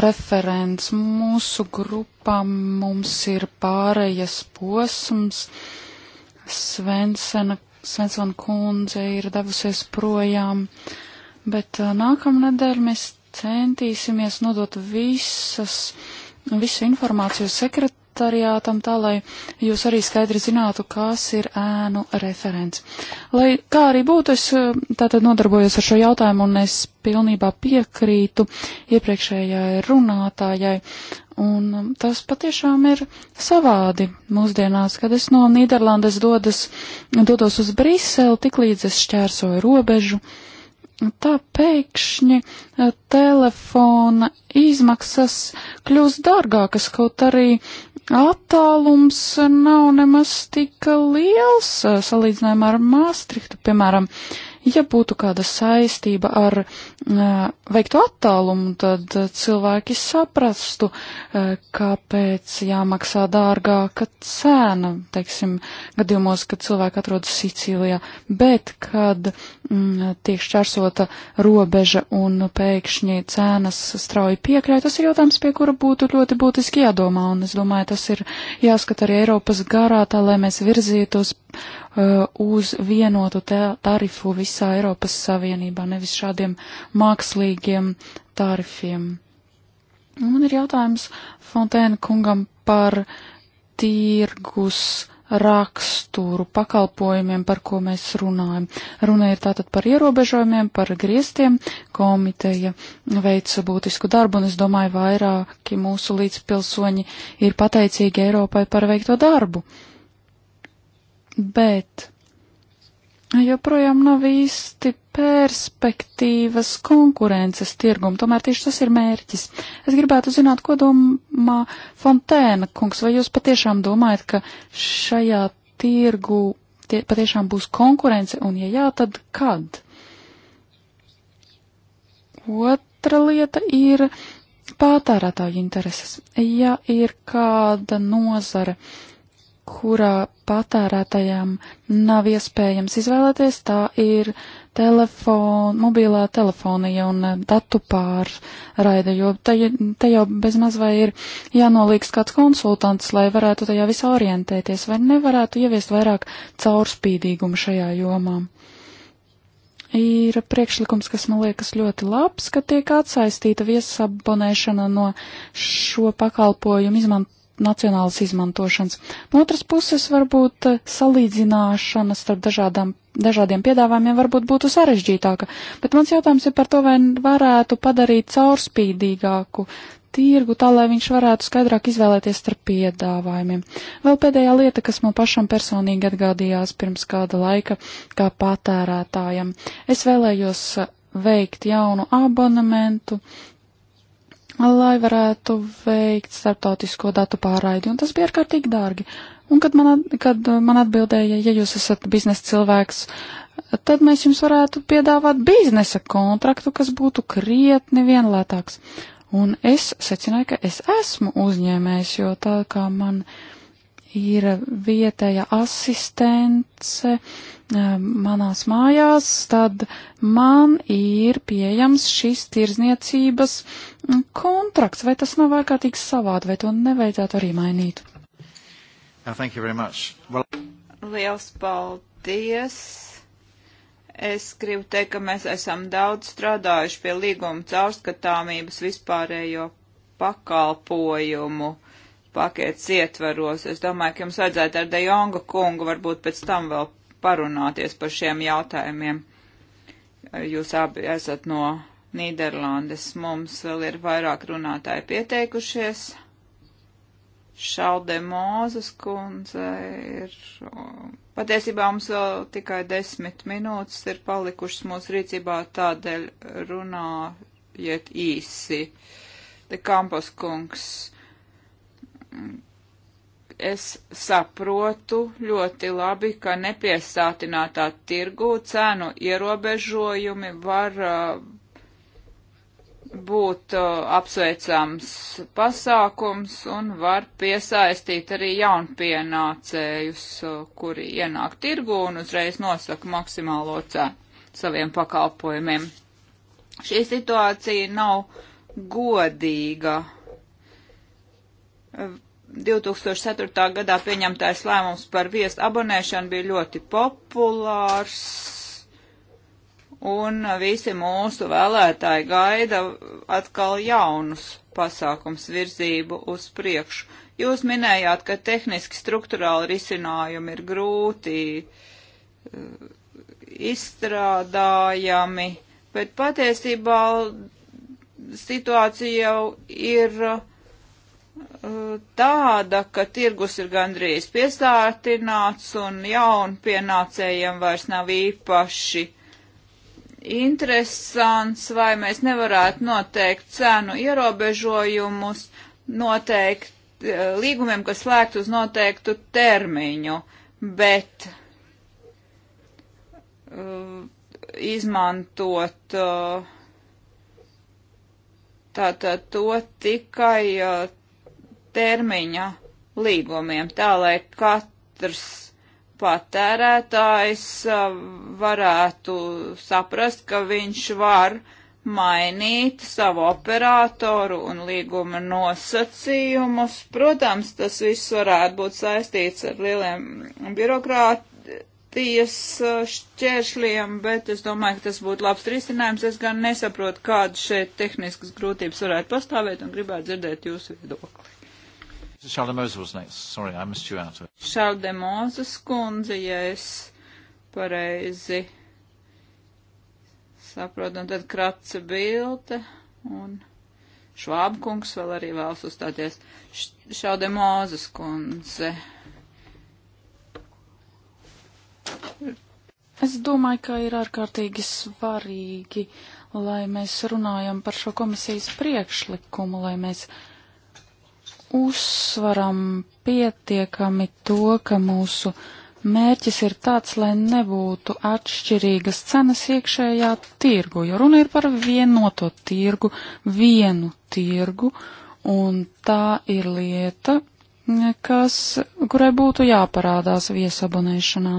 referents. Mūsu grupā mums ir pārējas posms. Svensena, Svensona kundze ir devusies projām. Bet uh, nākamnedēļ mēs centīsimies nodot visas, visu informāciju sekretariātam tā, lai jūs arī skaidri zinātu, kas ir ēnu referents. Lai kā arī būtu, es eh, tātad nodarbojos ar šo jautājumu un es pilnībā piekrītu iepriekšējai runātājai. Un um, tas patiešām ir savādi mūsdienās, kad es no Nīderlandes dodas, dodos uz Briseli, tiklīdz es šķērsoju robežu. Uh, tā pēkšņi eh, telefona izmaksas kļūs dārgākas, kaut arī attālums nav nemaz tik liels eh, salīdzinājumā ar Māstrihtu, piemēram. Uh, ja būtu kāda saistība ar veikto attālumu, tad cilvēki saprastu, kāpēc jāmaksā dārgāka cena, teiksim, gadījumos, kad cilvēki atrodas Sicīlijā, bet kad m, mm, tiek šķērsota robeža un pēkšņi cenas strauji piekrāj, tas ir jautājums, pie kura būtu ļoti būtiski jādomā, un es domāju, tas ir jāskata arī Eiropas garā, tā lai mēs virzītos Uh, uz vienotu tarifu visā Eiropas Savienībā, nevis šādiem mākslīgiem tarifiem. Man ir jautājums Fontēna kungam par tirgus raksturu pakalpojumiem, par ko mēs runājam. Runa ir tātad par ierobežojumiem, par griestiem. Komiteja veica būtisku darbu, un es domāju, vairāki mūsu līdzpilsoņi ir pateicīgi Eiropai par veikto darbu. Uh, bet joprojām nav īsti perspektīvas konkurences tirgumu. Tomēr tieši tas ir mērķis. Es gribētu zināt, ko domā Fontēna kungs, vai jūs patiešām domājat, ka šajā tirgu tie, patiešām būs konkurence, un ja jā, tad kad? Otra lieta ir patērētāju intereses. Ja ir kāda nozare, uh, kurā patērētajam nav iespējams izvēlēties, tā ir telefon, mobilā telefonija un eh, datu pārraide, jo te, te jau bezmaz vai ir jānolīgs kāds konsultants, lai varētu tajā visā orientēties, vai nevarētu ieviest vairāk caurspīdīgumu šajā jomā. Ir priekšlikums, kas man liekas ļoti labs, ka tiek atsaistīta viesabonēšana no šo pakalpojumu izmantošanas nacionālas izmantošanas. No otras puses, varbūt eh, salīdzināšana starp dažādām, dažādiem piedāvājumiem varbūt būtu sarežģītāka, bet mans jautājums ir par to, vai varētu padarīt caurspīdīgāku tirgu, tā lai viņš varētu skaidrāk izvēlēties starp piedāvājumiem. Vēl pēdējā lieta, kas man pašam personīgi atgādījās pirms kāda laika kā patērētājam. Es vēlējos eh, veikt jaunu abonementu, uh, lai varētu veikt starptautisko datu pārraidi, un tas bija ārkārtīgi dārgi. Un kad man, kad uh, man atbildēja, ja jūs esat biznesa cilvēks, tad mēs jums varētu piedāvāt biznesa kontraktu, kas būtu krietni vienlētāks. Un es secināju, ka es esmu uzņēmējs, jo tā kā man uh, ir vietēja asistence eh, manās mājās, tad man ir pieejams šis tirzniecības mm, kontrakts. Vai tas nav ārkārtīgi savādi, vai to nevajadzētu arī mainīt? Oh, well... Liels paldies! Es gribu teikt, ka mēs esam daudz strādājuši pie līguma caurskatāmības vispārējo pakalpojumu paketes ietvaros. Es domāju, ka jums vajadzētu ar De Jonga kungu varbūt pēc tam vēl parunāties par šiem jautājumiem. Jūs abi esat no Nīderlandes. Mums vēl ir vairāk runātāji pieteikušies. Šalde Mūzes kundze ir. Patiesībā mums vēl tikai desmit minūtes ir palikušas mūsu rīcībā, tādēļ runājiet īsi. Te Kampos kungs es saprotu ļoti labi, ka nepiesātinātā tirgū cēnu ierobežojumi var uh, būt uh, apsveicams pasākums un var piesaistīt arī jaunpienācējus, uh, kuri ienāk tirgū un uzreiz nosaka maksimālo cenu saviem pakalpojumiem. Šī situācija nav godīga 2004. gadā pieņemtais lēmums par viestu abonēšanu bija ļoti populārs, un visi mūsu vēlētāji gaida atkal jaunus pasākums virzību uz priekšu. Jūs minējāt, ka tehniski struktūrāli risinājumi ir grūti eh, izstrādājami, bet patiesībā situācija jau ir tāda, ka tirgus ir gandrīz piesārtināts un jaunpienācējiem vairs nav īpaši interesants, vai mēs nevarētu noteikt cenu ierobežojumus, noteikt eh, līgumiem, kas slēgt uz noteiktu termiņu, bet uh, izmantot uh, tātad to tikai uh, termiņa līgumiem, tā lai katrs patērētājs uh, varētu saprast, ka viņš var mainīt savu operatoru un līguma nosacījumus. Protams, tas viss varētu būt saistīts ar lieliem birokrātijas uh, šķēršļiem, bet es domāju, ka tas būtu labs risinājums. Es gan nesaprotu, kādas šeit tehniskas grūtības varētu pastāvēt un gribētu dzirdēt jūsu viedokli. Šaldemozes kundze, ja es pareizi saprotu, un tad Kratsa Bilte un Švābkungs vēl arī vēlas uzstāties. Šaldemozes kundze. Es domāju, ka ir ārkārtīgi svarīgi, lai mēs runājam par šo komisijas priekšlikumu, lai mēs uzsvaram pietiekami to, ka mūsu mērķis ir tāds, lai nebūtu atšķirīgas cenas iekšējā tirgu, jo runa ir par vienoto tirgu, vienu tirgu, un tā ir lieta, kas, kurai būtu jāparādās viesabonēšanā.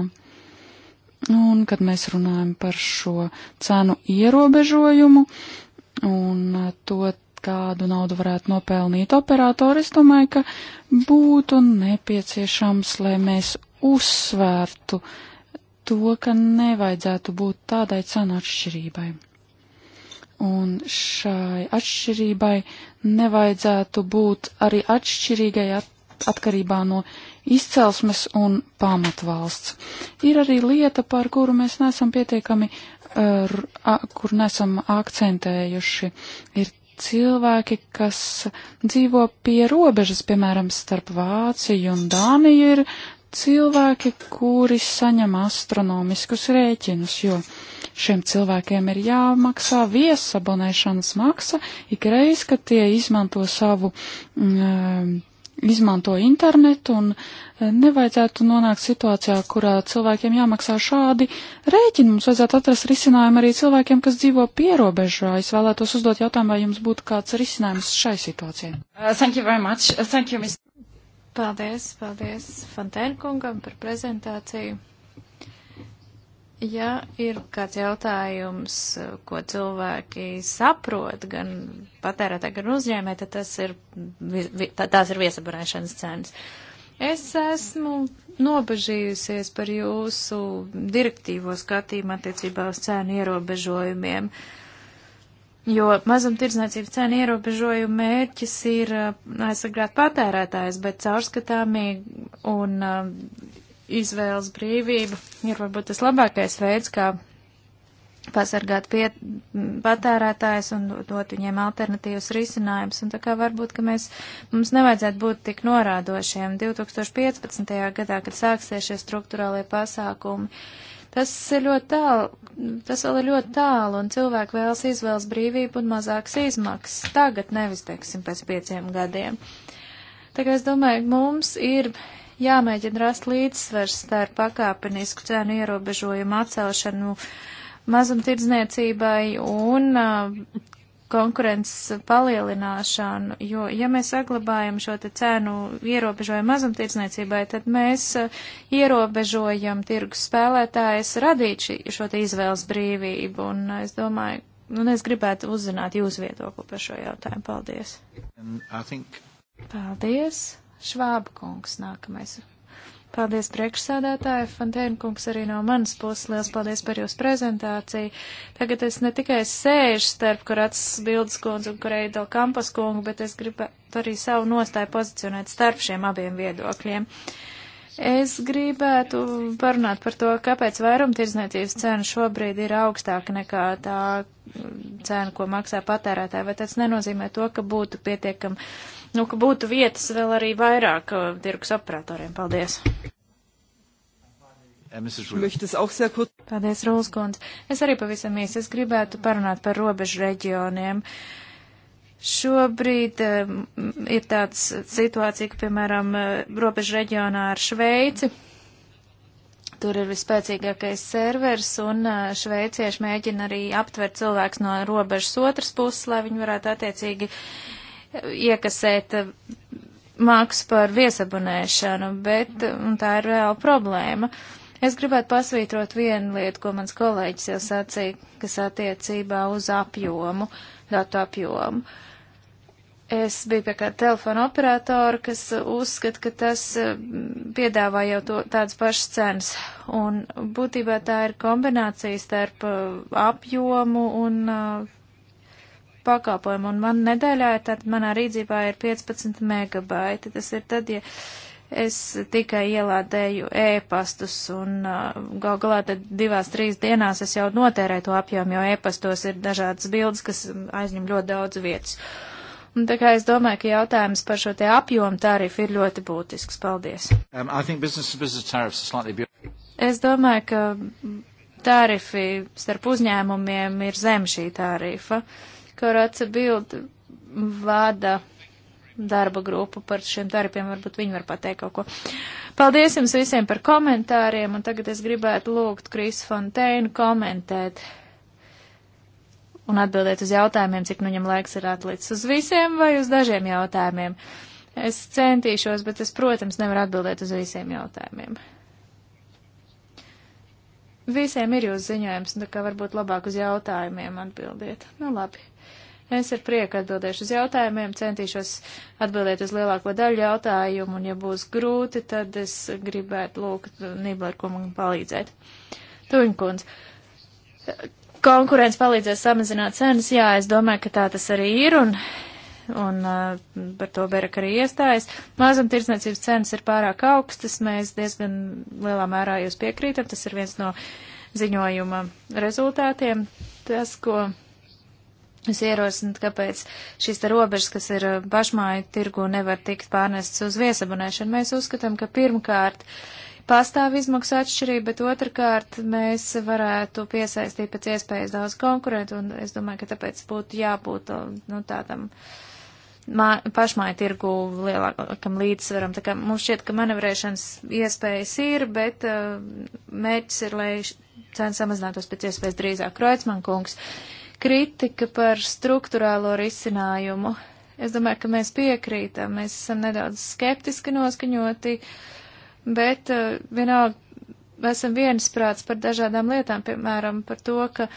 Un, kad mēs runājam par šo cenu ierobežojumu un to kādu naudu varētu nopelnīt operatori, es domāju, ka būtu nepieciešams, lai mēs uzsvērtu to, ka nevajadzētu būt tādai cenu atšķirībai. Un šai atšķirībai nevajadzētu būt arī atšķirīgai at atkarībā no izcelsmes un pamatvalsts. Ir arī lieta, par kuru mēs nesam pietiekami, ar, eh, kur nesam akcentējuši, ir cilvēki, kas dzīvo pie robežas, piemēram, starp Vāciju un Dāniju, ir cilvēki, kuri saņem astronomiskus rēķinus, jo šiem cilvēkiem ir jāmaksā viesabonēšanas maksa ikreiz, kad tie izmanto savu mm, izmanto internetu un eh, nevajadzētu nonākt situācijā, kurā cilvēkiem jāmaksā šādi rēķini. Mums vajadzētu atrast risinājumu arī cilvēkiem, kas dzīvo pierobežā. Es vēlētos uzdot jautājumu, vai jums būtu kāds risinājums šai situācijai. Uh, thank you very much. Uh, thank you, Ms. Paldies, paldies Fantēnkungam par prezentāciju. Ja ir kāds jautājums, ko cilvēki saprot, gan patērētā, gan uzņēmē, tad tas ir, tā, tās ir viesaburēšanas cenas. Es esmu nobežījusies par jūsu direktīvo skatījumu attiecībā uz cēnu ierobežojumiem. Jo mazumtirdzniecības cēna ierobežojuma mērķis ir uh, aizsargāt patērētājs, bet caurskatāmīgi un uh, izvēles brīvība ir varbūt tas labākais veids, kā pasargāt pie, patērētājs un dot viņiem alternatīvas risinājumus. Un tā kā varbūt, ka mēs, mums nevajadzētu būt tik norādošiem 2015. gadā, kad sāksies šie struktūrālie pasākumi. Tas ir ļoti tālu, tas vēl ir ļoti tālu, un cilvēki vēlas izvēles brīvību un mazākas izmaksas. Tagad nevis, teiksim, pēc pieciem gadiem. Tā kā es domāju, mums ir jāmēģina rast līdzsvers starp pakāpenisku cenu ierobežojumu atcelšanu mazumtirdzniecībai un uh, konkurences palielināšanu, jo, ja mēs saglabājam šo te cenu ierobežojumu mazumtirdzniecībai, tad mēs uh, ierobežojam tirgus spēlētājs radīt šī, šo te izvēles brīvību, un uh, es domāju, nu, un es gribētu uzzināt jūsu viedokli par šo jautājumu. Paldies! Think... Paldies! Švāba kungs nākamais. Paldies priekšsādātāji, Fantēna kungs arī no manas puses. Liels paldies par jūsu prezentāciju. Tagad es ne tikai sēžu starp Karats Bildes kundzu un Koreido Kampas kungu, bet es gribu arī savu nostāju pozicionēt starp šiem abiem viedokļiem. Es gribētu parunāt par to, kāpēc vairumtirdzniecības cena šobrīd ir augstāka nekā tā cena, ko maksā patērētāji, vai tas nenozīmē to, ka būtu pietiekami nu, ka būtu vietas vēl arī vairāk uh, tirgus operatoriem. Paldies! Eh, Paldies, Rūskundze. Es arī pavisam īsi, es gribētu parunāt par robežu reģioniem. Šobrīd um, ir tāds situācija, ka, piemēram, eh, robežu reģionā ar Šveici tur ir vispēcīgākais servers, un šveicieši mēģina arī aptvert cilvēks no robežas otras puses, lai viņi varētu attiecīgi uh, iekasēt eh, maksu par viesabunēšanu, bet eh, tā ir reāla problēma. Es gribētu pasvītrot vienu lietu, ko mans kolēģis jau sacīja, kas attiecībā uz apjomu, datu apjomu. Es biju pie kā telefona operatora, kas uzskata, ka tas eh, piedāvā jau to, tādas pašas cenas. Un būtībā tā ir kombinācija starp apjomu un uh, pakalpojumu, un man nedēļā tad manā rīdzībā ir 15 megabaiti. Tas ir tad, ja es tikai ielādēju ēpastus, un uh, gal galā tad divās, trīs dienās es jau notērēju to apjomu, jo ēpastos ir dažādas bildes, kas aizņem ļoti daudz vietas. Un tā kā es domāju, ka jautājums par šo te apjomu tarifu ir ļoti būtisks. Paldies. Um, business business es domāju, ka tarifi starp uzņēmumiem ir zem šī tarifa. Uh, ka Raca Bild vada darba grupu par šiem darbiem, varbūt viņi var pateikt kaut ko. Paldies jums visiem par komentāriem, un tagad es gribētu lūgt Kris Fonteinu komentēt un atbildēt uz jautājumiem, cik nu viņam laiks ir atlicis. Uz visiem vai uz dažiem jautājumiem? Es centīšos, bet es, protams, nevaru atbildēt uz visiem jautājumiem. Visiem ir jūsu ziņojums, tā kā varbūt labāk uz jautājumiem atbildiet. Nu labi. Es ar prieku atbildēšu uz jautājumiem, centīšos atbildēt uz lielāko daļu jautājumu, un ja būs grūti, tad es gribētu lūgt Nīblerkungam palīdzēt. Tuņkunds. Konkurence palīdzēs samazināt cenas, jā, es domāju, ka tā tas arī ir, un, un uh, par to Berek arī iestājas. Mazumtirdzniecības cenas ir pārāk augstas, mēs diezgan lielā mērā jūs piekrītam, tas ir viens no ziņojuma rezultātiem. Tas, ko Es ierosinu, kāpēc šīs te robežas, kas ir uh, pašmāju tirgu, nevar tikt pārnestas uz viesabunēšanu. Mēs uzskatām, ka pirmkārt pastāv izmaksu atšķirība, bet otrkārt mēs varētu piesaistīt pēc iespējas daudz konkurentu, un es domāju, ka tāpēc būtu jābūt uh, nu, tādam pašmāju tirgu lielākam līdzsvaram. Tā kā mums šķiet, ka manevrēšanas iespējas ir, bet uh, mērķis ir, lai cenu samazinātos pēc iespējas drīzāk. Kreutzmann kungs kritika par struktūrālo risinājumu. Es domāju, ka mēs piekrītam, mēs esam nedaudz skeptiski noskaņoti, bet uh, vienalga esam viensprāts par dažādām lietām, piemēram, par to, ka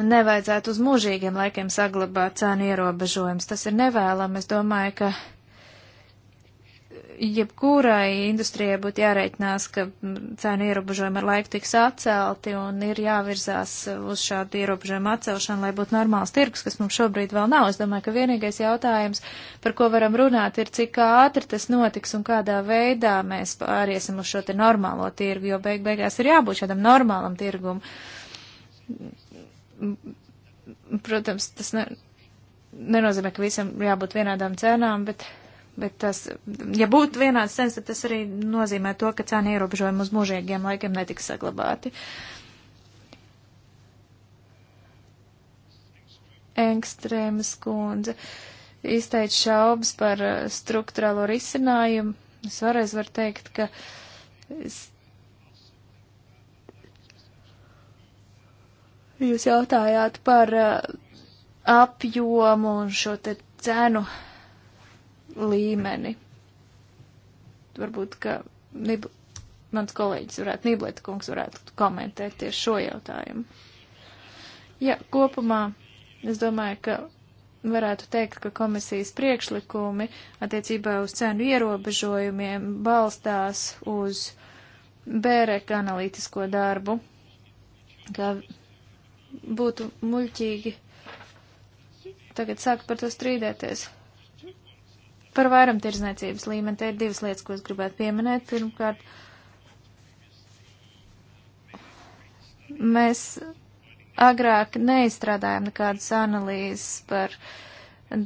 nevajadzētu uz mūžīgiem laikiem saglabāt cēnu ierobežojums. Tas ir nevēlam. Es domāju, ka jebkurai industrijai būtu jārēķinās, ka cēnu ierobežojumi ar laiku tiks atcelti un ir jāvirzās uz šādu ierobežojumu atcelšanu, lai būtu normāls tirgus, kas mums šobrīd vēl nav. Es domāju, ka vienīgais jautājums, par ko varam runāt, ir cik ātri tas notiks un kādā veidā mēs pāriesim uz šo te normālo tirgu, jo beig beigās ir jābūt šādam normālam tirgum. Protams, tas ne, nenozīmē, ka visam jābūt vienādām cenām, bet Bet tas, ja būtu vienāds cents, tad tas arī nozīmē to, ka cēna ierobežojumi uz mūžīgiem laikiem netiks saglabāti. Engstrēmas kundze izteica šaubas par uh, struktūrālo risinājumu. Es varēs var teikt, ka es... jūs jautājāt par uh, apjomu un šo te cenu līmeni. Varbūt, ka nib, mans kolēģis varētu, Nibleta kungs varētu komentēt tieši šo jautājumu. Jā, kopumā es domāju, ka varētu teikt, ka komisijas priekšlikumi attiecībā uz cenu ierobežojumiem balstās uz bēreka analītisko darbu, kā būtu muļķīgi tagad sākt par to strīdēties. Par vairumtirdzniecības līmeni te ir divas lietas, ko es gribētu pieminēt. Pirmkārt, mēs agrāk neizstrādājām nekādas analīzes par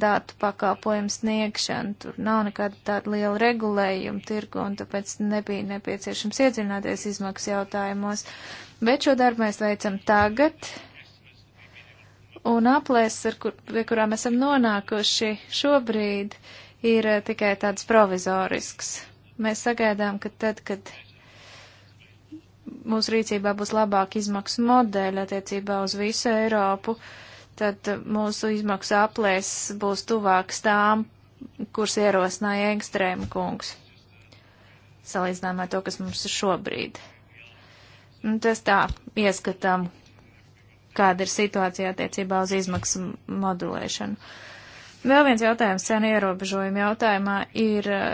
datu pakalpojumu sniegšanu. Tur nav nekāda tāda liela regulējuma tirgu, un tāpēc nebija nepieciešams iedzināties izmaksu jautājumos. Bet šo darbu mēs veicam tagad, un aplēses, ar kur, pie kurām esam nonākuši šobrīd, uh, ir eh, tikai tāds provizorisks. Mēs sagaidām, ka tad, kad mūsu rīcībā būs labāk izmaksu modeļi attiecībā uz visu Eiropu, tad eh, mūsu izmaksu aplēses būs tuvākas tām, kuras ierosināja ekstrēma kungs, salīdzinājumā to, kas mums ir šobrīd. Un nu, tas tā ieskatām, kāda ir situācija attiecībā uz izmaksu modulēšanu. Uh, Vēl viens jautājums cenu ierobežojumu jautājumā ir eh,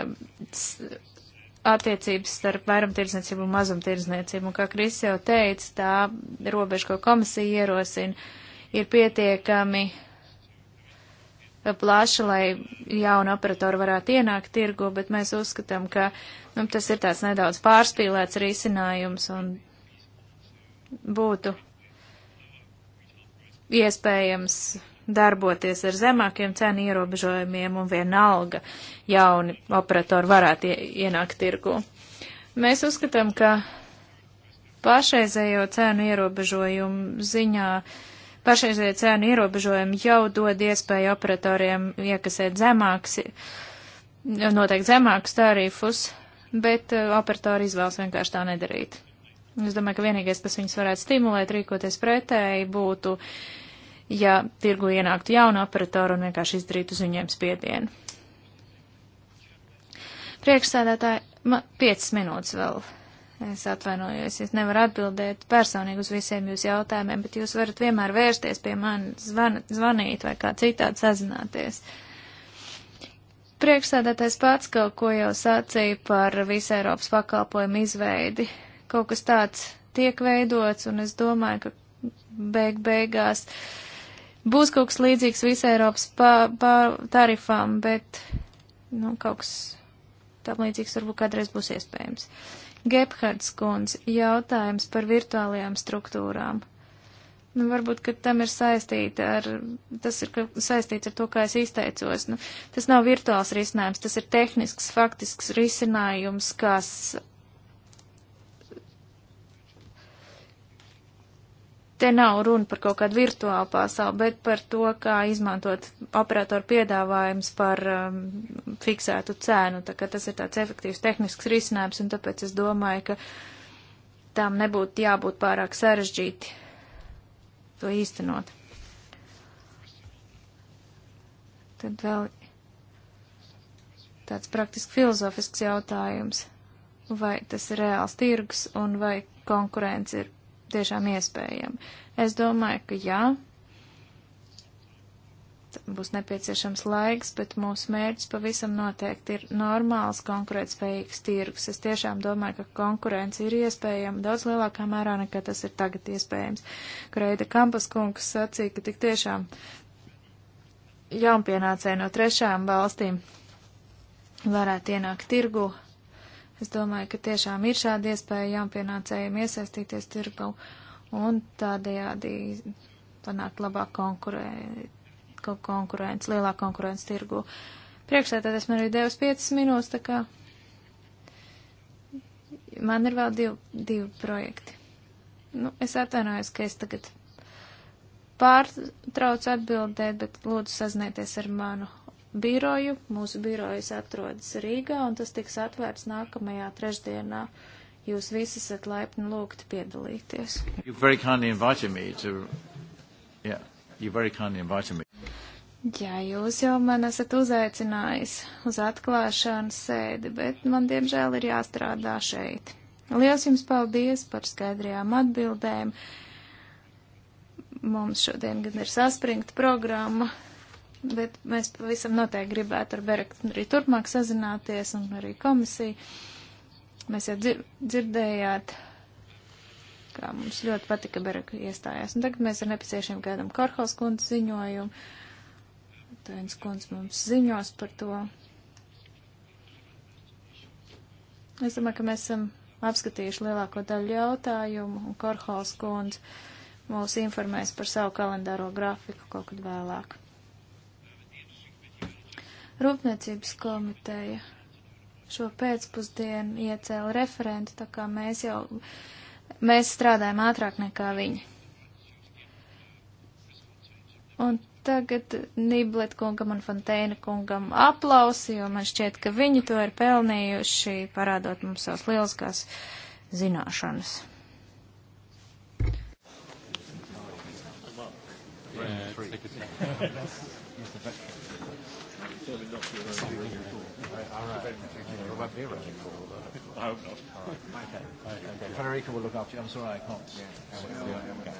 attiecības starp vairumtirdzniecību un mazumtirdzniecību. Un kā Kris jau teica, tā robeža, ko komisija ierosina, ir pietiekami plaša, lai jauna operatora varētu ienākt tirgu, bet mēs uzskatām, ka nu, tas ir tāds nedaudz pārspīlēts risinājums un būtu iespējams darboties ar zemākiem cenu ierobežojumiem un vienalga jauni operatori varētu ienākt tirgu. Mēs uzskatām, ka pašreizējo cenu ierobežojumu ziņā pašreizējo cenu ierobežojumu jau dod iespēju operatoriem iekasēt zemāks, noteikti zemākus tarifus, bet eh, operatori izvēlas vienkārši tā nedarīt. Es domāju, ka vienīgais, kas viņus varētu stimulēt rīkoties pretēji, būtu uh, ja tirgu ienāktu jauna operatora un vienkārši izdarītu uz viņiem spiedienu. Priekšsēdētāji, man 5 minūtes vēl. Es atvainojos, es nevaru atbildēt personīgi uz visiem jūsu jautājumiem, bet jūs varat vienmēr vērsties pie mani, zvan, zvanīt vai kā citādi sazināties. Priekšsēdētais pats kaut ko jau sacīja par visu Eiropas pakalpojumu izveidi. Kaut kas tāds tiek veidots, un es domāju, ka beig beigās uh, būs kaut kas līdzīgs visai Eiropas pa, pa tarifām, bet, nu, kaut kas tam līdzīgs varbūt kādreiz būs iespējams. Gebhards kundz, jautājums par virtuālajām struktūrām. Nu, varbūt, ka tam ir saistīta ar, tas ir ka, saistīts ar to, kā es izteicos. Nu, tas nav virtuāls risinājums, tas ir tehnisks, faktisks risinājums, kas Te nav runa par kaut kādu virtuālu pasauli, bet par to, kā izmantot operatoru piedāvājums par um, fiksētu cēnu. Tā kā tas ir tāds efektīvs tehnisks risinājums, un tāpēc es domāju, ka tām nebūtu jābūt pārāk sarežģīti to īstenot. Tad vēl tāds praktiski filozofisks jautājums. Vai tas ir reāls tirgus un vai konkurence ir tiešām iespējami. Es domāju, ka jā, būs nepieciešams laiks, bet mūsu mērķis pavisam noteikti ir normāls konkurētspējīgs tirgus. Es tiešām domāju, ka konkurence ir iespējama daudz lielākā mērā nekā tas ir tagad iespējams. Kreida Kampas kungs sacīja, ka tik tiešām jaunpienācēji no trešām valstīm varētu ienākt tirgu Es domāju, ka tiešām ir šāda iespēja jaunpienācējiem iesaistīties tirgu un tādējādi panākt labāk konkurē, konkurence, lielā konkurence tirgu. Priekšā tad esmu arī devis 5 minūtes, tā kā man ir vēl divi, divi projekti. Nu, es atvainojos, ka es tagad pārtraucu atbildēt, bet lūdzu sazināties ar manu biroju. Mūsu birojas atrodas Rīgā, un tas tiks atvērts nākamajā trešdienā. Jūs visi esat laipni lūgti piedalīties. Jā, jūs jau man esat uzaicinājis uz atklāšanas sēdi, bet man diemžēl ir jāstrādā šeit. Lielas jums paldies par skaidrajām atbildēm. Mums šodien gan ir saspringta programma, bet mēs pavisam noteikti gribētu ar Berektu arī turpmāk sazināties un arī komisiju. Mēs jau dzir dzirdējāt, kā mums ļoti patika Bereka iestājās. Un tagad mēs ar nepieciešiem gaidām Korhals kundz ziņojumu. Tēns kundz mums ziņos par to. Es domāju, ka mēs esam apskatījuši lielāko daļu jautājumu, un Korhals kundz mūs informēs par savu kalendāro grafiku kaut kad vēlāk. Rūpniecības komiteja šo pēcpusdienu iecēla referentu, tā kā mēs jau, mēs strādājam ātrāk nekā viņi. Un tagad Niblet kungam un Fonteina kungam aplausi, jo man šķiet, ka viņi to ir pelnījuši, parādot mums savas lieliskās zināšanas. Yeah, I mean, not for your own good. All right. It won't be around for all that. I hope not. All right. Okay. okay. Federica will look after you. I'm sorry, I can't. Yeah. yeah. yeah. yeah.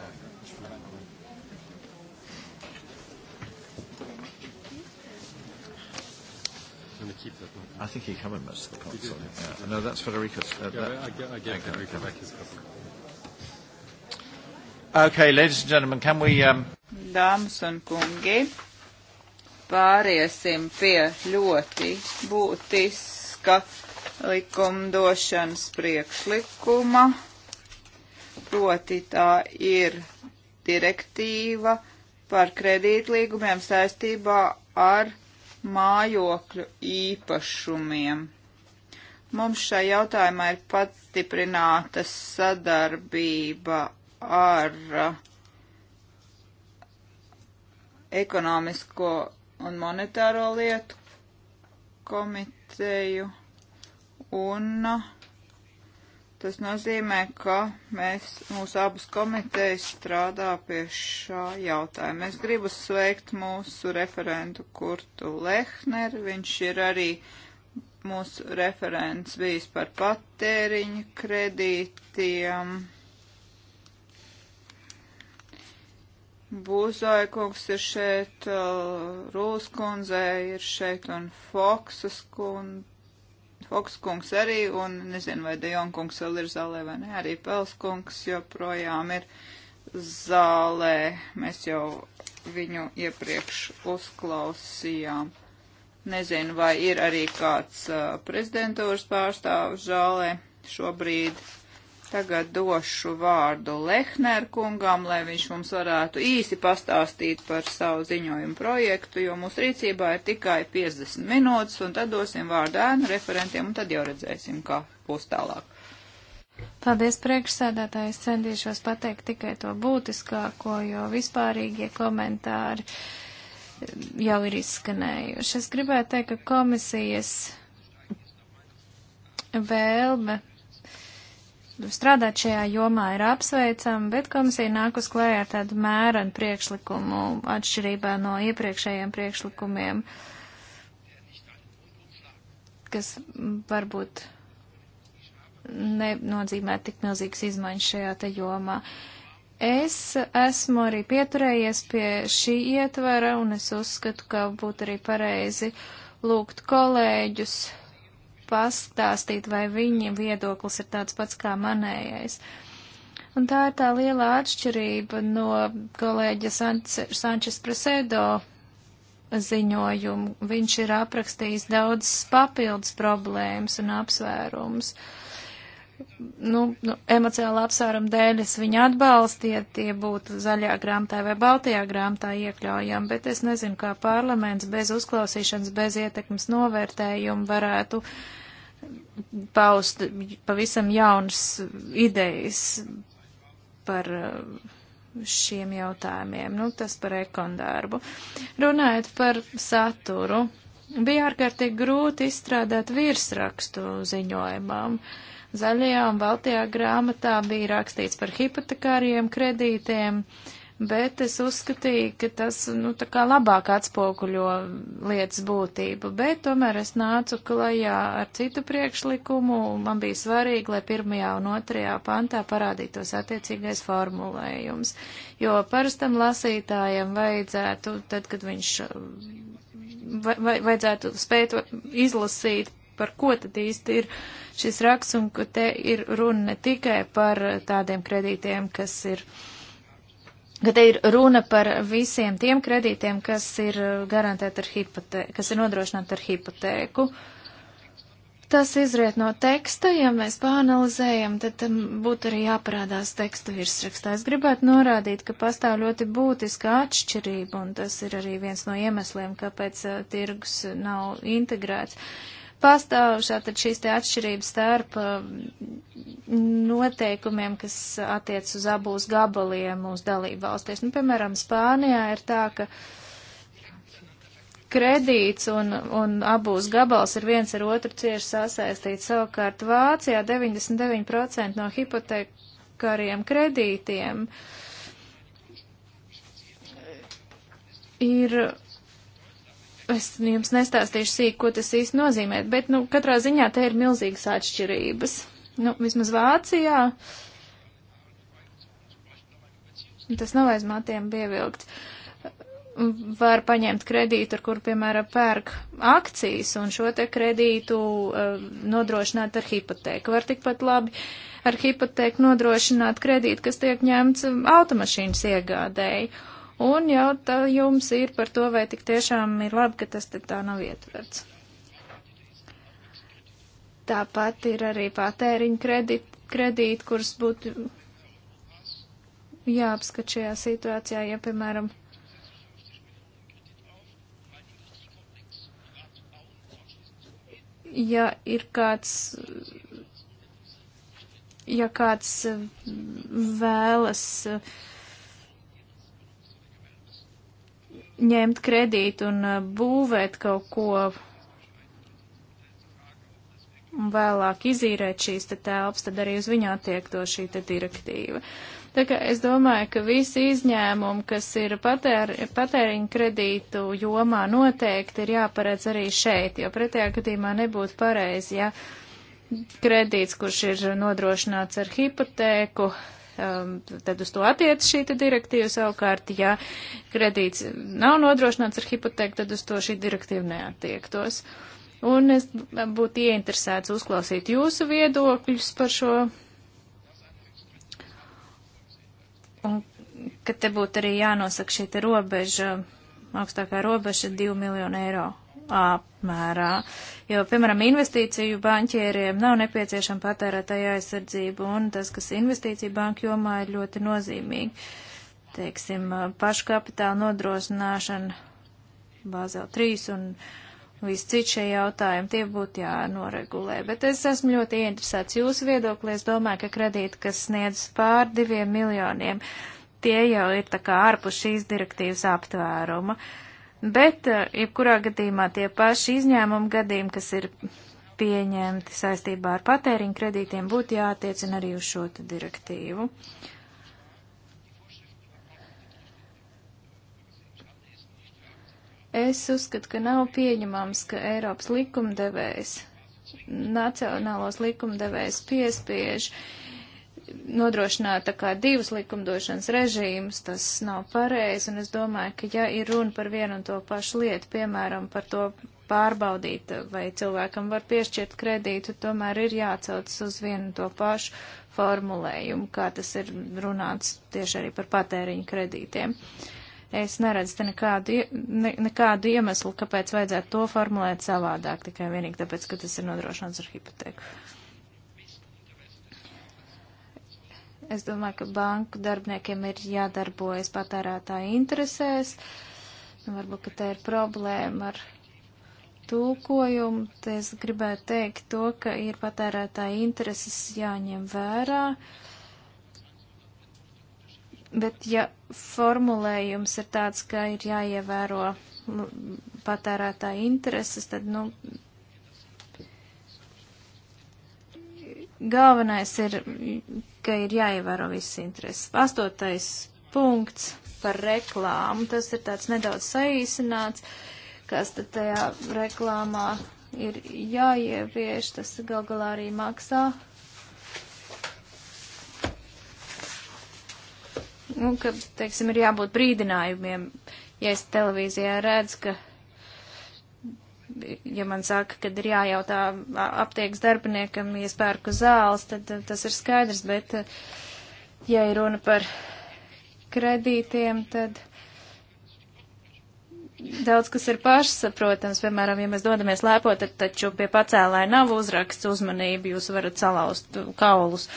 Okay. I think he covered most of the points on it. Yeah. No, that's Federica's. Uh, yeah, that, I get, I get okay. Federica back his cover. Okay, ladies and gentlemen, can we... Um... Dāmas un kungi, pāriesim pie ļoti būtiska likumdošanas priekšlikuma, proti tā ir direktīva par kredītlīgumiem saistībā ar mājokļu īpašumiem. Mums šai jautājumā ir pastiprināta sadarbība ar uh, ekonomisko un monetāro lietu komiteju. Un uh, tas nozīmē, ka mēs, mūsu abas komitejas strādā pie šā jautājuma. Es gribu sveikt mūsu referentu Kurtu Lehneru. Viņš ir arī mūsu referents bijis par patēriņu kredītiem Būzaikungs ir šeit, uh, Rūs kundze ir šeit un Foksas kundze. Foks kungs arī, un nezinu, vai Dejon kungs vēl ir zālē vai ne, arī Pels kungs joprojām ir zālē. Mēs jau viņu iepriekš uzklausījām. Nezinu, vai ir arī kāds uh, prezidentūras pārstāvs zālē šobrīd. Tagad došu vārdu Lehner kungam, lai viņš mums varētu īsi pastāstīt par savu ziņojumu projektu, jo mūsu rīcībā ir tikai 50 minūtes, un tad dosim vārdu ēnu referentiem, un tad jau redzēsim, kā būs tālāk. Paldies, priekšsēdētāji, es centīšos pateikt tikai to būtiskāko, jo vispārīgie komentāri jau ir izskanējuši. Es gribētu teikt, ka komisijas vēlme strādāt šajā jomā ir apsveicama, bet komisija nāk uz klējā ar tādu mērenu priekšlikumu atšķirībā no iepriekšējiem priekšlikumiem, kas varbūt nenozīmē tik milzīgas izmaiņas šajā te jomā. Es esmu arī pieturējies pie šī ietvara, un es uzskatu, ka būtu arī pareizi lūgt kolēģus pastāstīt, vai viņa viedoklis ir tāds pats kā manējais. Un tā ir tā liela atšķirība no kolēģa Sančes Presedo ziņojumu. Viņš ir aprakstījis daudzas papildus problēmas un apsvērums. Uh, nu, nu, emocionāla apsvēruma dēļ es viņu atbalstu, ja tie būtu zaļā grāmatā vai baltajā grāmatā iekļaujam, bet es nezinu, kā parlaments bez uzklausīšanas, bez ietekmes novērtējuma varētu paust pavisam jaunas idejas par uh, šiem jautājumiem. Nu, tas par ekondārbu. Runājot par saturu, bija ārkārtīgi grūti izstrādāt virsrakstu ziņojumam. Uh, Zaļajā un Baltijā grāmatā bija rakstīts par hipotekāriem kredītiem, bet es uzskatīju, ka tas, nu, tā kā labāk atspoguļo lietas būtību, bet tomēr es nācu klajā ar citu priekšlikumu, man bija svarīgi, lai pirmajā un otrajā pantā parādītos attiecīgais formulējums, jo parastam lasītājam vajadzētu, tad, kad viņš vai, vai, vajadzētu spēt izlasīt par ko tad īsti ir šis raksts un ka te ir runa ne tikai par tādiem kredītiem, kas ir, ka te ir runa par visiem tiem kredītiem, kas ir garantēti ar hipotēku, kas ir nodrošināti ar hipotēku. Tas izriet no teksta, ja mēs pāanalizējam, tad būtu arī jāparādās teksta virsrakstā. Es gribētu norādīt, ka pastāv ļoti būtiska atšķirība, un tas ir arī viens no iemesliem, kāpēc uh, tirgus nav integrēts. Uh, pastāv šātad šīs te atšķirības starp um, noteikumiem, kas attiec uz abūs gabaliem mūsu dalību valstīs. Nu, piemēram, Spānijā ir tā, ka kredīts un, un abūs gabals ir viens ar otru cieši sasaistīts. Savukārt Vācijā 99% no hipotekāriem kredītiem ir Es jums nestāstīšu sīk, ko tas īsti nozīmē, bet, nu, katrā ziņā te ir milzīgas atšķirības. Nu, vismaz Vācijā tas nav aiz matiem pievilkts. Var paņemt kredītu, ar kuru, piemēram, pērk akcijas, un šo te kredītu uh, nodrošināt ar hipotēku. Var tikpat labi ar hipotēku nodrošināt kredītu, kas tiek ņemts automašīnas iegādēji. Uh, Un jautājums ir par to, vai tik tiešām ir labi, ka tas te tā nav ietverts. Tāpat ir arī patēriņa kredīti, kredīt, kurus būtu jāapskat šajā situācijā, ja, piemēram, ja ir kāds, ja kāds eh, vēlas uh, ņemt kredītu un uh, būvēt kaut ko un vēlāk izīrēt šīs te telpas, tad arī uz viņā tiek to šī te direktīva. Tā kā es domāju, ka visi izņēmumi, kas ir patēr, patēriņu kredītu jomā noteikti ir jāparedz arī šeit, jo pretējā gadījumā nebūtu pareizi, ja kredīts, kurš ir nodrošināts ar hipotēku, Um, tad uz to attiec šī direktīva. Savukārt, ja kredīts nav nodrošināts ar hipoteku, tad uz to šī direktīva neattiektos. Un es būtu ieinteresēts uzklausīt jūsu viedokļus par šo. Un, ka te būtu arī jānosaka šī te robeža, augstākā robeža 2 miljonu eiro apmērā, jo, piemēram, investīciju banķieriem nav nepieciešama patērētāja aizsardzība, un tas, kas investīciju banku jomā ir ļoti nozīmīgi, teiksim, paškapitāla nodrošināšana, Bāzel 3 un viss cits šie jautājumi, tie būtu jānoregulē. Bet es esmu ļoti ieinteresēts jūsu viedoklī, es domāju, ka kredīti, kas sniedz pār diviem miljoniem, tie jau ir tā kā ārpus šīs direktīvas aptvēruma. Uh, Bet, eh, jebkurā gadījumā, tie paši izņēmumi gadījumi, kas ir pieņemti saistībā ar patēriņu kredītiem, būtu jātiecina arī uz šo direktīvu. Es uzskatu, ka nav pieņemams, ka Eiropas likumdevējs, nacionālos likumdevējs piespiež uh, nodrošināt tā kā divus likumdošanas režīmus, tas nav pareizi, un es domāju, ka ja ir runa par vienu un to pašu lietu, piemēram, par to pārbaudīt, vai cilvēkam var piešķirt kredītu, tomēr ir jācaucas uz vienu un to pašu formulējumu, kā tas ir runāts tieši arī par patēriņu kredītiem. Es neredzu te nekādu, ne, nekādu iemeslu, kāpēc vajadzētu to formulēt savādāk, tikai vienīgi tāpēc, ka tas ir nodrošināts ar hipoteku. Es domāju, ka banku darbiniekiem ir jādarbojas patērētāju interesēs. Nu, varbūt, ka te ir problēma ar tulkojumu. Te es gribētu teikt to, ka ir patērētāju intereses jāņem vērā. Bet ja formulējums ir tāds, ka ir jāievēro patērētāja intereses, tad, nu, galvenais ir ka ir jāievēro visas intereses. Astotais punkts par reklāmu. Tas ir tāds nedaudz saīsināts, kas tad tajā reklāmā ir jāievieš. Tas gal galā arī maksā. Nu, ka, teiksim, ir jābūt brīdinājumiem, ja es televīzijā redzu, ka ja man saka, ka ir jājautā aptiekas darbiniekam, ja spērku zāles, tad tas ir skaidrs, bet ja ir runa par kredītiem, tad daudz kas ir pašsaprotams. Piemēram, ja mēs dodamies lēpot, tad taču pie pacēlāja nav uzraksts uzmanību, jūs varat salaust kaulus.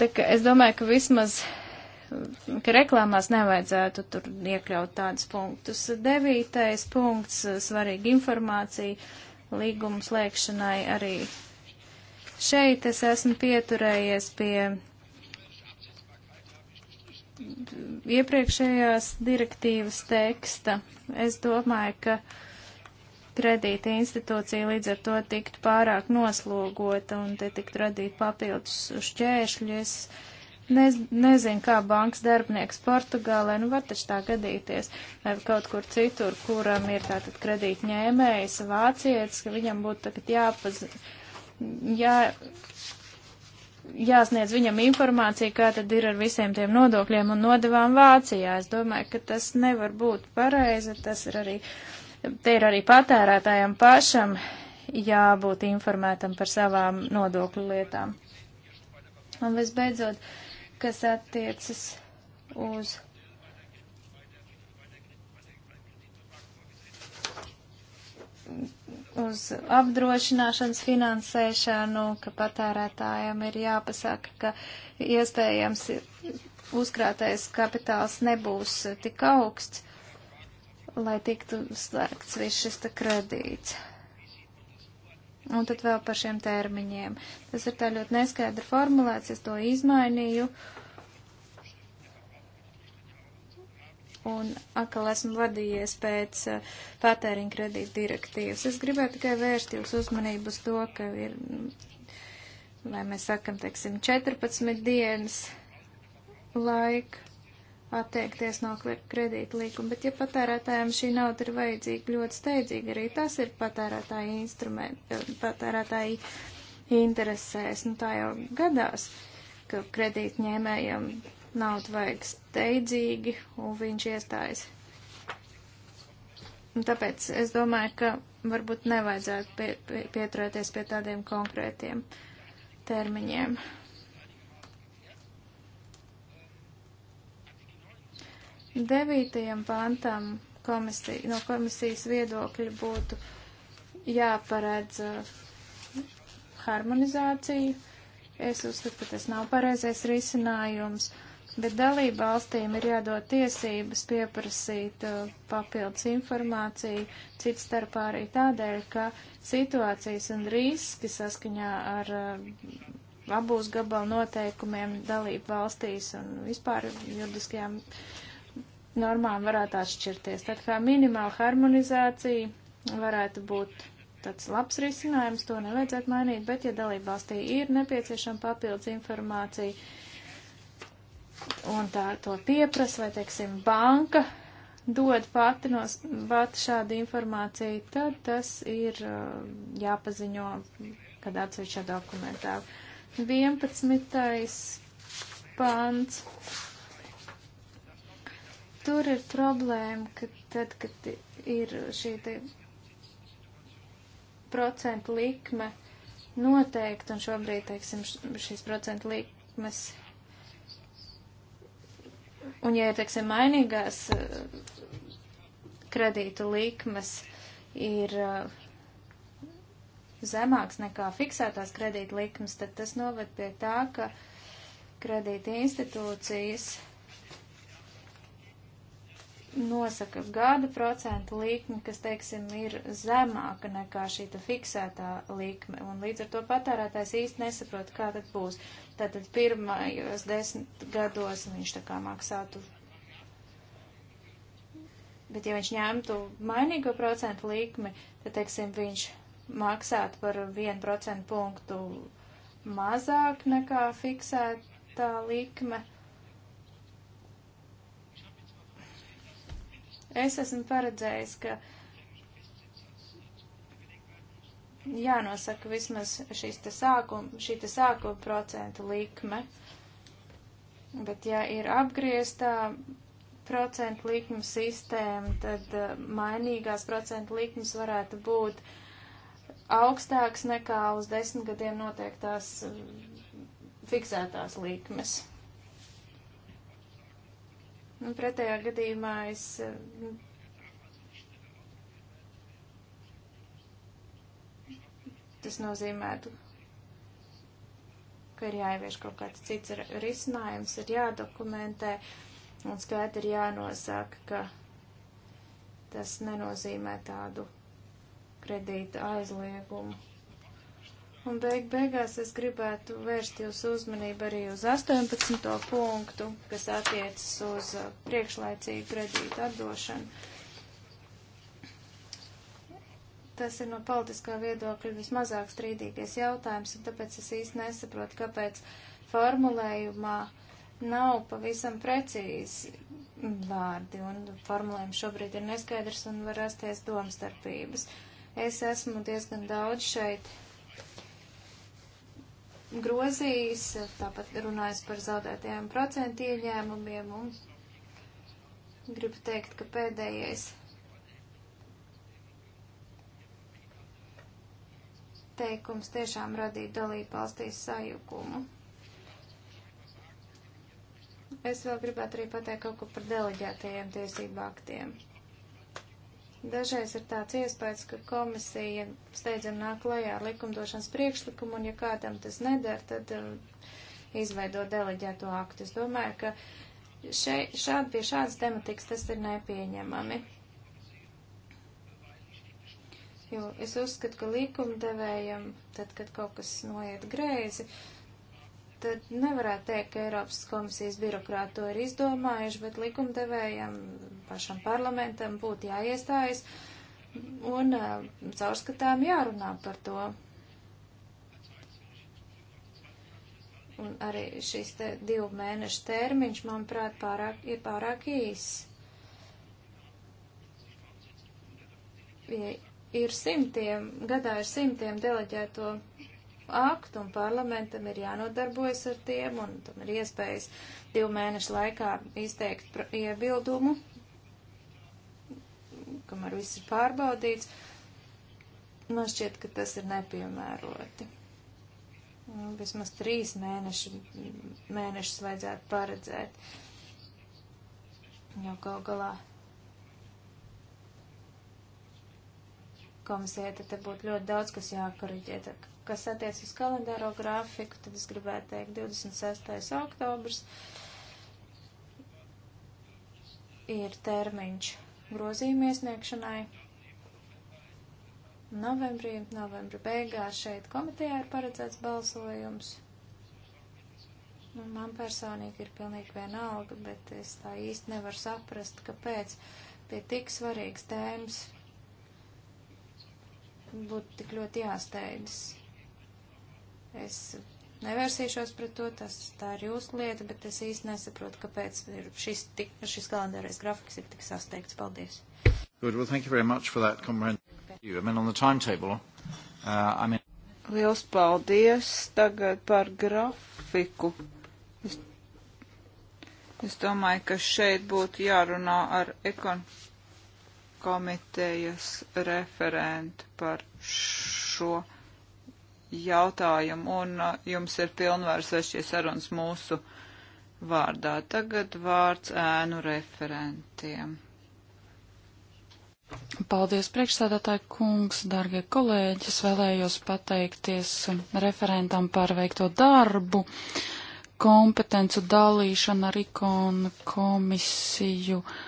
Tā kā es domāju, ka vismaz ka reklāmās nevajadzētu tur iekļaut tādus punktus. Devītais punkts - svarīga informācija līgumu slēgšanai arī. Šeit es esmu pieturējies pie iepriekšējās direktīvas teksta. Es domāju, ka kredīta institūcija līdz ar to tiktu pārāk noslogota un te tiktu radīt papildus šķēršļus. Es Nez, nezinu, kā bankas darbinieks Portugālē, nu var taču tā gadīties, vai kaut kur citur, kuram ir tātad kredītņēmējs, vācietis, ka viņam būtu tagad jāpaz, jā, jāsniedz viņam informācija, kā tad ir ar visiem tiem nodokļiem un nodevām Vācijā. Es domāju, ka tas nevar būt pareizi, tas ir arī, te ir arī patērētājiem pašam jābūt informētam par savām nodokļu lietām. Un visbeidzot, uh, kas attiecas uz. uz apdrošināšanas finansēšanu, ka patērētājiem ir jāpasaka, ka iespējams uzkrātais kapitāls nebūs tik augsts, lai tiktu slēgts viss šis kredīts. Un tad vēl par šiem termiņiem. Tas ir tā ļoti neskaidri formulēts, es to izmainīju. Un atkal esmu vadījies pēc eh, patēriņa kredīta direktīvas. Es gribēju tikai vērst jūs uzmanību uz to, ka ir, lai mēs sakam, teiksim, 14 dienas laika atteikties no kredīta līkuma, bet ja patērētājiem šī nauda ir vajadzīga ļoti steidzīgi, arī tas ir patērētāji instrumenti, eh, patērētāji interesēs. Nu, tā jau gadās, ka kredītņēmējiem naudu vajag steidzīgi, un viņš iestājas. Un tāpēc es domāju, ka varbūt nevajadzētu pie, pie, pieturēties pie tādiem konkrētiem termiņiem. Devītajam pantam komisija, no komisijas viedokļa būtu jāparedz uh, harmonizāciju. Es uzskatu, ka tas nav pareizais risinājums, bet dalību valstīm ir jādod tiesības pieprasīt uh, papildus informāciju, cits starpā arī tādēļ, ka situācijas un riski saskaņā ar uh, abūs gabalu noteikumiem dalību valstīs un vispār juridiskajām uh, normām varētu atšķirties. Tad kā minimāla harmonizācija varētu būt tāds labs risinājums, to nevajadzētu mainīt, bet ja dalībvalstī ir nepieciešama papildus informācija un tā to pieprasa, vai, teiksim, banka dod pati no pati šādu informāciju, tad tas ir uh, jāpaziņo, kad atsevišķā dokumentā. 11. pants Tur ir problēma, ka tad, kad ir šī procentu likme noteikti, un šobrīd, teiksim, šīs procentu likmes, un ja ir, teiksim, mainīgās eh, kredītu likmes, ir eh, zemāks nekā fiksētās kredīta likmes, tad tas noved pie tā, ka kredīta institūcijas nosaka gada procentu likmi, kas, teiksim, ir zemāka nekā šī fiksētā likme, un līdz ar to patērētājs īsti nesaprot, kā tad būs. Tātad pirmajos desmit gados viņš tā kā maksātu. Bet ja viņš ņemtu mainīgo procentu likmi, tad, teiksim, viņš maksātu par vienu procentu punktu mazāk nekā fiksētā likme Es esmu paredzējis, ka jānosaka vismaz šīs te sākuma, šī te sākuma procentu likme. Bet ja ir apgrieztā procentu likuma sistēma, tad eh, mainīgās procentu likmes varētu būt augstāks nekā uz desmit gadiem noteiktās eh, fiksētās likmes. Un pretējā gadījumā es eh, tas nozīmētu, ka ir jāievieš kaut kāds cits risinājums, ir jādokumentē un skaidri ir jānosaka, ka tas nenozīmē tādu kredīta aizliegumu. Un beig beigās es gribētu vērst jūsu uzmanību arī uz 18. punktu, kas attiecas uz uh, priekšlaicīgu kredītu atdošanu. Tas ir no politiskā viedokļa vismazāk strīdīgais jautājums, un tāpēc es īsti nesaprotu, kāpēc formulējumā nav pavisam precīzi vārdi, un formulējums šobrīd ir neskaidrs un var rasties domstarpības. Es esmu diezgan daudz šeit grozījis, tāpat runājis par zaudētajiem procentu ieņēmumiem un gribu teikt, ka pēdējais teikums tiešām radīja dalību valstīs sajukumu. Es vēl gribētu arī pateikt kaut ko par deleģētajiem tiesību aktiem. Dažreiz ir tāds iespējas, ka komisija steidzam nāk lajā ar likumdošanas priekšlikumu, un ja kādam tas nedara, tad um, izveido deleģēto aktu. Es domāju, ka še, šād, pie šādas tematikas tas ir nepieņemami. Jo es uzskatu, ka likumdevējam, tad, kad kaut kas noiet greizi, uh, tad nevarētu teikt, ka Eiropas komisijas birokrāti to ir izdomājuši, bet likumdevējam, pašam parlamentam būtu jāiestājas un uh, caurskatām jārunā par to. Un arī šis te divu mēnešu termiņš, manuprāt, pārāk, ir pārāk īss. Ja ir simtiem, gadā ir simtiem deleģēto aktu, un parlamentam ir jānodarbojas ar tiem, un tam ir iespējas divu mēnešu laikā izteikt iebildumu, kamēr viss ir pārbaudīts. Man šķiet, ka tas ir nepiemēroti. Nu, vismaz trīs mēneši, mēnešus vajadzētu paredzēt. Jo gal galā komisija, tad te būtu ļoti daudz, kas jākoriģē. Tad Kas attiec uz kalendāro grafiku, tad es gribētu teikt 26. oktobrs ir termiņš grozījuma iesniegšanai. Novembrī, novembra beigās šeit komitejā ir paredzēts balsojums. Un nu, man personīgi ir pilnīgi vienalga, bet es tā īsti nevaru saprast, kāpēc pie tik svarīgas tēmas būtu tik ļoti jāsteidzas. Es nevērsīšos pret to, tas tā ir jūsu lieta, bet es īsti nesaprotu, kāpēc ir šis, tik, šis kalendārais grafiks ir tik sasteigts. Paldies. Good. Well, thank you very much for that comprehensive view. I mean, on the timetable, uh, I mean... Liels paldies tagad par grafiku. Es, es domāju, ka šeit būtu jārunā ar ekon komitejas referentu par šo jautājumu, un uh, jums ir pilnvaras vai šie sarunas mūsu vārdā. Tagad vārds ēnu referentiem. Paldies, priekšsēdētāji kungs, dargie kolēģi. Es vēlējos pateikties referentam par veikto darbu, kompetencu dalīšanu ar ikonu komisiju. Uh,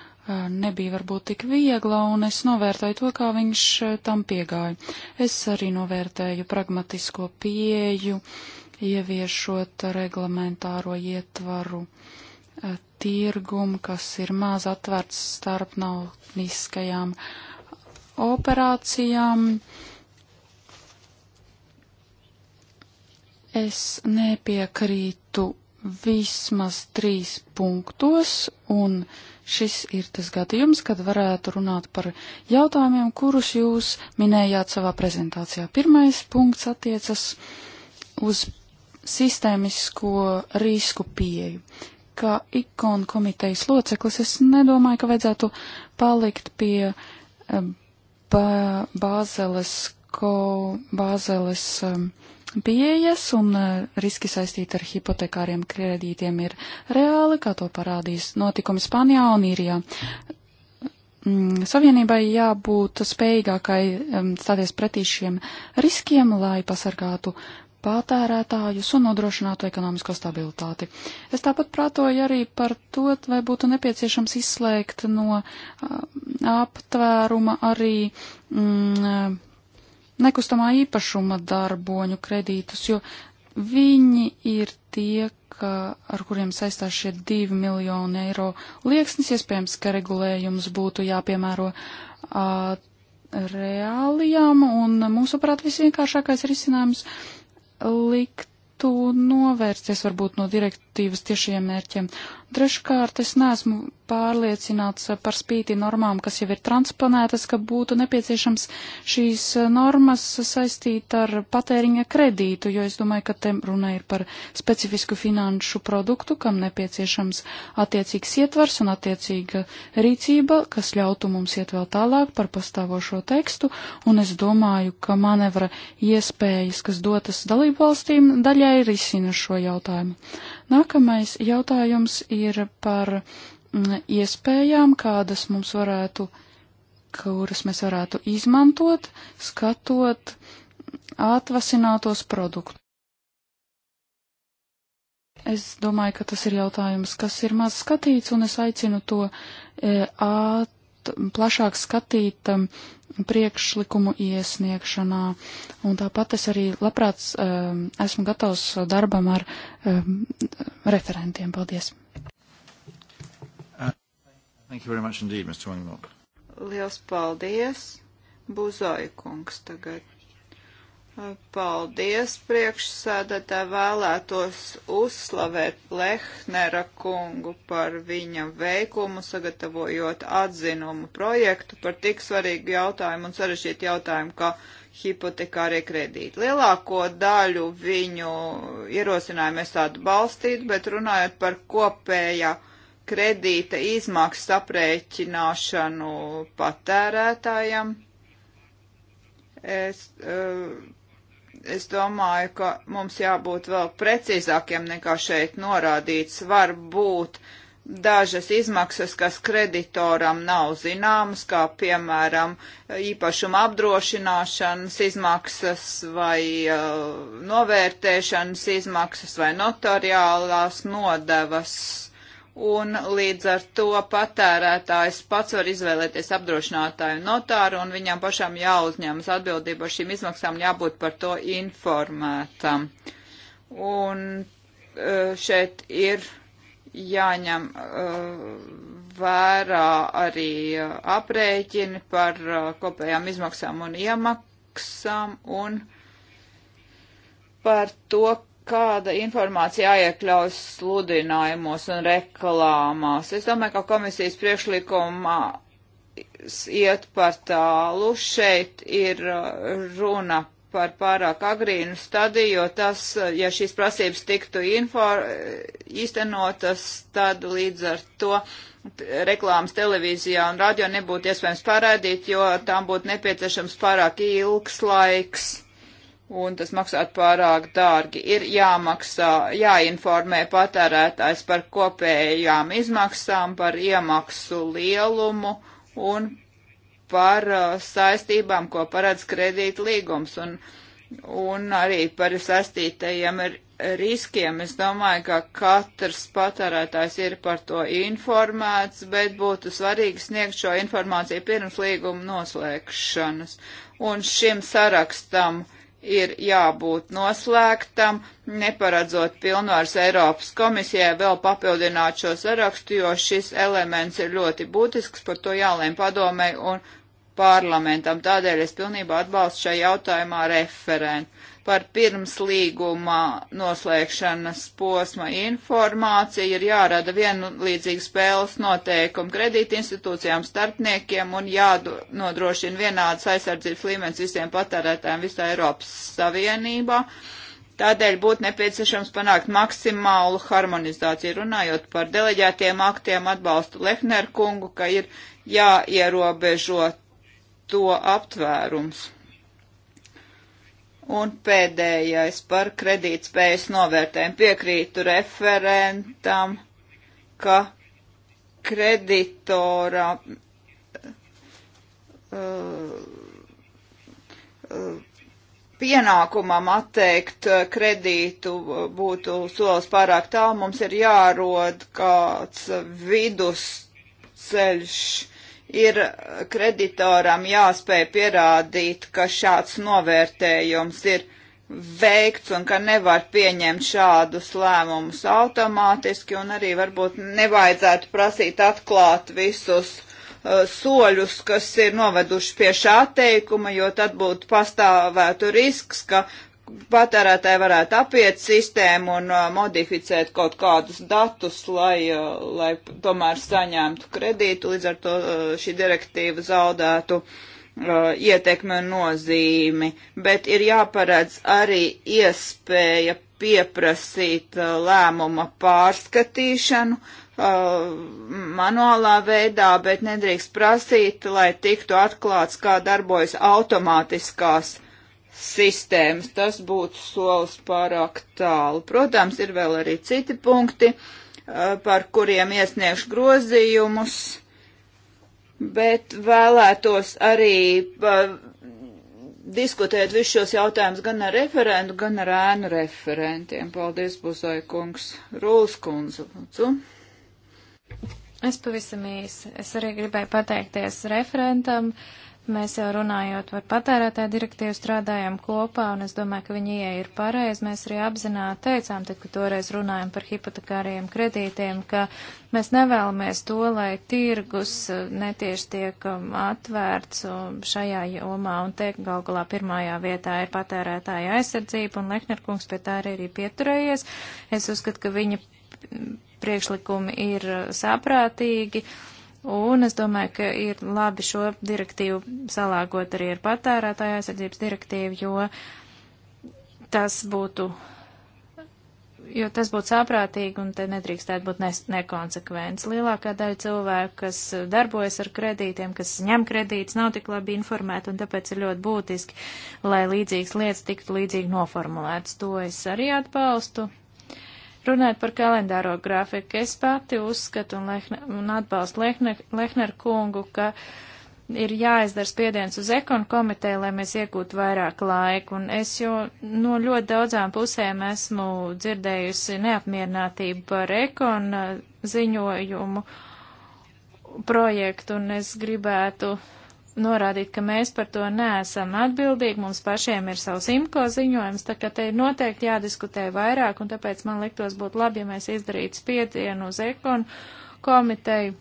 nebija varbūt tik viegla, un es novērtēju to, kā viņš eh, tam piegāja. Es arī novērtēju pragmatisko pieju, ieviešot reglamentāro ietvaru eh, tirgumu, kas ir maz atverts starp nautiskajām operācijām. Es nepiekrītu vismaz trīs punktos, un uh, Šis ir tas gadījums, kad varētu runāt par jautājumiem, kurus jūs minējāt savā prezentācijā. Pirmais punkts attiecas uz sistēmisko risku pieeju. Kā ikonu komitejas loceklis, es nedomāju, ka vajadzētu palikt pie eh, bā, Bāzeles, ko, Bāzeles um, pieejas un e, riski saistīti ar hipotekāriem kredītiem ir reāli, kā to parādīs notikumi Spānijā un Īrijā. Mm, Savienībai jābūt spējīgākai stāties pretī šiem riskiem, lai pasargātu patērētājus un nodrošinātu ekonomisko stabilitāti. Es tāpat prātoju arī par to, vai būtu nepieciešams izslēgt no aptvēruma arī mm, nekustamā īpašuma darboņu kredītus, jo viņi ir tie, ka, ar kuriem saistās šie 2 miljoni eiro lieksnis. Iespējams, ka regulējums būtu jāpiemēro a, reālijām, un mūsuprāt visvienkāršākais risinājums liktu novērsties varbūt no direktīvas tiešiem mērķiem. Treškārt, es neesmu pārliecināts par spīti normām, kas jau ir transponētas, ka būtu nepieciešams šīs normas saistīt ar patēriņa kredītu, jo es domāju, ka te runa ir par specifisku finanšu produktu, kam nepieciešams attiecīgs ietvars un attiecīga rīcība, kas ļautu mums iet vēl tālāk par pastāvošo tekstu, un es domāju, ka manevra iespējas, kas dotas dalību valstīm, daļai risina šo jautājumu. Nākamais jautājums ir par mm, iespējām, kādas mums varētu, kuras mēs varētu izmantot, skatot atvasinātos produktus. Es domāju, ka tas ir jautājums, kas ir maz skatīts, un es aicinu to e, at, plašāk skatīt um, priekšlikumu iesniegšanā. Un tāpat es arī labprāt um, esmu gatavs darbam ar um, referentiem. Paldies! Uh, indeed, Liels paldies! Buzoja kungs tagad. Paldies, priekšsēdētā vēlētos uzslavēt Lehnera kungu par viņa veikumu, sagatavojot atzinumu projektu par tik svarīgu jautājumu un sarežģītu jautājumu, kā hipotekārie kredīti. Lielāko daļu viņu ierosinājumu es atbalstītu, bet runājot par kopējā kredīta izmaksu aprēķināšanu patērētājam, es uh, es domāju, ka mums jābūt vēl precīzākiem nekā šeit norādīts. Var būt dažas izmaksas, kas kreditoram nav zināmas, kā piemēram īpašuma apdrošināšanas izmaksas vai uh, novērtēšanas izmaksas vai notariālās nodevas un līdz ar to patērētājs pats var izvēlēties apdrošinātāju notāru, un viņam pašam jāuzņemas atbildība par šīm izmaksām, jābūt par to informētam. Un e, šeit ir jāņem e, vērā arī e, aprēķini par kopējām izmaksām un iemaksām un par to, kāda informācija jāiekļaus sludinājumos un reklāmās. Es domāju, ka komisijas priekšlikumā iet par tālu. Šeit ir uh, runa par pārāk agrīnu stadiju, jo tas, uh, ja šīs prasības tiktu infor, uh, īstenotas, tad līdz ar to reklāmas televīzijā un radio nebūtu iespējams parādīt, jo tām būtu nepieciešams pārāk ilgs laiks un tas maksātu pārāk dārgi. Ir jāmaksā, jāinformē patērētājs par kopējām izmaksām, par iemaksu lielumu un par uh, saistībām, ko paredz kredīt līgums un, un arī par sastītajiem riskiem. Es domāju, ka katrs patērētājs ir par to informēts, bet būtu svarīgi sniegt šo informāciju pirms līguma noslēgšanas. Un šim sarakstam ir jābūt noslēgtam, neparedzot pilnvars Eiropas komisijai vēl papildināt šo sarakstu, jo šis elements ir ļoti būtisks, par to jālēm padomē un parlamentam. Tādēļ es pilnībā atbalstu šajā jautājumā referentu par pirmslīguma noslēgšanas posma informāciju ir jārada vienlīdzīgi spēles noteikumi kredītinstitūcijām, starpniekiem un jānodrošina vienādas aizsardzības līmenis visiem patērētājiem visā Eiropas Savienībā. Tādēļ būtu nepieciešams panākt maksimālu harmonizāciju. Runājot par deleģētiem aktiem, atbalstu Lehner kungu, ka ir jāierobežo to aptvērums. Un pēdējais par kredītspējas novērtējumu piekrītu referentam, ka kreditora uh, uh, pienākumam atteikt kredītu būtu solis pārāk tālu, mums ir jārod kāds vidusceļš ir kreditoram jāspēj pierādīt, ka šāds novērtējums ir veikts un ka nevar pieņemt šādus lēmumus automātiski un arī varbūt nevajadzētu prasīt atklāt visus uh, soļus, kas ir noveduši pie šā teikuma, jo tad būtu pastāvētu risks, ka patērētāji varētu apiet sistēmu un uh, modificēt kaut kādus datus, lai, uh, lai tomēr saņemtu kredītu, līdz ar to uh, šī direktīva zaudētu uh, ietekmi un nozīmi, bet ir jāparedz arī iespēja pieprasīt uh, lēmuma pārskatīšanu uh, manuālā veidā, bet nedrīkst prasīt, lai tiktu atklāts, kā darbojas automātiskās sistēmas. Tas būtu solis pārāk tālu. Protams, ir vēl arī citi punkti, eh, par kuriem iesniegšu grozījumus, bet vēlētos arī eh, diskutēt visus šos jautājumus gan ar referentu, gan ar ēnu referentiem. Paldies, Buzai kungs, Rūls kundze. Es pavisam īsi. Es arī gribēju pateikties referentam. Uh, Mēs jau runājot par patērētāju direktīvu strādājam kopā, un es domāju, ka viņa ieeja ir pareizi. Mēs arī apzināti teicām, tad, kad toreiz runājam par hipotekāriem kredītiem, ka mēs nevēlamies to, lai tirgus eh, netieši tiek um, atvērts um, šajā jomā, un te gal galā pirmajā vietā ir patērētāja aizsardzība, un Lehnerkungs pie tā arī ir pieturējies. Es uzskatu, ka viņa priekšlikumi ir eh, saprātīgi. Uh, Un es domāju, ka ir labi šo direktīvu salāgot arī ar patērētāju aizsardzības direktīvu, jo tas būtu, jo tas būtu saprātīgi un te nedrīkstētu būt ne, nekonsekvents. Lielākā daļa cilvēku, kas darbojas ar kredītiem, kas ņem kredītus, nav tik labi informēti un tāpēc ir ļoti būtiski, lai līdzīgas lietas tiktu līdzīgi noformulētas. To es arī atbalstu Runājot par kalendāro grafiku, es pati uzskatu un, Lehne, un atbalstu Lehner, Lehner kungu, ka ir jāizdara spiediens uz ekonu komiteju, lai mēs iegūtu vairāk laiku. Un es jau no ļoti daudzām pusēm esmu dzirdējusi neapmierinātību par ekonu eh, ziņojumu projektu, un es gribētu norādīt, ka mēs par to neesam atbildīgi, mums pašiem ir savs imko ziņojums, tā ka te ir noteikti jādiskutē vairāk, un tāpēc man liktos būtu labi, ja mēs izdarītu spiedienu uz ekonu komiteju.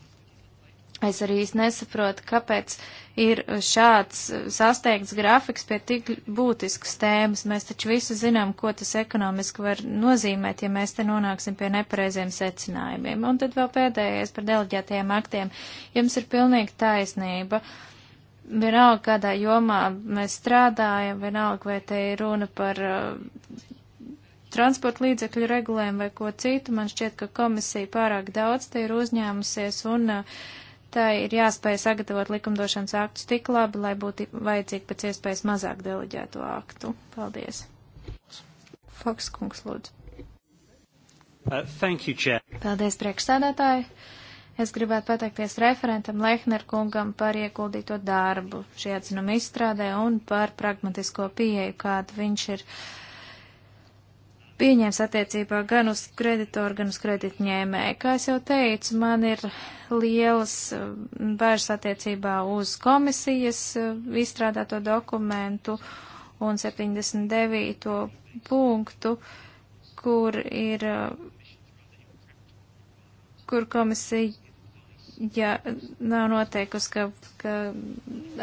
Es arī īsti nesaprotu, kāpēc ir šāds sasteigts grafiks pie tik būtiskas tēmas. Mēs taču visi zinām, ko tas ekonomiski var nozīmēt, ja mēs te nonāksim pie nepareiziem secinājumiem. Un tad vēl pēdējais par deleģētajiem aktiem. Jums ir pilnīgi taisnība. Uh, vienalga, kādā jomā mēs strādājam, vienalga, vai te ir runa par uh, transporta līdzekļu regulējumu vai ko citu, man šķiet, ka komisija pārāk daudz te ir uzņēmusies un uh, tā ir jāspēj sagatavot likumdošanas aktus tik labi, lai būtu vajadzīgi pēc iespējas mazāk deleģēto aktu. Paldies. Foks kungs, lūdzu. Uh, thank you, Chair. Paldies, priekšsēdētāji. Uh, Es gribētu pateikties referentam Lehner kungam par ieguldīto darbu šī atzinuma izstrādē un par pragmatisko pieeju, kādu viņš ir pieņēmis attiecībā gan uz kreditoru, gan uz kreditņēmēju. Kā es jau teicu, man ir lielas mm, bailes attiecībā uz komisijas mm, izstrādāto dokumentu un 79. punktu, kur ir mm, kur komisija ja nav noteikusi, ka, ka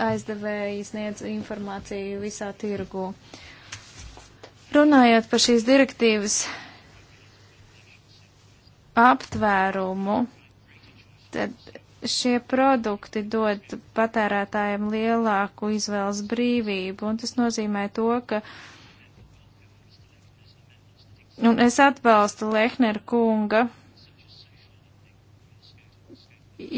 aizdevēji sniedz informāciju visā tirgu. Runājot par šīs direktīvas aptvērumu, tad šie produkti dod patērētājiem lielāku izvēles brīvību, un tas nozīmē to, ka Un es atbalstu Lehner kunga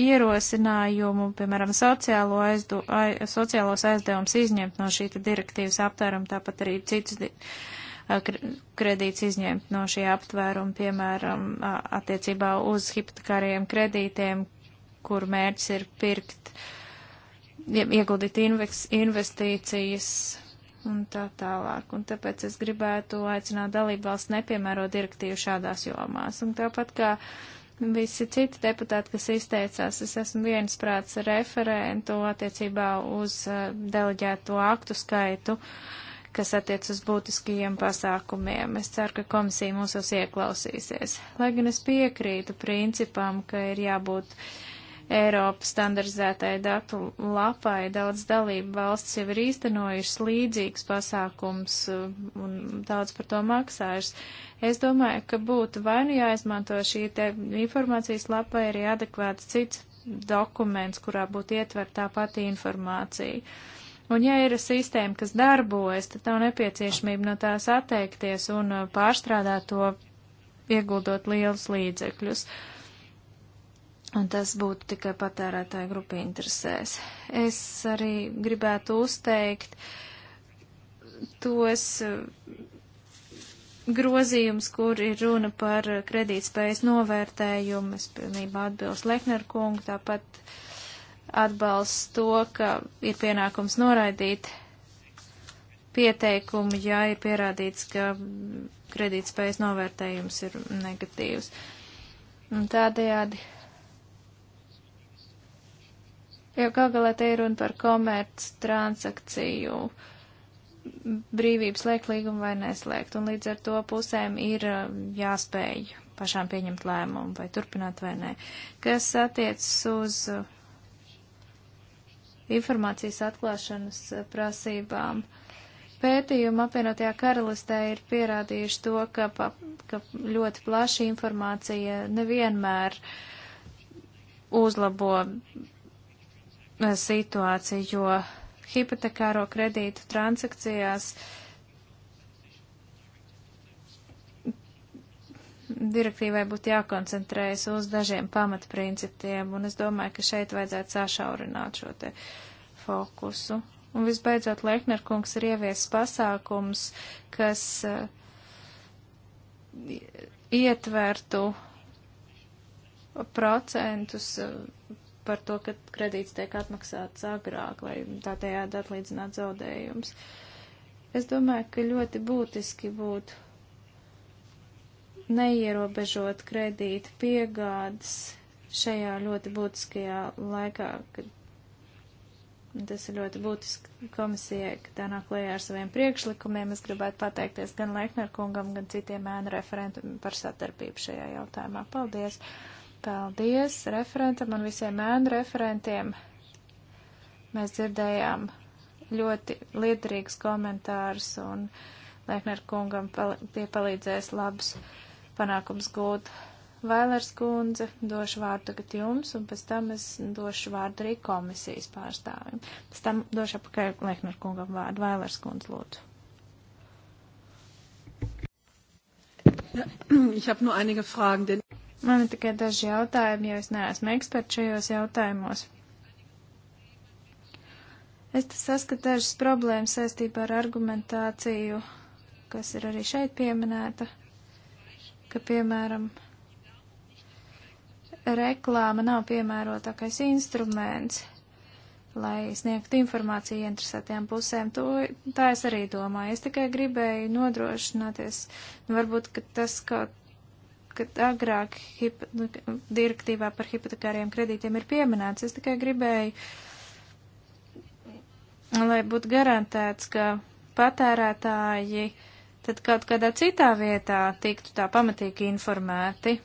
ierosinājumu, piemēram, sociālo aizdu, ai, sociālos aizdevumus izņemt no šī direktīvas aptvēruma, tāpat arī citus kredīts izņemt no šī aptvēruma, piemēram, attiecībā uz hipotekāriem kredītiem, kur mērķis ir pirkt, ieguldīt investīcijas un tā tālāk. Un tāpēc es gribētu aicināt dalību valsts nepiemēro direktīvu šādās jomās. Un tāpat kā Visi citi deputāti, kas izteicās, es esmu viensprāts referentu attiecībā uz uh, deleģēto aktu skaitu, kas attiec uz būtiskajiem pasākumiem. Es ceru, ka komisija mūsos ieklausīsies. Lai gan es piekrītu principam, ka ir jābūt uh, Eiropas standardizētai datu lapai. Daudz dalību valsts jau ir īstenojušas līdzīgs pasākums uh, un daudz par to maksājušas. Es domāju, ka būtu vai nu jāizmanto šī te informācijas lapai arī adekvāts cits dokuments, kurā būtu ietverta tā pati informācija. Un ja ir sistēma, kas darbojas, tad nav nepieciešamība no tās atteikties un uh, pārstrādāt to, ieguldot lielus līdzekļus. Uh, Un tas būtu tikai patērētāju grupi interesēs. Es arī gribētu uzteikt tos eh, grozījums, kur ir runa par kredītspējas novērtējumu. Es pilnībā atbilstu Lehner kungu, tāpat atbalstu to, ka ir pienākums noraidīt pieteikumu, ja ir pierādīts, ka kredītspējas novērtējums ir negatīvs. Un tādējādi Jo gal galā te ir runa par komerc transakciju brīvības liek līgumu vai neslēgt, un līdz ar to pusēm ir um, jāspēj pašām pieņemt lēmumu, vai turpināt vai nē. Kas attiecas uz uh, informācijas atklāšanas uh, prasībām, pētījumi apvienotajā karalistē ir pierādījuši to, ka, pa, ka ļoti plaša informācija nevienmēr uzlabo situāciju, jo hipotekāro kredītu transakcijās direktīvai būtu jākoncentrējas uz dažiem pamatprincipiem, un es domāju, ka šeit vajadzētu sašaurināt šo te fokusu. Un visbeidzot, Lehner kungs ir ieviesis pasākums, kas uh, ietvertu procentus uh, par to, ka kredīts tiek atmaksāts agrāk vai tādējādi atlīdzināt zaudējums. Es domāju, ka ļoti būtiski būtu neierobežot kredīta piegādes šajā ļoti būtiskajā laikā, kad tas ir ļoti būtiski komisijai, ka tā nāk lejā ar saviem priekšlikumiem. Es gribētu pateikties gan Lekner kungam, gan citiem ēnu referentiem par satarbību šajā jautājumā. Paldies! Paldies referentam un visiem ēnu referentiem. Mēs dzirdējām ļoti liederīgs komentārs un Lekner kungam pal tie palīdzēs labs panākums gūt. Vailers kundze, došu vārdu tagad jums, un pēc tam es došu vārdu arī komisijas pārstāvim. Pēc tam došu apakaļ Lekner kungam vārdu. Vailers kundze, lūdzu. Ich habe nur einige Fragen, denn Man ir tikai daži jautājumi, jo es neesmu eksperts šajos jautājumos. Es saskatu dažas problēmas saistībā ar argumentāciju, kas ir arī šeit pieminēta, ka, piemēram, reklāma nav piemērotākais instruments, lai sniegtu informāciju interesētajām pusēm. To, tā es arī domāju. Es tikai gribēju nodrošināties, nu, varbūt, ka tas kaut kad agrāk hipo, nu, direktīvā par hipotekāriem kredītiem ir pieminēts. Es tikai gribēju, lai būtu garantēts, ka patērētāji tad kaut kādā citā vietā tiktu tā pamatīgi informēti.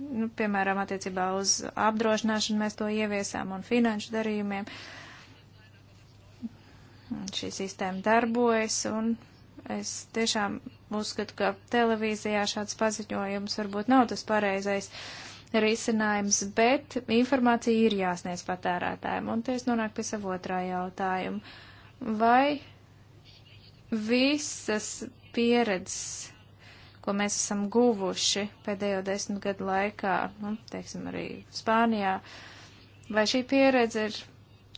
Nu, piemēram, attiecībā uz apdrošināšanu mēs to ieviesām un finanšu darījumiem. Un šī sistēma darbojas un Es tiešām uzskatu, ka televīzijā šāds paziņojums varbūt nav tas pareizais risinājums, bet informācija ir jāsniedz patērētājiem. Un te es nonāku pie savu otrā jautājumu. Vai visas pieredzes, ko mēs esam guvuši pēdējo desmit gadu laikā, nu, teiksim, arī Spānijā, vai šī pieredze ir,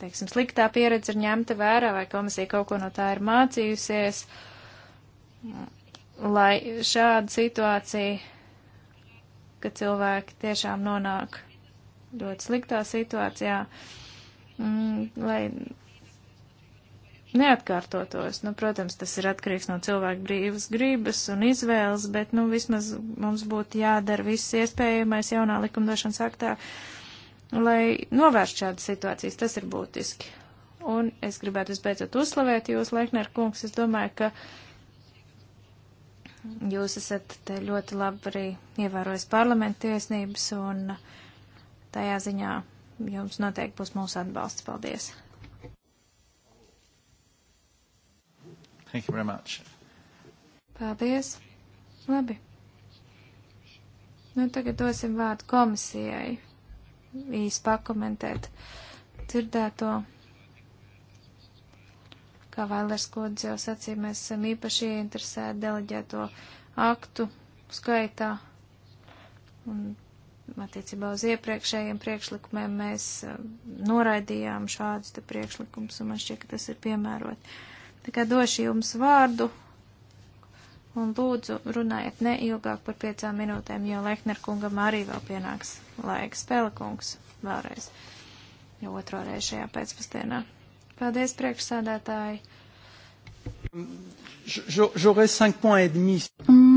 teiksim, sliktā pieredze ir ņemta vērā, vai komisija kaut ko no tā ir mācījusies? Uh, lai šāda situācija, ka cilvēki tiešām nonāk ļoti sliktā situācijā, mm, lai neatkārtotos. Nu, protams, tas ir atkarīgs no cilvēka brīvas gribas un izvēles, bet nu, vismaz mums būtu jādara viss iespējamais jaunā likumdošanas aktā, lai novērst šādas situācijas. Tas ir būtiski. Un es gribētu visbeidzot uzslavēt jūs, Lekner kungs. Es domāju, ka Jūs esat te ļoti labi arī ievērojis parlamentu tiesnības un tajā ziņā jums noteikti būs mūsu atbalsts. Paldies! Thank you very much. Paldies! Labi. Nu, tagad dosim vārdu komisijai īsti pakomentēt dzirdēto. Kā Vailers Kodze jau sacīja, mēs esam īpaši ieinteresēti deleģēto aktu skaitā. Un attiecībā uz iepriekšējiem priekšlikumiem mēs eh, noraidījām šādus te priekšlikumus, un man šķiet, ka tas ir piemērot. Tā kā došu jums vārdu, un lūdzu runājiet ne ilgāk par piecām minūtēm, jo Lehner kungam arī vēl pienāks laiks. Pēlekungs vēlreiz, jau otro reizi šajā pēcpusdienā. Paldies, priekšsādātāji.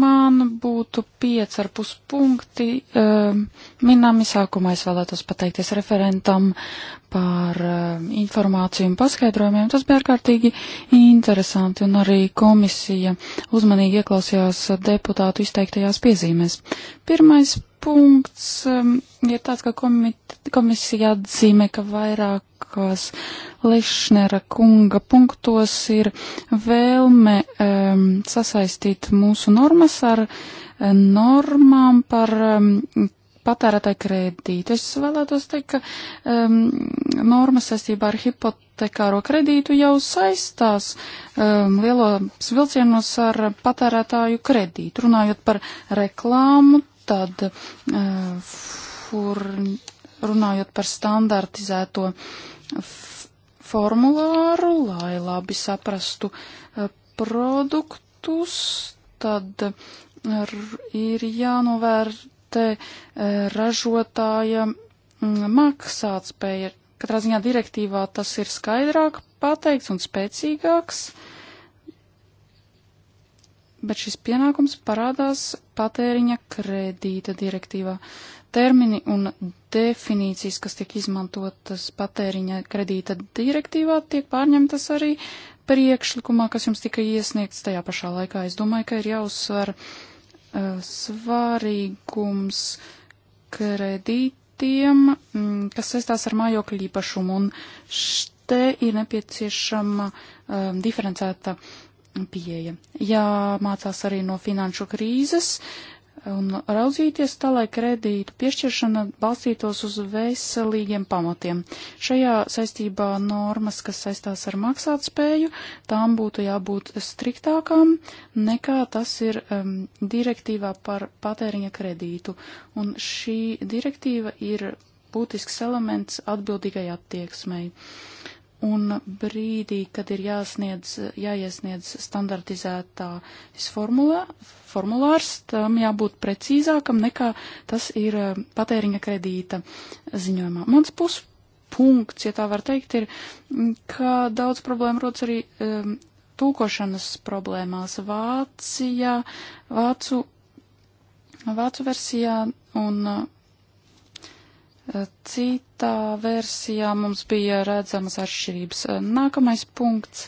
Man būtu pieci ar pus punkti. Ehm, Minami sākumā es vēlētos pateikties referentam par ehm, informāciju un paskaidrojumiem. Tas bija ārkārtīgi interesanti un arī komisija uzmanīgi ieklausījās deputātu izteiktajās piezīmēs. Pirmais punkts um, ir tāds, ka komisija atzīmē, ka vairākās Lišnera kunga punktos ir vēlme um, sasaistīt mūsu normas ar eh, normām par um, patērētāju kredītu. Es vēlētos teikt, ka um, normas saistībā ar hipotekāro kredītu jau saistās um, lielos vilcienos ar patērētāju kredītu. Runājot par reklāmu, Tad eh, fur, runājot par standartizēto formulāru, lai labi saprastu eh, produktus, tad eh, ir jānovērtē ražotāja mm, maksātspēja. Katrā ziņā direktīvā tas ir skaidrāk pateikts un spēcīgāks. Uh, bet šis pienākums parādās patēriņa kredīta direktīvā. Termini un definīcijas, kas tiek izmantotas patēriņa kredīta direktīvā, tiek pārņemtas arī priekšlikumā, kas jums tika iesniegts tajā pašā laikā. Es domāju, ka ir jāuzsver uh, svarīgums kredītiem, mm, kas saistās ar mājokļu īpašumu, un te ir nepieciešama um, diferencēta uh, pieeja. Jāmācās arī no finanšu krīzes un raudzīties tā, lai kredītu piešķiršana balstītos uz veselīgiem pamatiem. Šajā saistībā normas, kas saistās ar maksātspēju, tām būtu jābūt striktākām nekā tas ir um, direktīvā par patēriņa kredītu. Un šī direktīva ir būtisks elements atbildīgai attieksmei. Uh, un brīdī, kad ir jāsniedz, jāiesniedz standartizētās formulā, formulārs, tam jābūt precīzākam nekā tas ir eh, patēriņa kredīta ziņojumā. Mans puspunkts, ja tā var teikt, ir, mm, ka daudz problēmu rodas arī um, tūkošanas problēmās Vācijā, Vācu, Vācu versijā un uh, Citā versijā mums bija redzamas atšķirības. Nākamais punkts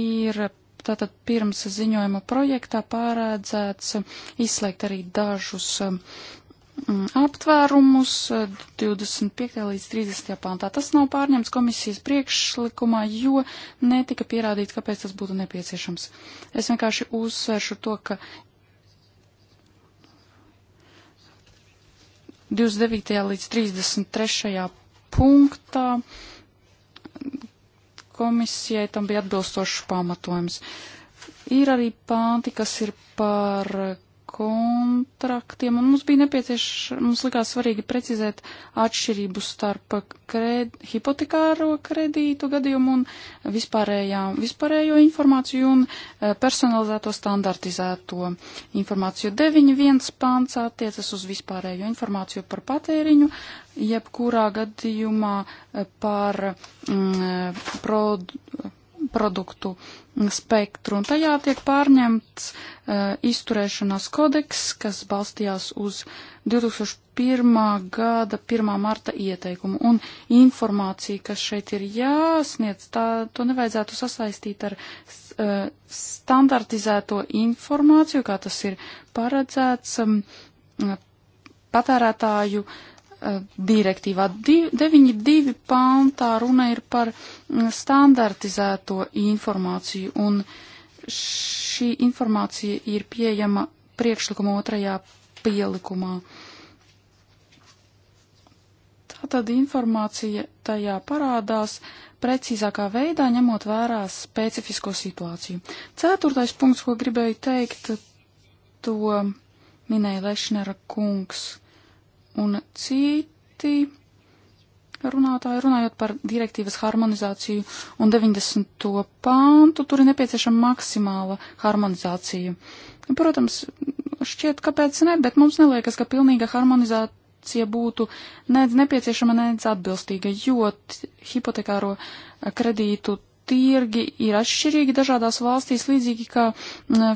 ir tātad pirms ziņojuma projektā pārēdzēts izslēgt arī dažus um, aptvērumus 25. līdz 30. pāntā. Tas nav pārņemts komisijas priekšlikumā, jo netika pierādīts, kāpēc tas būtu nepieciešams. Es vienkārši uzsveršu to, ka 29. līdz 33. punktā komisijai tam bija atbilstošs pamatojums. Ir arī pānti, kas ir par kontraktiem, un mums bija nepieciešams, mums likās svarīgi precizēt atšķirību starp kred, hipotekāro kredītu gadījumu un vispārējo informāciju un e, personalizēto standartizēto informāciju. 9.1 pāns attiecas uz vispārējo informāciju par patēriņu, jebkurā gadījumā e, par mm, e, produ produktu spektru, un tajā tiek pārņemts uh, izturēšanās kodeks, kas balstījās uz 2001. gada 1. marta ieteikumu, un informācija, kas šeit ir jāsniedz, tā, to nevajadzētu sasaistīt ar uh, standartizēto informāciju, kā tas ir paredzēts um, patērētāju uh, direktīvā. 9.2. pāntā runa ir par mm, standartizēto informāciju, un šī informācija ir pieejama priekšlikuma otrajā pielikumā. Tātad informācija tajā parādās precīzākā veidā, ņemot vērā specifisko situāciju. Ceturtais punkts, ko gribēju teikt, to minēja Lešnera kungs un citi runātāji runājot par direktīvas harmonizāciju un 90. pāntu, tur ir nepieciešama maksimāla harmonizācija. Protams, šķiet, kāpēc ne, bet mums neliekas, ka pilnīga harmonizācija būtu nedz nepieciešama, nedz atbilstīga, jo hipotekāro kredītu tirgi ir atšķirīgi dažādās valstīs, līdzīgi kā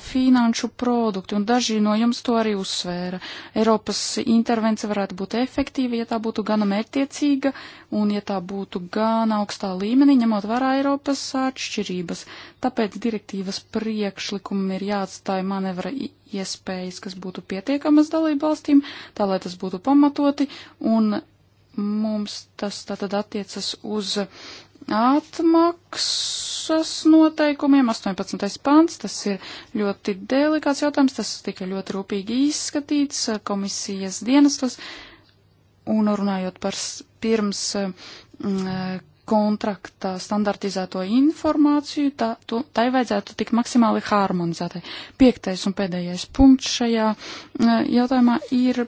finanšu produkti, un daži no jums to arī uzsvēra. Eiropas intervence varētu būt efektīva, ja tā būtu gana mērķtiecīga un ja tā būtu gana augstā līmenī, ņemot vērā Eiropas atšķirības. Tāpēc direktīvas priekšlikumi ir jāatstāja manevra iespējas, kas būtu pietiekamas dalību valstīm, tā lai tas būtu pamatoti, un mums tas tātad attiecas uz atmaksas noteikumiem. 18. pants, tas ir ļoti delikāts jautājums, tas tika ļoti rūpīgi izskatīts eh, komisijas dienestos. Un runājot par pirms mm, eh, kontrakta standartizēto informāciju, tā, tu, tai vajadzētu tik maksimāli harmonizētai. Piektais un pēdējais punkts šajā mm, jautājumā ir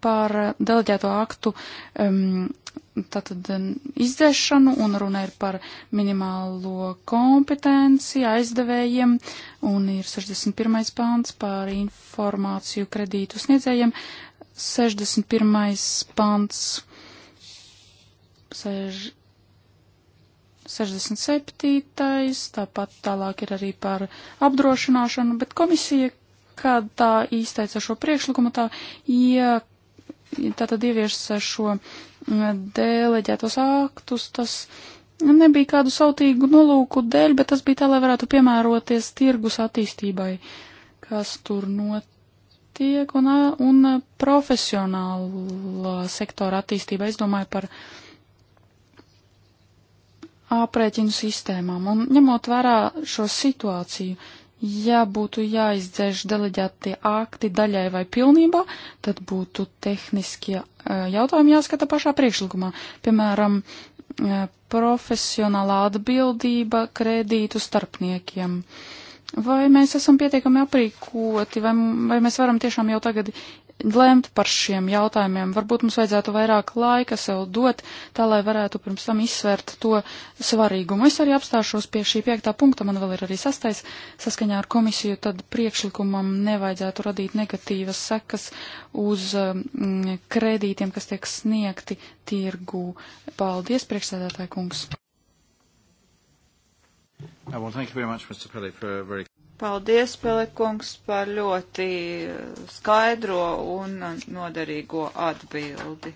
par deleģēto aktu um, tātad izdzēšanu un runa ir par minimālo kompetenci aizdevējiem un ir 61. pāns par informāciju kredītu sniedzējiem, 61. pāns, 67. tāpat tālāk ir arī par apdrošināšanu, bet komisija, kad tā īsteica šo priekšlikumu, tā iek tātad ievieš šo dēleģētos aktus, tas nebija kādu sautīgu nolūku dēļ, bet tas bija tā, lai varētu piemēroties tirgus attīstībai, kas tur notiek, un, un profesionāla sektora attīstība. Es domāju par aprēķinu sistēmām, un ņemot vērā šo situāciju, uh, ja būtu jāizdzēš deleģētie akti daļai vai pilnībā, tad būtu tehniskie e, jautājumi jāskata pašā priekšlikumā. Piemēram, e, profesionālā atbildība kredītu starpniekiem. Vai mēs esam pietiekami aprīkoti, vai, vai mēs varam tiešām jau tagad lemt par šiem jautājumiem. Varbūt mums vajadzētu vairāk laika sev dot, tā lai varētu pirms tam izsvērt to svarīgumu. Es arī apstāšos pie šī piektā punkta, man vēl ir arī sastais. Saskaņā ar komisiju tad priekšlikumam nevajadzētu radīt negatīvas sekas uz mm, kredītiem, kas tiek sniegti tirgū. Paldies, priekšsēdētāji kungs! Uh, well, thank you very much, Mr. Pelly, for a very... Paldies, Pelekungs, par ļoti skaidro un noderīgo atbildi.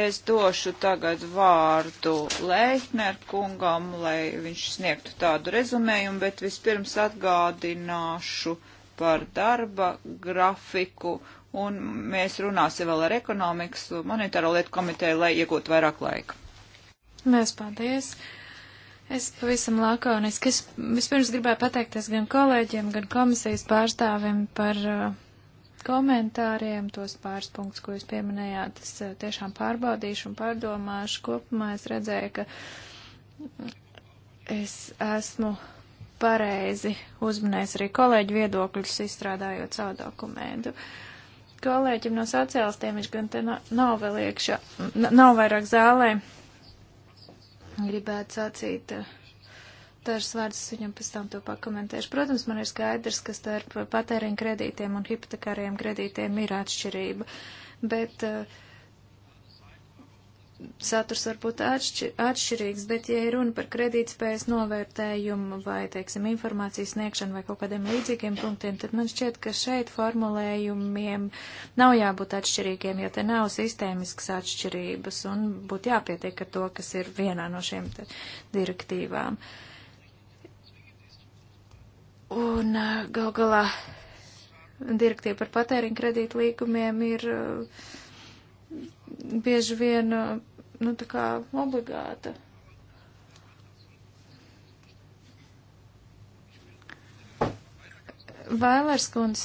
Es došu tagad vārdu Leitner kungam, lai viņš sniegtu tādu rezumējumu, bet vispirms atgādināšu par darba grafiku, un mēs runāsim vēl ar ekonomikas monetāro lietu komiteju, lai iegūtu vairāk laika. Mēs paldies. Es pavisam lakoniski. Es vispirms gribēju pateikties gan kolēģiem, gan komisijas pārstāvim par uh, komentāriem, tos pāris punktus, ko jūs pieminējāt. Es uh, tiešām pārbaudīšu un pārdomāšu. Kopumā es redzēju, ka es esmu pareizi uzminējis arī kolēģu viedokļus, izstrādājot savu dokumentu. Kolēģim no sociālistiem viņš gan te nav vēl iekšā, nav vairāk zālē gribētu sacīt eh, dažas vārdas, viņam pēc tam to pakomentēšu. Protams, man ir skaidrs, ka starp patēriņa kredītiem un hipotekāriem kredītiem ir atšķirība, bet uh, saturs var būt atšķir, atšķirīgs, bet, ja ir runa par kredītspējas novērtējumu vai, teiksim, informācijas sniegšanu vai kaut kādiem līdzīgiem punktiem, tad man šķiet, ka šeit formulējumiem nav jābūt atšķirīgiem, jo te nav sistēmiskas atšķirības un būtu jāpietiek ar to, kas ir vienā no šiem direktīvām. Un uh, gal galā direktīva par patēriņu kredītlīgumiem ir. Uh, bieži vien, nu, tā kā obligāta. Vailers kundz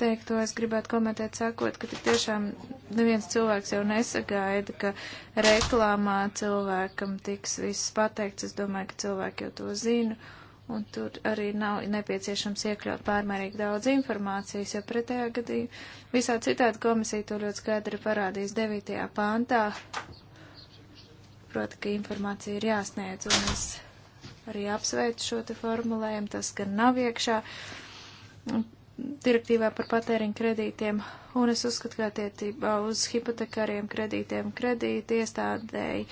teikto es gribētu komentēt sakot, ka tik tiešām neviens cilvēks jau nesagaida, ka reklāmā cilvēkam tiks viss pateikts. Es domāju, ka cilvēki jau to zina un tur arī nav nepieciešams iekļaut pārmērīgi daudz informācijas, jo pretējā gadījumā visā citādi komisija to ļoti skaidri parādīs 9. pāntā. Proti, ka informācija ir jāsniedz, un es arī apsveicu šo te formulējumu, tas gan nav iekšā direktīvā par patēriņu kredītiem, un es uzskatu, ka attiecībā uz hipotekāriem kredītiem kredīti iestādēji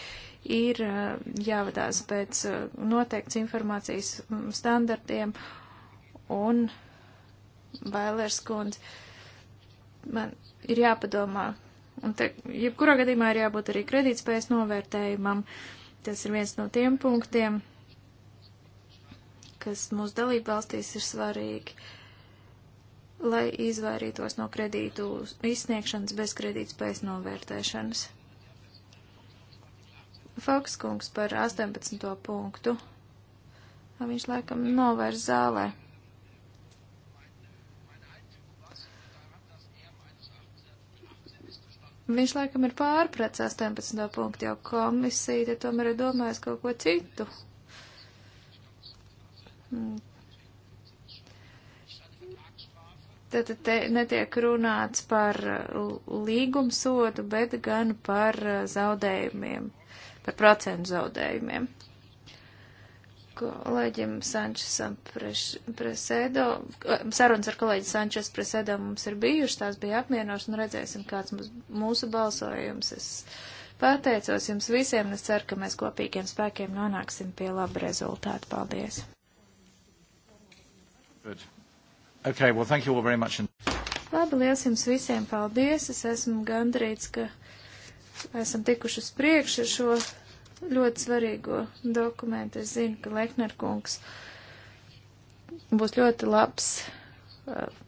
ir eh, jāvadās pēc eh, noteikts informācijas mm, standartiem, un Bailers kundze, man ir jāpadomā, un te, jebkurā gadījumā ir jābūt arī kredītspējas novērtējumam, tas ir viens no tiem punktiem, kas mūsu dalību valstīs ir svarīgi, lai izvairītos no kredītu izsniegšanas bez kredītspējas novērtēšanas. Foks kungs par 18. punktu. Viņš laikam nav vairs zālē. Viņš laikam ir pārprats 18. punktu, jau komisija te tomēr ir domājusi kaut ko citu. Mm. Tad te netiek runāts par līgumsodu, bet gan par uh, zaudējumiem par procentu zaudējumiem. Kolēģim Sančesam Presēdo, sarunas ar kolēģi Sančes Presēdo mums ir bijušas, tās bija apmierinošas, un redzēsim, kāds mums, mūsu balsojums. Es pateicos jums visiem, un es ceru, ka mēs kopīgiem spēkiem nonāksim pie laba rezultāta. Paldies! Good. Okay, well, thank you all very much. Labi, liels jums visiem paldies. Es esmu gandrīz, ka esam tikuši uz priekšu ar šo ļoti svarīgo dokumentu. Es zinu, ka Lekner kungs būs ļoti labs uh,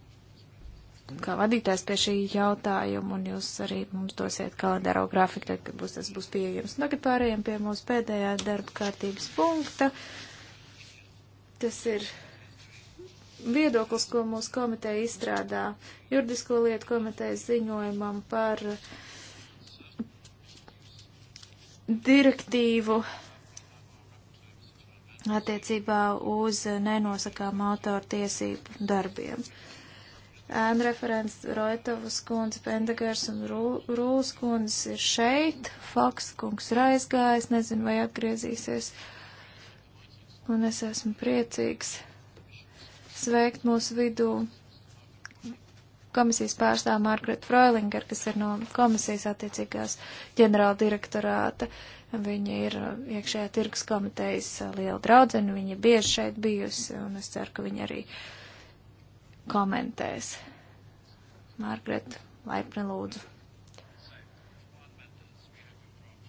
kā vadītājs pie šī jautājuma, un jūs arī mums dosiet kalendāro grafiku, tad, kad būs, tas būs pieejams. Un tagad pārējiem pie mūsu pēdējā darba kārtības punkta. Tas ir viedoklis, ko mūsu komiteja izstrādā juridisko lietu komitejas ziņojumam par uh, direktīvu attiecībā uz nenosakām autoru tiesību darbiem. Ēna referents Roitovas kundze, Pendagars un Rū, Rūs kundze ir šeit, Foks kungs ir aizgājis, nezinu, vai atgriezīsies, un es esmu priecīgs sveikt mūsu vidū komisijas pārstāv Margaret Froilinger, kas ir no komisijas attiecīgās ģenerāla direktorāta. Viņa ir uh, iekšējā tirgus komitejas uh, liela draudzene, viņa bieži šeit bijusi, un es ceru, ka viņa arī komentēs. Margaret, laipni lūdzu.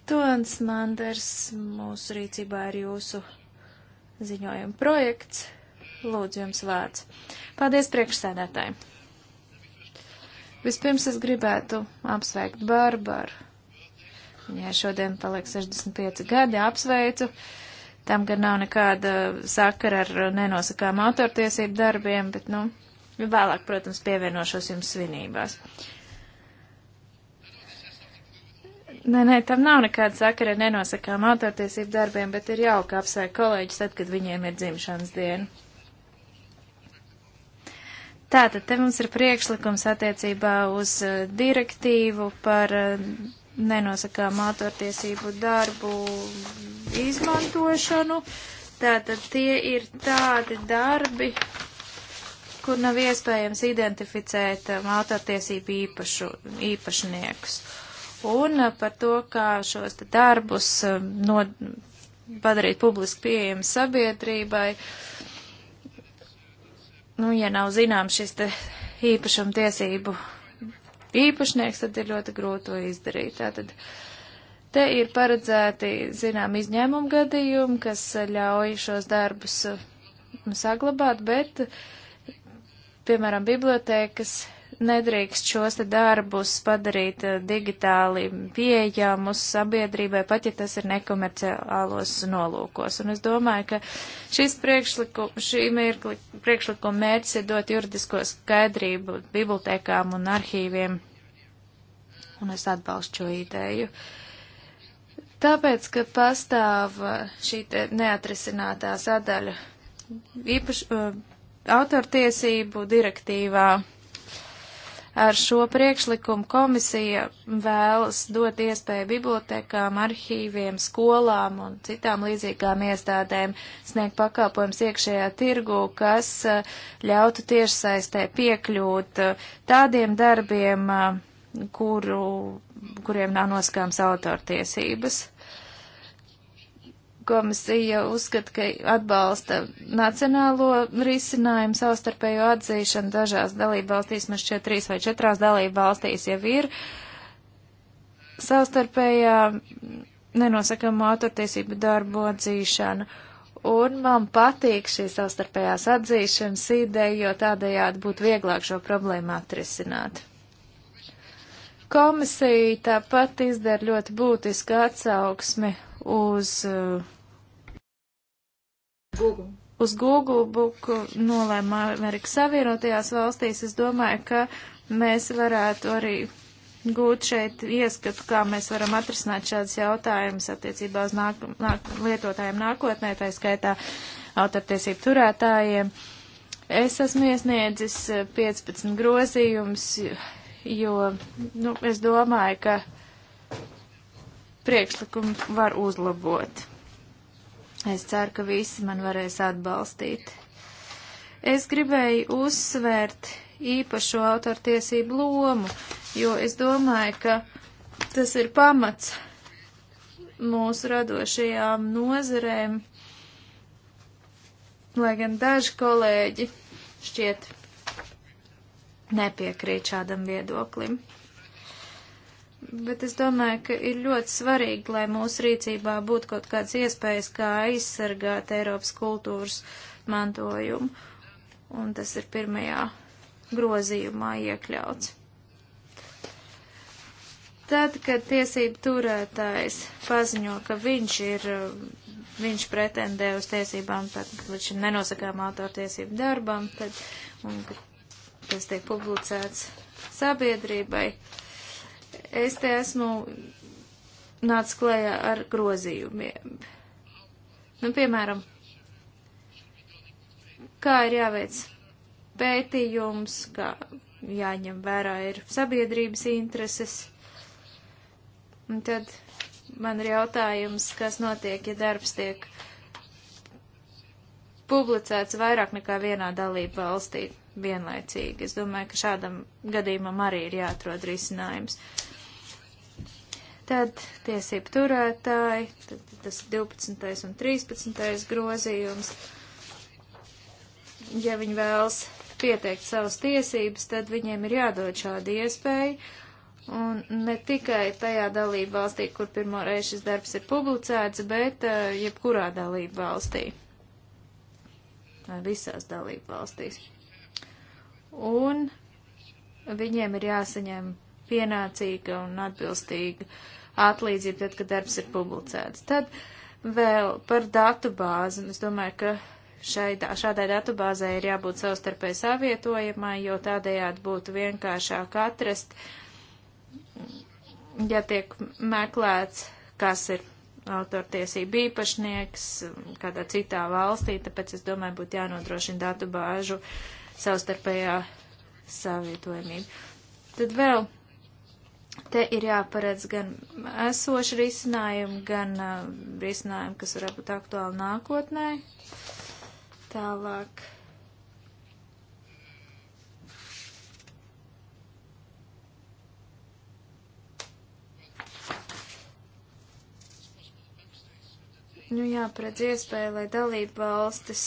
Tons Manders, mūsu rīcībā ir jūsu ziņojuma projekts. Lūdzu, jums vārds. Paldies priekšsēdētāji! Vispirms es gribētu apsveikt Barbaru. Viņai šodien paliek 65 gadi, apsveicu. Tam gan nav nekāda sakara ar nenosakām autortiesību darbiem, bet, nu, vēlāk, protams, pievienošos jums svinībās. Nē, nē, tam nav nekāda sakara ar nenosakām autortiesību darbiem, bet ir jauka apsveikt kolēģis tad, kad viņiem ir dzimšanas diena. Tātad te mums ir priekšlikums attiecībā uz eh, direktīvu par eh, nenosakām autortiesību darbu izmantošanu. Tātad tie ir tādi darbi, kur nav iespējams identificēt um, autortiesību īpašu, īpašniekus. Un par to, kā šos darbus um, no, padarīt publiski pieejami sabiedrībai. Uh, nu, ja nav zināms šis te īpašuma tiesību īpašnieks, tad ir ļoti grūti to izdarīt. Tātad te ir paredzēti, zinām, izņēmumu gadījumi, kas ļauj šos darbus uh, saglabāt, bet, piemēram, bibliotēkas nedrīkst šos te darbus padarīt eh, digitāli pieejamus sabiedrībai, pat ja tas ir nekomerciālos nolūkos. Un es domāju, ka šis priekšlikum, šī mirkli, priekšlikuma mērķis ir dot juridisko skaidrību bibliotekām un arhīviem. Un es atbalstu šo ideju. Tāpēc, ka pastāv eh, šī neatrisinātā sadaļa īpaši eh, autortiesību direktīvā Ar šo priekšlikumu komisija vēlas dot iespēju bibliotekām, arhīviem, skolām un citām līdzīgām iestādēm sniegt pakalpojums iekšējā tirgu, kas ļautu tiešsaistē piekļūt tādiem darbiem, kuru, kuriem nav noskāms autortiesības. Komisija uzskata, ka atbalsta nacionālo risinājumu savstarpējo atzīšanu dažās dalībvalstīs, man šķiet trīs vai četrās dalībvalstīs jau ir savstarpējā nenosakamo autortiesību darbu atzīšana. Un man patīk šī savstarpējās atzīšanas ideja, jo tādējādi būtu vieglāk šo problēmu atrisināt. Komisija tāpat izdara ļoti būtisku atsauksmi uz uh, Google. Uz Google Book nolēma Amerikas Savienotajās valstīs. Es domāju, ka mēs varētu arī gūt šeit ieskatu, kā mēs varam atrisināt šādas jautājumas attiecībā uz nāk, nāk, lietotājiem nākotnē, tā skaitā autortiesību turētājiem. Es esmu iesniedzis 15 grozījumus, jo nu, es domāju, ka priekšlikumu var uzlabot sanāksmē. Es ceru, ka visi man varēs atbalstīt. Es gribēju uzsvērt īpašo autortiesību lomu, jo es domāju, ka tas ir pamats mūsu radošajām nozerēm, lai gan daži kolēģi šķiet nepiekrīt šādam viedoklim. Bet es domāju, ka ir ļoti svarīgi, lai mūsu rīcībā būtu kaut kāds iespējas, kā aizsargāt Eiropas kultūras mantojumu. Un tas ir pirmajā grozījumā iekļauts. Tad, kad tiesību turētājs paziņo, ka viņš ir, viņš pretendē uz tiesībām, tad līdz šim nenosakām autortiesību darbam, tad, un tas tiek publicēts sabiedrībai. Uh, es te esmu nāc klējā ar grozījumiem. Nu, piemēram, kā ir jāveic pētījums, kā jāņem vērā ir sabiedrības intereses. Un tad man ir jautājums, kas notiek, ja darbs tiek publicēts vairāk nekā vienā dalība valstī vienlaicīgi. Es domāju, ka šādam gadījumam arī ir jāatrod risinājums. Uh, Tad tiesību turētāji, tad tas ir 12. un 13. grozījums. Ja viņi vēlas pieteikt savas tiesības, tad viņiem ir jādod šāda iespēja. Un ne tikai tajā dalība valstī, kur pirmo reizi šis darbs ir publicēts, bet uh, jebkurā dalība valstī. Vai visās dalība valstīs. Un viņiem ir jāsaņem pienācīga un atbilstīga atlīdzību tad, kad darbs ir publicēts. Tad vēl par datu bāzi. Es domāju, ka šai, šādai datu bāzē ir jābūt savstarpēji savietojamai, jo tādējādi būtu vienkāršāk atrast, ja tiek meklēts, kas ir autortiesība īpašnieks kādā citā valstī, tāpēc es domāju, būtu jānodrošina datu bāžu savstarpējā savietojamība. Tad vēl Te ir jāparedz gan esoši risinājumi, gan uh, risinājumi, kas varētu būt aktuāli nākotnē. Tālāk. nu, jāparedz iespēja, lai dalība valstis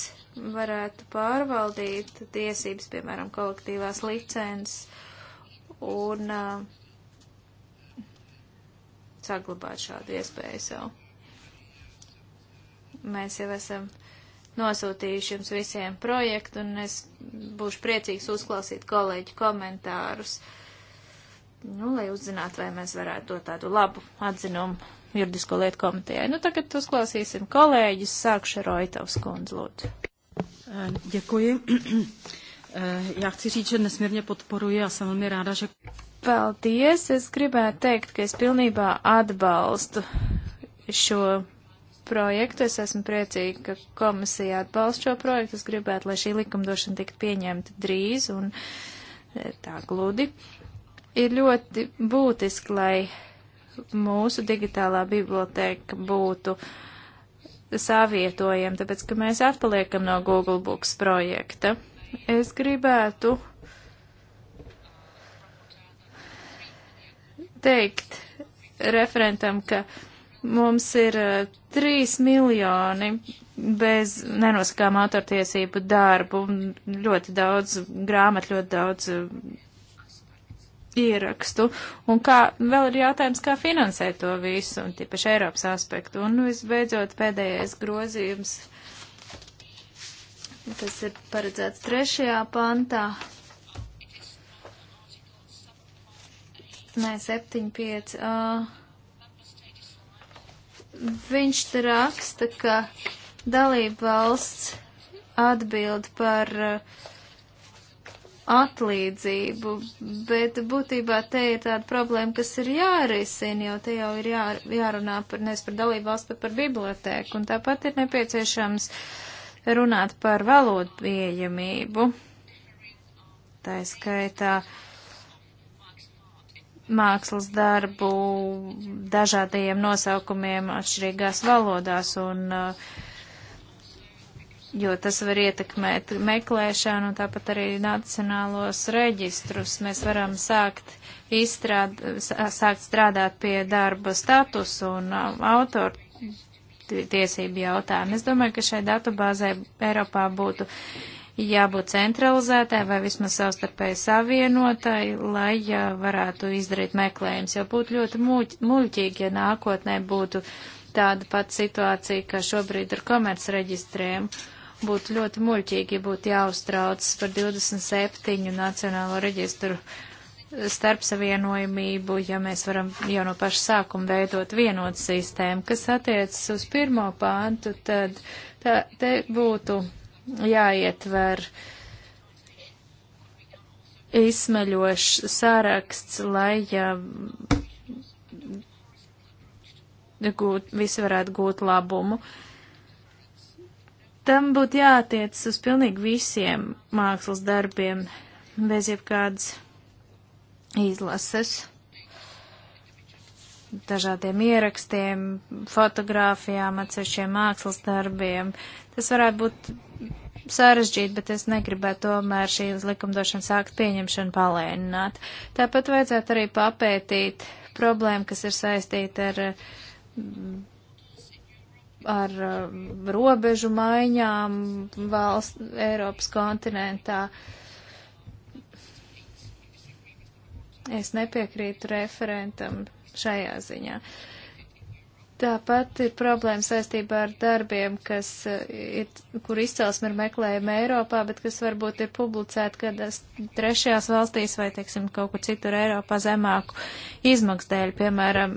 varētu pārvaldīt tiesības, piemēram, kolektīvās licences un uh, saglabāt šādu iespēju sev. Mēs jau esam nosūtījuši jums visiem projektu, un es būšu priecīgs uzklausīt kolēģu komentārus, nu, lai uzzinātu, vai mēs varētu dot tādu labu atzinumu juridisko lietu komitejai. Nu, tagad uzklausīsim kolēģis, sākšu ar Oitavs kundzi, lūdzu. Eh, děkuji. Eh, já chci říct, že nesmírně podporuji a jsem velmi ráda, že... Paldies! Es gribētu teikt, ka es pilnībā atbalstu šo projektu. Es esmu priecīga, ka komisija atbalsta šo projektu. Es gribētu, lai šī likumdošana tiktu pieņemta drīz un e, tā gludi. Ir ļoti būtiski, lai mūsu digitālā biblioteka būtu savietojama, tāpēc ka mēs atpaliekam no Google Books projekta. Es gribētu teikt referentam, ka mums ir 3 uh, miljoni bez nenosakām autortiesību darbu, ļoti daudz grāmatu, ļoti daudz uh, ierakstu, un kā vēl ir jautājums, kā finansēt to visu, un tīpaši Eiropas aspektu. Un visbeidzot pēdējais grozījums, tas ir paredzēts trešajā pantā, Nē, 75. Uh, viņš te raksta, ka dalība valsts atbild par uh, atlīdzību, bet būtībā te ir tāda problēma, kas ir jārisina, jo te jau ir jā, jārunā par, nevis par dalību valsts, bet par bibliotēku, un tāpat ir nepieciešams runāt par valodu pieejamību. Tā ir skaitā. Uh, mākslas darbu dažādajiem nosaukumiem atšķirīgās valodās, un, uh, jo tas var ietekmēt meklēšanu un tāpat arī nacionālos reģistrus. Mēs varam sākt, izstrād, sākt strādāt pie darba statusu un uh, autoru tiesību jautājumu. Es domāju, ka šai datubāzē Eiropā būtu jābūt centralizētai vai vismaz savstarpēji savienotai, lai jā, varētu izdarīt meklējums. Jo būtu ļoti muļ, muļķīgi, ja nākotnē būtu tāda pati situācija, kā šobrīd ar komercreģistriem. Būtu ļoti muļķīgi, ja būtu jāuztrauc par 27 nacionālo reģistru starpsavienojumību, ja mēs varam jau no paša sākuma veidot vienotu sistēmu. Kas attiecas uz pirmo pāntu, tad tā, te būtu jāietver izsmeļošs saraksts, lai ja, gūt, visi varētu gūt labumu. Tam būtu jātiec uz pilnīgi visiem mākslas darbiem, bez jebkādas izlases dažādiem ierakstiem, fotogrāfijām, atsevišķiem mākslas darbiem. Tas varētu būt sarežģīti, bet es negribētu tomēr šīs likumdošanas aktu pieņemšanu palēnināt. Tāpat vajadzētu arī papētīt problēmu, kas ir saistīta ar, ar robežu maiņām valsts Eiropas kontinentā. Es nepiekrītu referentam šajā ziņā. Tāpat ir problēma saistībā ar darbiem, kas eh, ir, kur izcelsme ir meklējama Eiropā, bet kas varbūt ir publicēta kādās trešajās valstīs vai, teiksim, kaut kur citur Eiropā zemāku izmaksu dēļ. Piemēram,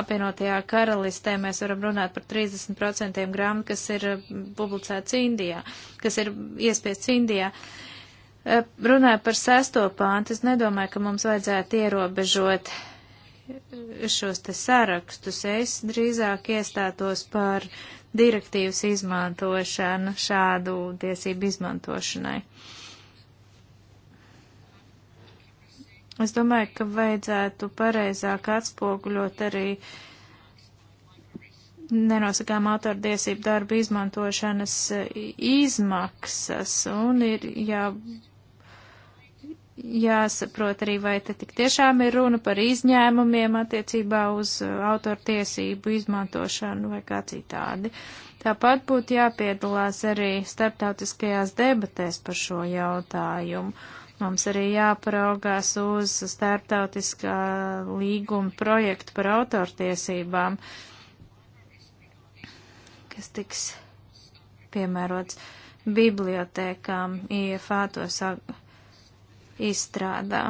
apvienotajā karalistē mēs varam runāt par 30% grāmatu, kas ir eh, publicēts Indijā, kas ir iespiests Indijā. Eh, Runāju par sesto pāntu, es nedomāju, ka mums vajadzētu ierobežot uh, šos te sarakstus, es drīzāk iestātos par direktīvas izmantošanu šādu tiesību izmantošanai. Es domāju, ka vajadzētu pareizāk atspoguļot arī nenosakām autortiesību darbu izmantošanas izmaksas un ir jā. Ja jāsaprot arī, vai te tik tiešām ir runa par izņēmumiem attiecībā uz uh, autortiesību izmantošanu vai kā citādi. Tāpat būtu jāpiedalās arī starptautiskajās debatēs par šo jautājumu. Mums arī jāparaugās uz starptautiskā līguma projektu par autortiesībām, kas tiks piemērots bibliotēkām IFA to sagatavot izstrādā.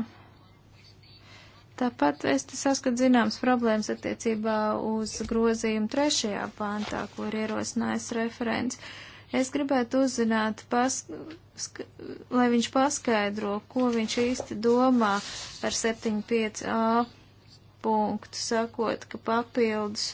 Tāpat es te saskatu zināmas problēmas attiecībā uz grozījumu trešajā pāntā, ko ir ierosinājis referents. Es gribētu uzzināt, pas, sk, lai viņš paskaidro, ko viņš īsti domā par 75a punktu, sakot, ka papildus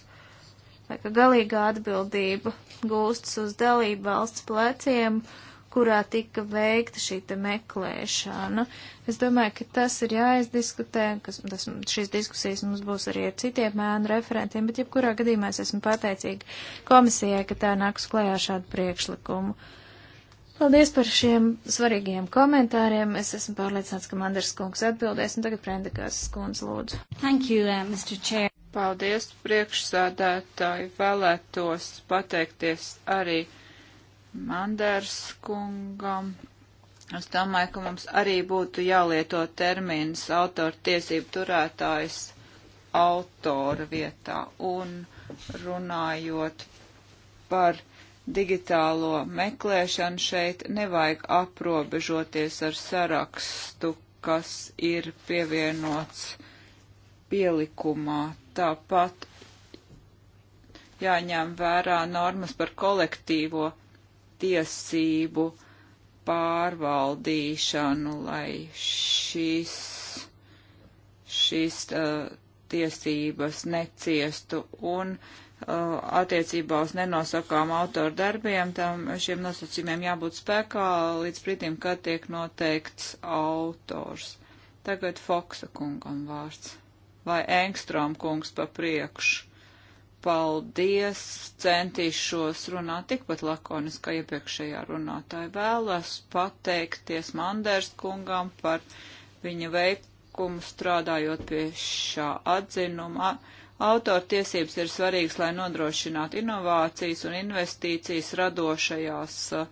vai ka galīgā atbildība gūstas uz dalību valsts pleciem. Uh, kurā tika veikta šī te meklēšana. Es domāju, ka tas ir jāizdiskutē, kas, tas, šīs diskusijas mums būs arī ar citiem mēnu referentiem, bet jebkurā gadījumā es esmu pateicīga komisijai, ka tā nāks klajā šādu priekšlikumu. Paldies par šiem svarīgajiem komentāriem. Es esmu pārliecināts, ka Manders kungs atbildēs, un tagad Prendegās skundz lūdzu. Thank you, uh, Mr. Chair. Paldies, priekšsādātāji. Vēlētos pateikties arī Manders kungam. Es domāju, ka mums arī būtu jālieto termins autora tiesību turētājs autora vietā un runājot par digitālo meklēšanu šeit nevajag aprobežoties ar sarakstu, kas ir pievienots pielikumā. Tāpat jāņem vērā normas par kolektīvo tiesību pārvaldīšanu, lai šis, šis uh, tiesības neciestu un uh, attiecībā uz nenosakām autoru darbiem, tam šiem nosacījumiem jābūt spēkā līdz brīdim, kad tiek noteikts autors. Tagad Foksa kungam vārds vai Engstrom kungs pa priekšu paldies, centīšos runāt tikpat lakoniski, kā iepriekšējā runātāja vēlas pateikties Manders kungam par viņa veikumu strādājot pie šā atzinuma. Autortiesības ir svarīgas, lai nodrošinātu inovācijas un investīcijas radošajās uh,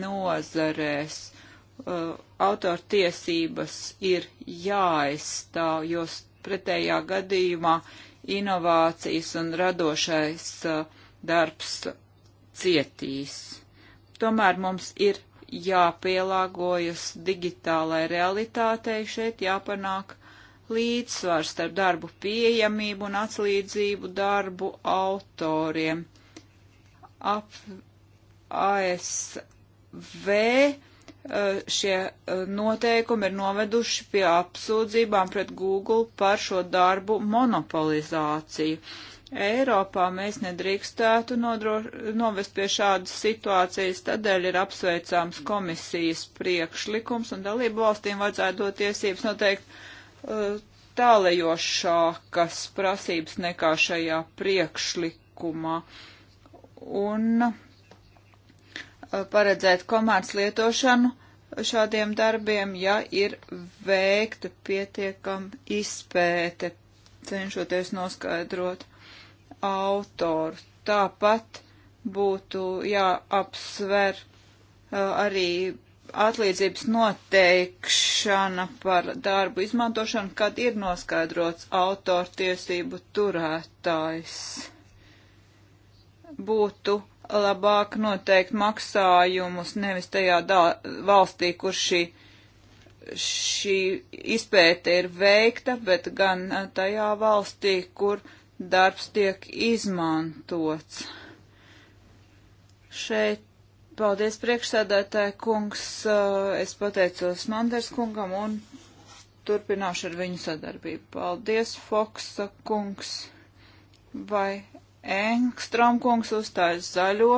nozarēs. Uh, Autortiesības ir jāaizstāv, jo pretējā gadījumā uh, inovācijas un radošais uh, darbs cietīs. Tomēr mums ir jāpielāgojas digitālai realitātei, šeit jāpanāk līdzsvars starp darbu pieejamību un atslīdzību darbu autoriem. Ap ASV Eh, šie eh, noteikumi ir noveduši pie apsūdzībām pret Google par šo darbu monopolizāciju. Eiropā mēs nedrīkstētu novest pie šādas situācijas, tādēļ ir apsveicams komisijas priekšlikums un dalību valstīm vajadzētu dot tiesības noteikt eh, tālējošākas prasības nekā šajā priekšlikumā. Un Uh, paredzēt komandas lietošanu šādiem darbiem, ja ir veikta pietiekama izpēte, cenšoties noskaidrot autoru. Tāpat būtu jāapsver uh, arī atlīdzības noteikšana par darbu izmantošanu, kad ir noskaidrots autortiesību turētājs. Būtu labāk noteikt maksājumus nevis tajā dā, valstī, kur šī, šī izpēte ir veikta, bet gan eh, tajā valstī, kur darbs tiek izmantots. Šeit Paldies priekšsēdētāji kungs, eh, es pateicos Manders kungam un turpināšu ar viņu sadarbību. Paldies, Foksa kungs. Vai Engstrom kungs uzstājas zaļo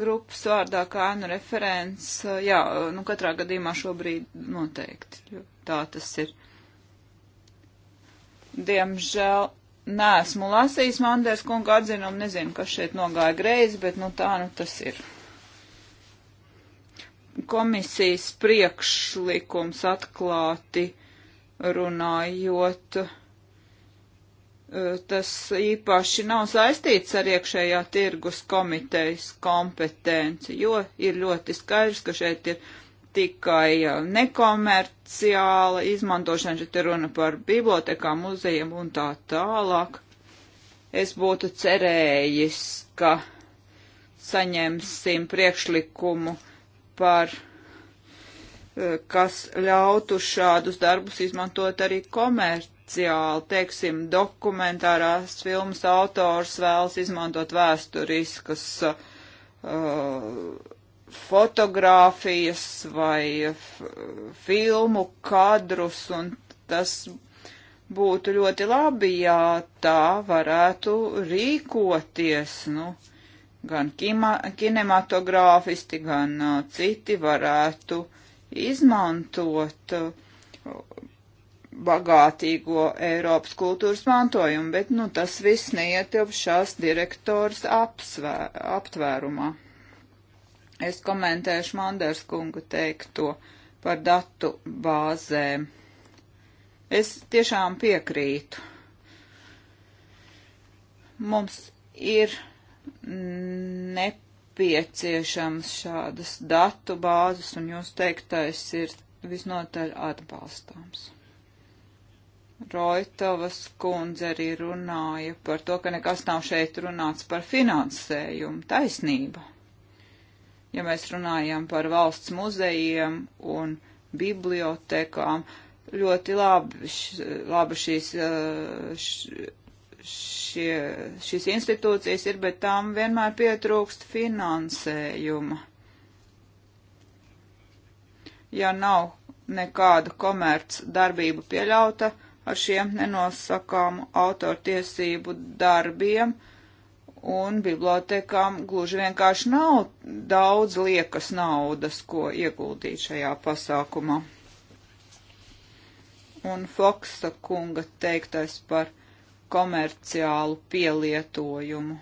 grupas vārdā kā nu referents. Uh, jā, uh, nu katrā gadījumā šobrīd noteikti, jo tā tas ir. Diemžēl neesmu lasījis Manders kunga atzinumu, nezinu, kas šeit nogāja greizi, bet nu tā nu tas ir. Komisijas priekšlikums atklāti runājot tas īpaši nav saistīts ar iekšējā tirgus komitejas kompetenci, jo ir ļoti skaidrs, ka šeit ir tikai uh, nekomerciāla izmantošana, šeit ir runa par bibliotekām, muzejiem un tā tālāk. Es būtu cerējis, ka saņemsim priekšlikumu par uh, kas ļautu šādus darbus izmantot arī komerci komerciāli, teiksim, dokumentārās filmas autors vēlas izmantot vēsturiskas uh, fotogrāfijas vai filmu kadrus, un tas būtu ļoti labi, ja tā varētu rīkoties, nu, gan kima, kinematogrāfisti, gan uh, citi varētu izmantot. Uh, bagātīgo Eiropas kultūras mantojumu, bet nu, tas viss neietilp šās direktoras apsvēr, aptvērumā. Es komentēšu Manders kunga teikto par datu bāzēm. Es tiešām piekrītu. Mums ir nepieciešams šādas datu bāzes, un jūs teiktais ir visnotaļ atbalstāms. Roitovas kundze arī runāja par to, ka nekas nav šeit runāts par finansējumu. Taisnība. Ja mēs runājam par valsts muzejiem un bibliotekām, ļoti labi, labi šīs, uh, š, šie, šīs institūcijas ir, bet tām vienmēr pietrūkst finansējuma. Ja nav nekāda komerc darbība pieļauta, ar šiem nenosakām autortiesību darbiem, un bibliotekām gluži vienkārši nav daudz liekas naudas, ko ieguldīt šajā pasākumā. Un Foksa kunga teiktais par komerciālu pielietojumu.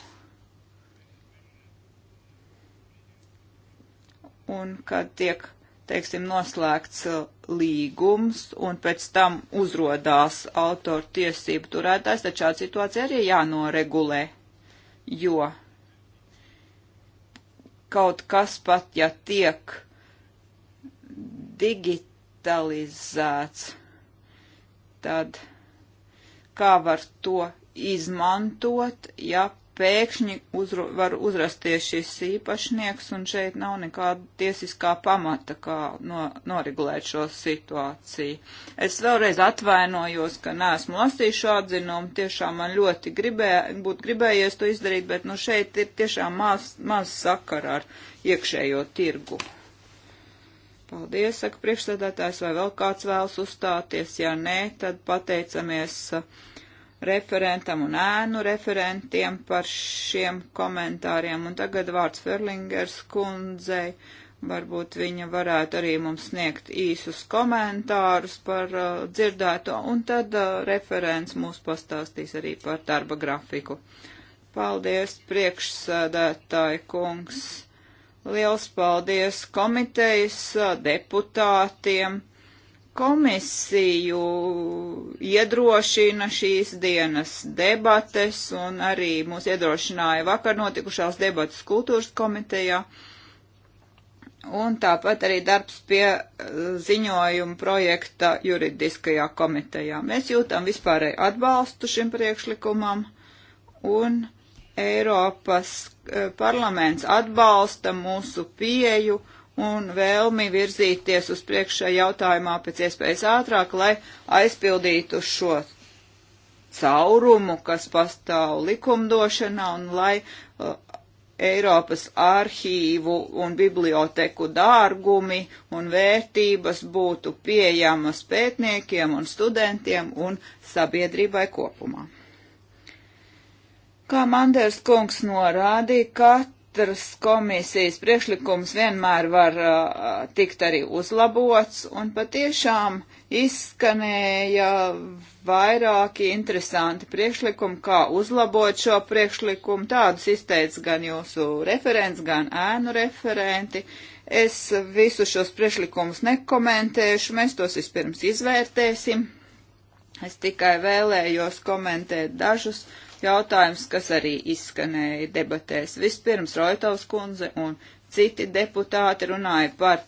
Un kad tiek teiksim, noslēgts uh, līgums un pēc tam uzrodās autora tiesību turētājs, tad šāda situācija arī jānoregulē, jo kaut kas pat, ja tiek digitalizēts, tad kā var to izmantot, ja pēkšņi uzru, var uzrasties šis īpašnieks, un šeit nav nekāda tiesiskā pamata, kā no, noregulēt šo situāciju. Es vēlreiz atvainojos, ka neesmu lasījis šo atzinumu, tiešām man ļoti gribē, būtu gribējies to izdarīt, bet nu šeit ir tiešām maz, maz sakara ar iekšējo tirgu. Paldies, saka priekšsēdētājs, vai vēl kāds vēlas uzstāties, ja nē, tad pateicamies. Uh, referentam un ēnu referentiem par šiem komentāriem. Un tagad vārds Ferlingers kundzei. Varbūt viņa varētu arī mums sniegt īsus komentārus par uh, dzirdēto, un tad uh, referents mūs pastāstīs arī par darba grafiku. Paldies, priekšsēdētāji kungs! Liels paldies komitejas uh, deputātiem! Komisiju iedrošina šīs dienas debates un arī mūs iedrošināja vakar notikušās debatas kultūras komitejā. Un tāpat arī darbs pie eh, ziņojuma projekta juridiskajā komitejā. Mēs jūtam vispārēju atbalstu šim priekšlikumam un Eiropas eh, parlaments atbalsta mūsu pieju un vēlmi virzīties uz priekšā jautājumā pēc iespējas ātrāk, lai aizpildītu šo caurumu, kas pastāv likumdošanā un lai uh, Eiropas arhīvu un biblioteku dārgumi un vērtības būtu pieejamas pētniekiem un studentiem un sabiedrībai kopumā. Kā Manders kungs norādīja, katrs komisijas priekšlikums vienmēr var uh, tikt arī uzlabots, un patiešām izskanēja vairāki interesanti priekšlikumi, kā uzlabot šo priekšlikumu. Tādus izteica gan jūsu referents, gan ēnu referenti. Es visu šos priekšlikumus nekomentēšu, mēs tos vispirms izvērtēsim. Es tikai vēlējos komentēt dažus jautājums, kas arī izskanēja debatēs. Vispirms Roitovs kundze un citi deputāti runāja par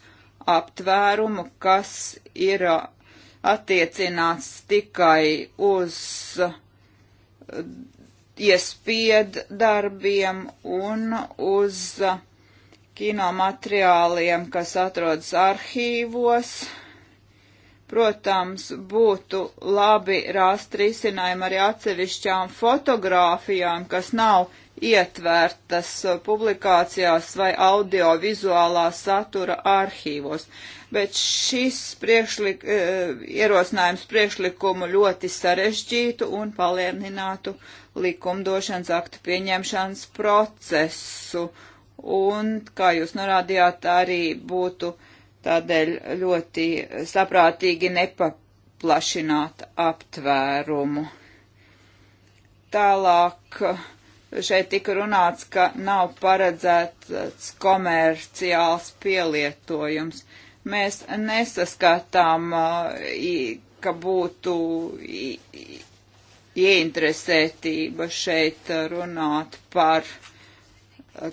aptvērumu, kas ir uh, attiecināts tikai uz uh, iespied darbiem un uz uh, kinomateriāliem, kas atrodas arhīvos Protams, būtu labi rast risinājumu arī atsevišķām fotogrāfijām, kas nav ietvērtas publikācijās vai audiovizuālā satura arhīvos. Bet šis priekšlik, eh, ierosinājums priekšlikumu ļoti sarežģītu un palielinātu likumdošanas aktu pieņemšanas procesu. Un, kā jūs norādījāt, arī būtu uh, Tādēļ ļoti saprātīgi nepaplašināt aptvērumu. Tālāk šeit tika runāts, ka nav paredzēts komerciāls pielietojums. Mēs nesaskatām, ka būtu ieinteresētība šeit runāt par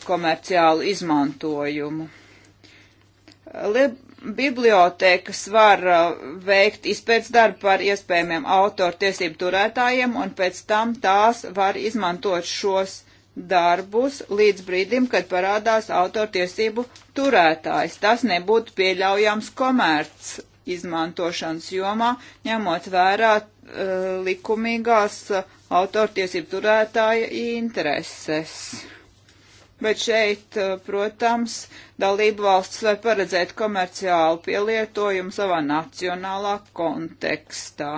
komerciālu izmantojumu. Bibliotēkas var uh, veikt izpēc darbu par iespējamiem autoru tiesību turētājiem, un pēc tam tās var izmantot šos darbus līdz brīdim, kad parādās autortiesību turētājs. Tas nebūtu pieļaujams komerc izmantošanas jomā, ņemot vērā uh, likumīgās uh, autortiesību turētāja intereses bet šeit, eh, protams, dalību valsts var paredzēt komerciālu pielietojumu savā nacionālā kontekstā.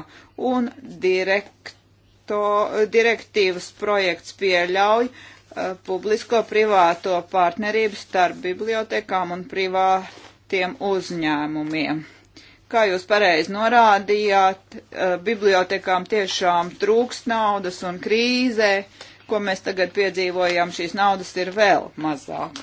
Un direkto, direktīvas projekts pieļauj uh, eh, publisko-privāto partnerību starp bibliotekām un privātiem uzņēmumiem. Kā jūs pareizi norādījāt, uh, bibliotekām tiešām trūkst naudas un krīzē uh, ko mēs tagad piedzīvojam, šīs naudas ir vēl mazāk.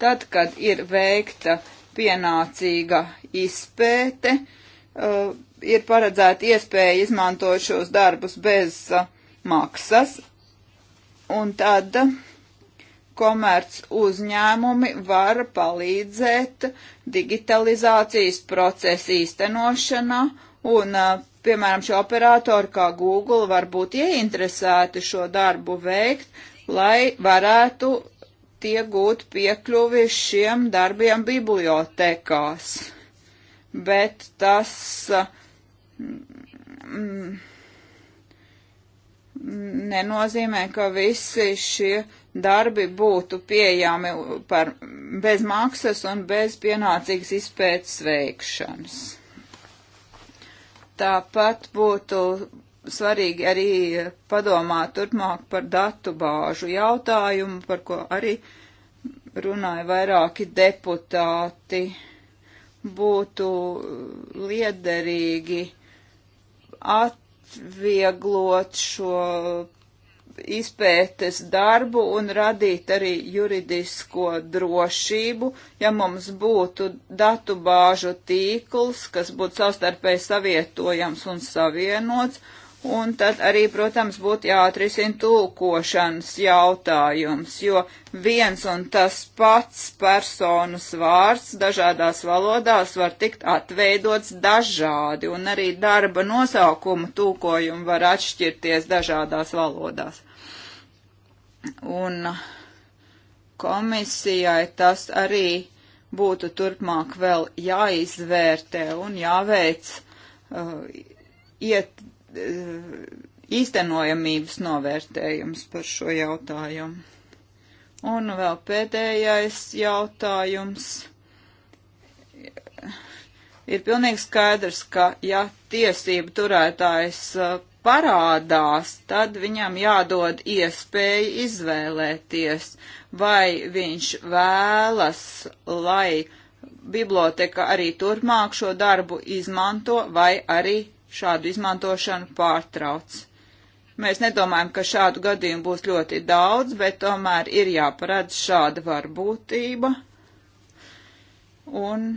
Tad, kad ir veikta pienācīga izpēte, uh, ir paredzēta iespēja izmantot šos darbus bez uh, maksas, un tad komerc uzņēmumi var palīdzēt digitalizācijas procesu īstenošanā Un, piemēram, šie operatori kā Google var būt ieinteresēti šo darbu veikt, lai varētu tie gūt piekļuvi šiem darbiem bibliotekās. Bet tas mm, mm, nenozīmē, ka visi šie darbi būtu pieejami par, bez maksas un bez pienācīgas izpētes veikšanas. Tāpat būtu svarīgi arī padomāt turpmāk par datu bāžu jautājumu, par ko arī runāja vairāki deputāti. Būtu liederīgi atvieglot šo izpētes darbu un radīt arī juridisko drošību, ja mums būtu datu bāžu tīkls, kas būtu savstarpēji savietojams un savienots, un tad arī, protams, būtu jāatrisina tulkošanas jautājums, jo viens un tas pats personas vārds dažādās valodās var tikt atveidots dažādi, un arī darba nosaukuma tulkojumi var atšķirties dažādās valodās un komisijai tas arī būtu turpmāk vēl jāizvērtē un jāveic uh, iet, uh, īstenojamības novērtējums par šo jautājumu. Un vēl pēdējais jautājums. Ir pilnīgi skaidrs, ka ja tiesību turētājs uh, parādās, tad viņam jādod iespēja izvēlēties, vai viņš vēlas, lai biblioteka arī turpmāk šo darbu izmanto, vai arī šādu izmantošanu pārtrauc. Mēs nedomājam, ka šādu gadījumu būs ļoti daudz, bet tomēr ir jāparedz šāda varbūtība. Un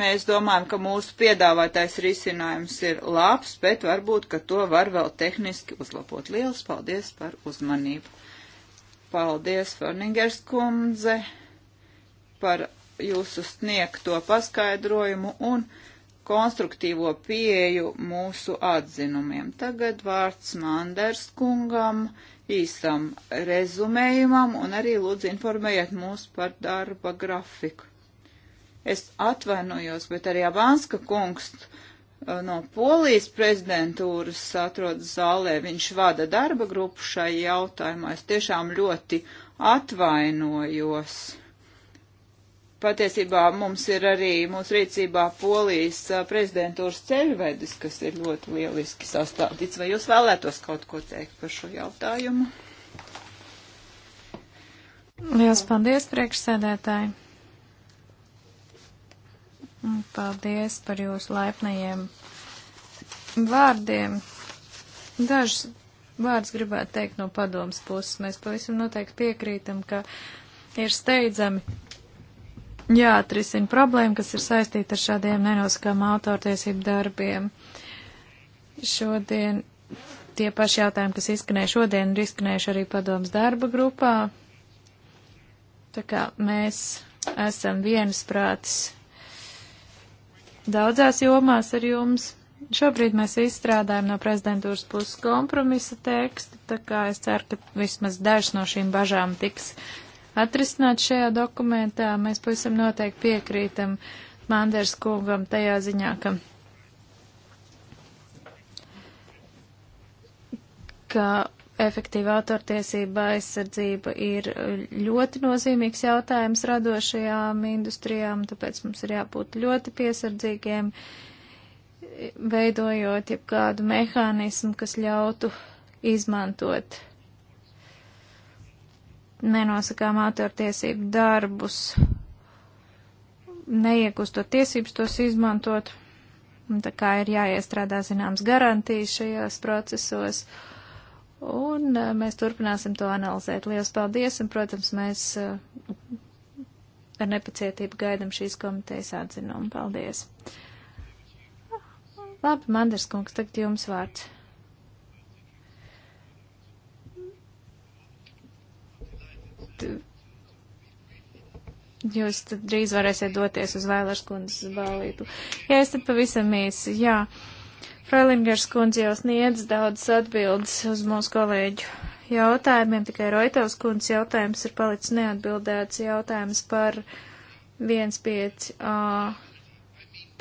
Mēs domājam, ka mūsu piedāvātais risinājums ir labs, bet varbūt, ka to var vēl tehniski uzlabot. Lielas paldies par uzmanību. Paldies, Farningers kundze, par jūsu sniegto paskaidrojumu un konstruktīvo pieeju mūsu atzinumiem. Tagad vārds Manders kungam, īsam rezumējumam un arī lūdzu informējiet mūs par darba grafiku. Es atvainojos, bet arī Abanska kungs uh, no Polijas prezidentūras atrodas zālē. Viņš vada darba grupu šai jautājumā. Es tiešām ļoti atvainojos. Patiesībā mums ir arī mūsu rīcībā Polijas uh, prezidentūras ceļvedis, kas ir ļoti lieliski sastādīts. Vai jūs vēlētos kaut ko teikt par šo jautājumu? Lielas paldies, priekšsēdētāji! Paldies par jūsu laipnajiem vārdiem. Dažs vārds gribētu teikt no padomas puses. Mēs pavisam noteikti piekrītam, ka ir steidzami jāatrisina problēma, kas ir saistīta ar šādiem nenoskām autortiesību darbiem. Šodien tie paši jautājumi, kas izskanēja šodien, ir izskanējuši arī padomas darba grupā. Tā kā mēs esam viensprātis daudzās jomās ar jums. Šobrīd mēs izstrādājam no prezidentūras puses kompromisa tekstu, tā kā es ceru, ka vismaz dažs no šīm bažām tiks atrisināt šajā dokumentā. Mēs pavisam noteikti piekrītam Manders kungam tajā ziņā, ka, ka efektīva autortiesība aizsardzība ir ļoti nozīmīgs jautājums radošajām industrijām, tāpēc mums ir jābūt ļoti piesardzīgiem, veidojot jau kādu mehānismu, kas ļautu izmantot nenosakām autortiesību darbus, neiegūstot tiesības tos izmantot. Un tā kā ir jāiestrādā zināms garantijas šajos procesos. Uh, Un eh, mēs turpināsim to analizēt. Lielas paldies, un, protams, mēs eh, ar nepacietību gaidam šīs komitejas atzinumu. Paldies! Labi, Manders kungs, tagad jums vārds. Jūs tad drīz varēsiet doties uz Vailers kundzes balītu. Jā, es tad pavisam īsi, jā. Uh, Frelingers kundze jau sniedz daudzas atbildes uz mūsu kolēģu jautājumiem, tikai Roitovs kundzes jautājums ir palicis neatbildēts jautājums par 1.5a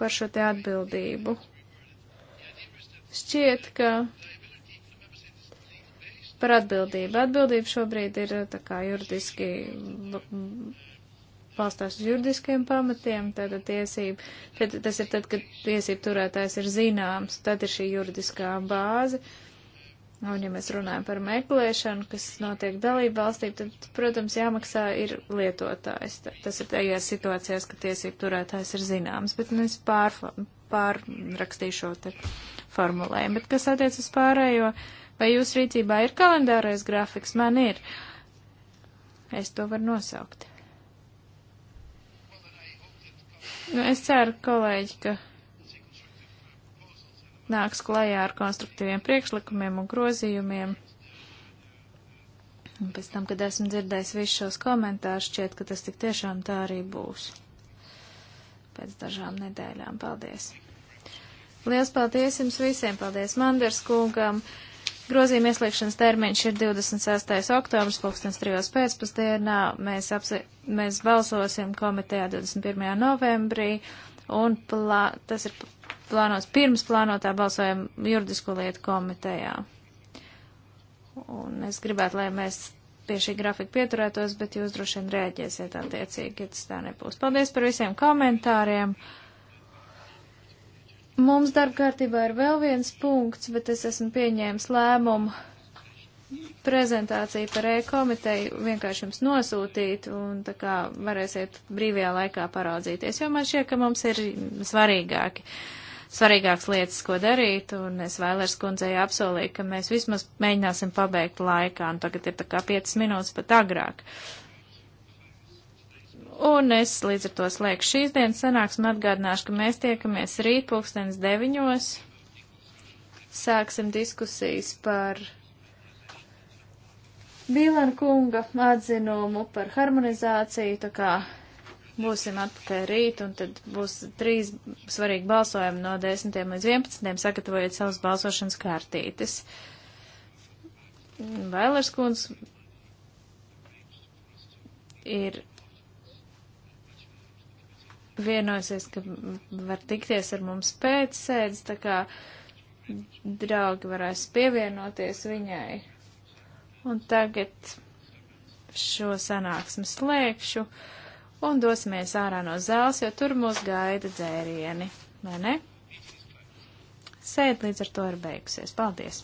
par šo te atbildību. Šķiet, ka par atbildību. Atbildība šobrīd ir tā kā juridiski balstās uz juridiskiem pamatiem, tātad tiesība, tad, tas ir tad, kad tiesība turētājs ir zināms, tad ir šī juridiskā bāze. Un, ja mēs runājam par meklēšanu, kas notiek dalību valstī, tad, protams, jāmaksā ir lietotājs. Tad, tas ir tajās situācijās, ka tiesību turētājs ir zināms, bet nu, es pār, pārrakstīšu šo te formulējumu. Bet kas attiec uz pārējo, vai jūs rīcībā ir kalendārais grafiks? Man ir. Es to varu nosaukt. Nu, es ceru, kolēģi, ka nāks klajā ar konstruktīviem priekšlikumiem un grozījumiem. Un pēc tam, kad esmu dzirdējis visus šos komentārus, šķiet, ka tas tik tiešām tā arī būs. Pēc dažām nedēļām. Paldies! Liels paldies jums visiem! Paldies Manders kungam! Grozījuma ieslēgšanas termiņš ir 26. oktobris, 2003. pēcpusdienā. Mēs, apsi, mēs balsosim komitejā 21. novembrī, un plā, tas ir plānots pirms plānotā balsojuma juridisko lietu komitejā. Un es gribētu, lai mēs pie šī grafika pieturētos, bet jūs droši vien rēģēsiet attiecīgi, ja tas tā nebūs. Paldies par visiem komentāriem! Mums darbkārtībā ir vēl viens punkts, bet es esmu pieņēmis lēmumu prezentāciju par e-komiteju vienkārši jums nosūtīt un tā kā varēsiet brīvajā laikā paraudzīties, jo man šķiet, ka mums ir svarīgāki, svarīgāks lietas, ko darīt, un es vēlēs kundzei apsolīju, ka mēs vismaz mēģināsim pabeigt laikā, un tagad ir tā kā 5 minūtes pat agrāk. Uh, Un es līdz ar to slēgšu šīs dienas sanāksmu atgādināšu, ka mēs tiekamies rīt pulkstens deviņos. Sāksim diskusijas par Bīlana kunga atzinumu par harmonizāciju, tā kā būsim atpakaļ rīt, un tad būs trīs svarīgi balsojumi no 10. līdz 11. sagatavojiet savas balsošanas kārtītes. Vailers kundz ir vienojusies, ka var tikties ar mums pēc sēdes, tā kā draugi varēs pievienoties viņai. Un tagad šo sanāksmu slēgšu un dosimies ārā no zāles, jo tur mūs gaida dzērieni, vai ne? Sēd līdz ar to ir beigusies. Paldies!